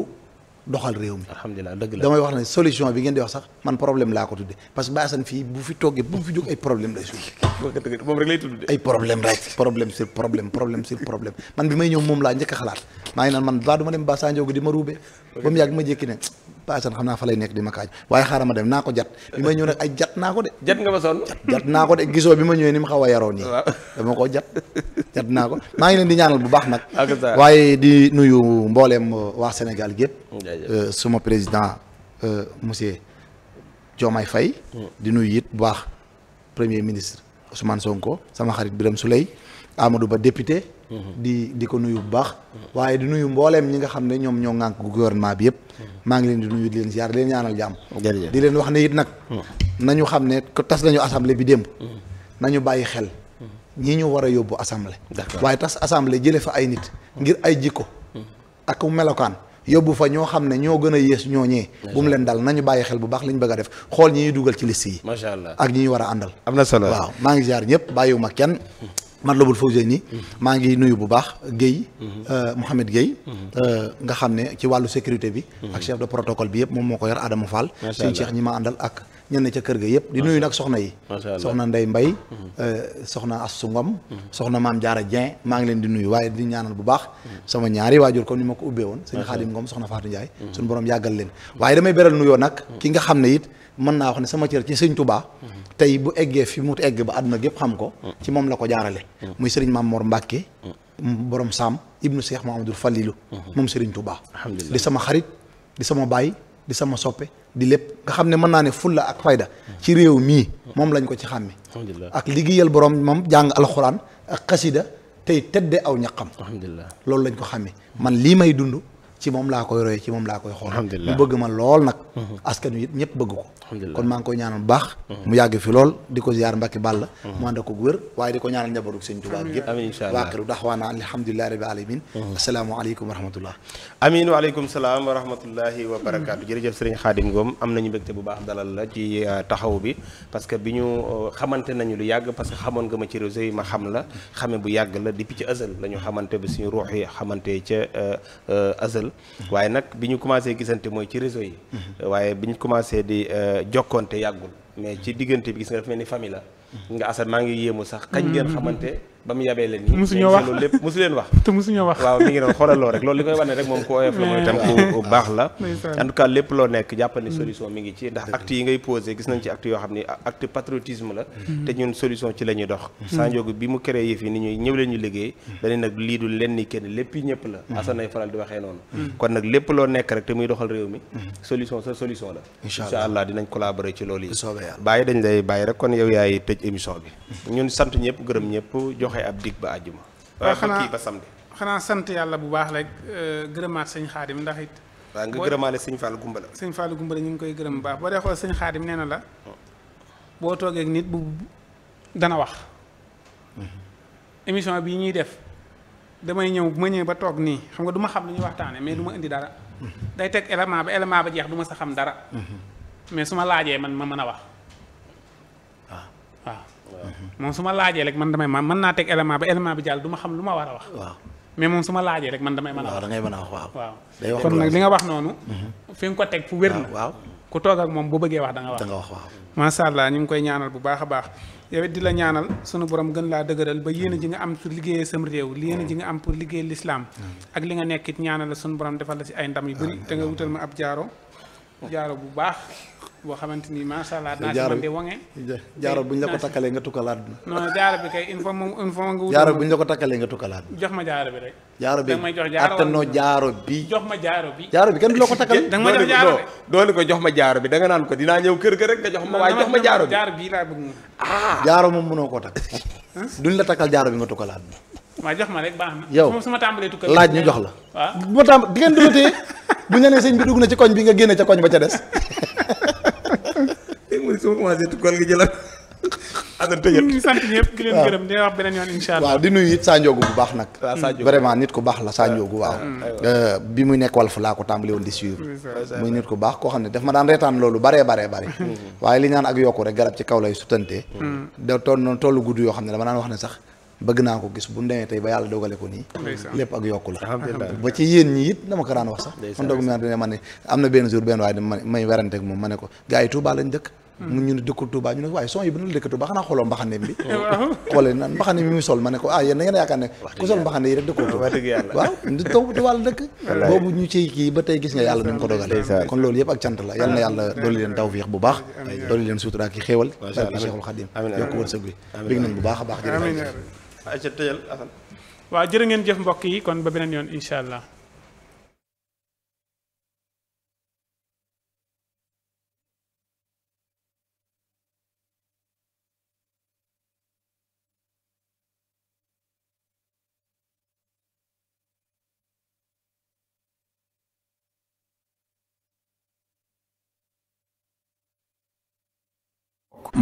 Speaker 2: doxal réew mi. alhamdulilah dëgg la damay wax ne solution bi ngeen di wax sax man problème laa ko tudde parce que Assane fii bu fi toggee bu fi jóg ay problème lay suuf. [LAUGHS] ay problème rek problème sur problème problème sur problème man bi may ñëw moom laa njëkk xalaat maa ngi naan man baa du ma dem ba Sandiogou di ma ruube ba mu yàgg ma jékki ne paasan xam naa fa lay nekk di ma kaaj waaye xaaral ma dem naa ko jat bi ma ñëw nag ay jat naa ko de jat naa ko de gisoo bi ma ñëwee ni mu xaw a yaroo nii dama ko jat jat naa ko maa ngi leen di ñaanal bu baax nag
Speaker 1: [LAUGHS] waaye
Speaker 2: di nuyu mbooleem euh, waa Sénégal gépp euh, suma président euh, monsieur Diomaye Faye hmm. di nuyu it bu baax premier ministre Ousmane Sonko sama xarit Birame Souleye Amadou Ba député di di ko nuyu bu baax waaye di nuyu mbooleem ñi nga xam ne ñoom ñoo ŋànk gouvernement bi yëpp maa ngi leen di nuyu di leen ziar di leen ñaanal jàmm di leen wax ne it nag nañu xam ne tas nañu assemblée bi démb nañu bàyyi xel ñi ñu war a yóbbu assemblée waaye tas assemblée jële fa ay nit ngir ay jikko ak melokaan yóbbu fa ñoo xam ne ñoo gën a yées ñoo ñee bu mu leen dal nañu bàyyi xel bu baax li ñu bëgg a def xool ñi ñuy dugal ci liste yi
Speaker 1: macha allah ak
Speaker 2: ñi war a àndal am na Matlabul Fawzeyni mm-hmm. maa ngi nuyu bu baax Guèye mm-hmm. euh, Mouhamed Guèye mm-hmm. euh, nga xam ne ci wàllu sécurité bi ak chef de protocole bi yëpp moom moo ko yor Adama Fall suñu Cheikh ñi ma àndal ak ñenn ca kër ga yëpp di nuyu nag soxna yi soxna Ndey Mbay euh, soxna Assu Ngom soxna Maam Jaara Dieng maa ngi leen di nuyu waaye di ñaanal bu baax sama ñaari waajur ko ni ma ko ubbee woon sëñ Xaadim Ngom soxna Fatou Ndiaye suñu borom yàggal leen waaye damay beral nuyoo nag ki nga xam ne it mën naa wax ne sama cër ci sëñ tey bu eggee fi mu egg ba àdduna gépp xam ko ci moom la ko jaarale muy sëriñ Maam moor Mbàkke borom saam ibnu Cheikh du Falilu moom sëriñ Touba di sama xarit di sama baay di sama soppe di lépp nga xam ne mën naa ne fulla ak fayda ci réew mii moom lañ ko ci xàmme ak liggéeyal borom moom jàng alxuraan ak xasida tey tedde aw ñaqam loolu lañ ko xàmme man lii may dund ci moom laa koy royee ci moom laa koy xool mu bëgg ma lool nag mhm. askan wi ñëpp bëgg ko kon maa ngi koy ñaanal bu baax mhm. mu yàgg fi lool di ko ziar Mbacke Balla mhm. mu ànd ko wér waaye di ko ñaanal njabootug Sëñ Tuubaa yëpp waaqiru daxwaana alhamdulillahi rabbil alamin asalaamaaleykum wa rahmatullah amin
Speaker 1: waaleykum salaam wa rahmatullahi wa barakaatu jërëjëf Sëriñ Xaadim Ngom am nañu mbégte bu baax dalal la ci euh, taxaw bi parce que bi ñu euh, xamante nañu lu yàgg parce que xamoon nga ma ma xam la xame bu yàgg la depuis ci azal la ñu waaye nag bi ñu commencé gisante mooy ci réseau yi. Mhm. waaye bi ñu commencé di euh, jokkoonte yàggul mais ci diggante bi gis nga dafa ni famille mhm. nga Assane maa ngi yéemu sax. kañ ngeen mhm. xamante. ba mu yabee leen. musu ñoo wax loolu lépp musu leen wax. [LAUGHS] te musu ñoo wax waaw mi ngi doon xoolaloo rek loolu li koy wane rek moom ku oyof la mooy tam ku baax la. [LAUGHS] en tout cas lépp loo nekk jàppal ni mm. solution mm. te mm. bi mu créé leen ñu liggéey. dañu nag lii du lenn ni kenn ñëpp la. Assane ay faral di waxee lépp loo nekk rek te muy doxal réew mi. solution joxe ab dig ba àjjuma.
Speaker 3: waaw xanaa ba xanaa sant yàlla bu baax rek euh, gërëmaat sëñ xaadim ndax it. waaw nga gërëmaale
Speaker 1: sëñ Fallou Gumbala.
Speaker 3: sëñ Fallou Gumbala ñu ngi koy gërëm bu baax boo dee xool sëñ xaadim nee na la. boo toogee nit bu dana wax. Mm-hmm. émission bii ñuy def damay ñëw bu ma ñëwee ba toog nii xam nga duma xam lu ñuy waxtaanee mais du ma indi dara. Mm-hmm. day teg élément ba élément ba jeex du ma sa xam dara. Mm-hmm. mais suma laajee man ma mën a wax. moom su ma laajee rek man damay man mën naa teg élément ba élément bi jàll du ma xam lu ma war a wax. waaw mais moom su ma laajee rek man damay mën a. waaw a wax nga wax noonu. Mhm. ko teg fu wér na. waaw ku toog ak moom bu bëggee wax da wax. da nga wax waaw. macha allah ñu ngi koy ñaanal bu baax a baax. yow di la ñaanal sunu borom gën laa dëgëral ba yéen ji nga am pour liggéeyee sam réew yéen ji nga am pour liggéey l'islam ak li nga nekkit ñaanal la sunu borom defal la si ay ndam yu bëri te nga wutal ma ab jaaro jaaro bu baax boo xamante ni macha allah naa si mën di buñ la ko takkalee nga tukkalaat. laat jaaro bi kay une fois moom une fois nga. jaaro ko takkalee jox ma jaaro bi rek.
Speaker 2: jaaro bi da nga may jox jaaro jaaro bi.
Speaker 3: jox ma jaaro bi jaaro bi
Speaker 1: kenn du la ko takkal. da ma jox jaaro bi ko jox ma jaaro bi da nga naan ko dinaa ñëw kër ga jox ma waaye jox ma jaaro
Speaker 3: bi bii laa bëgg moom.
Speaker 2: Ah. moom mënoo koo takk. duñ la takkal jaaro bi nga tukkalaat.
Speaker 3: waaw jox ma rek baax yow su ma tàmbalee tukkal laaj ñu jox la.
Speaker 2: waaw bu ma tàmb di ngeen dumatee [LAUGHS] bu ñu nee sëñ bi dugg na ci koñ bi nga génn ca koñ ba ca des [LAUGHS] léegi [LAUGHS] mooy su ma commencé tukkal nga jëlaat. di waaw di nuyu it Sa bu baax nag. vraiment nit ku baax la Sa Ndiogou waaw. Mm. Mm. Euh, bi muy nekk Walf laa ko tàmbali woon di suivre. muy nit ku baax koo xam ne daf ma daan reetaan loolu baree baree bare. Mm. waaye li ñaan ak yokku rek garab ci kaw lay sutante. da toll noonu tollu gudd yoo xam ne dama daan wax ne sax. bëgg naa ko gis bu ñu demee tey ba yàlla dogale ko nii lépp ak yokku la ba ci yéen ñi it dama ko daan wax sax man doog mi ne man ne am na benn jour benn waaye dama may werante ak moom ma ne ko gars yi Touba lañ dëkk hmm. mu ñu ne dëkku Touba ñu ne waaye son yi bu na la dëkk Touba xanaa xooloo [LAUGHS] ne ko ah yéen ne ku sol [LAUGHS] boobu ñu ciy kii ba tey gis nga yàlla ni mu ko dogale kon loolu yëpp ak cant la yàlla dooli leen tawfiix bu baax dooli leen sutura ki xéewal barke Cheikhul Khadim yokk wërsëg bi bég nañ bu
Speaker 3: ayca tëjal Assane. waaw jërë ngeen jëf mbokk yi kon ba beneen yoon incha allah.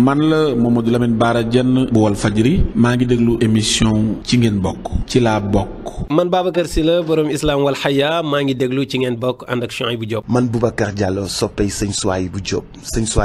Speaker 1: man la Mamadou Lamine Bara Diène bu wal fajri maa ngi déglu émission ci ngeen bokk ci laa bokk. man Babacar si la borom islam wal xaya maa ngi déglu ci ngeen bokk ànd ak Chouaïbou Diop. man Boubacar Diallo soppey sëñ Souaïbou Diop sëñ Souaïbou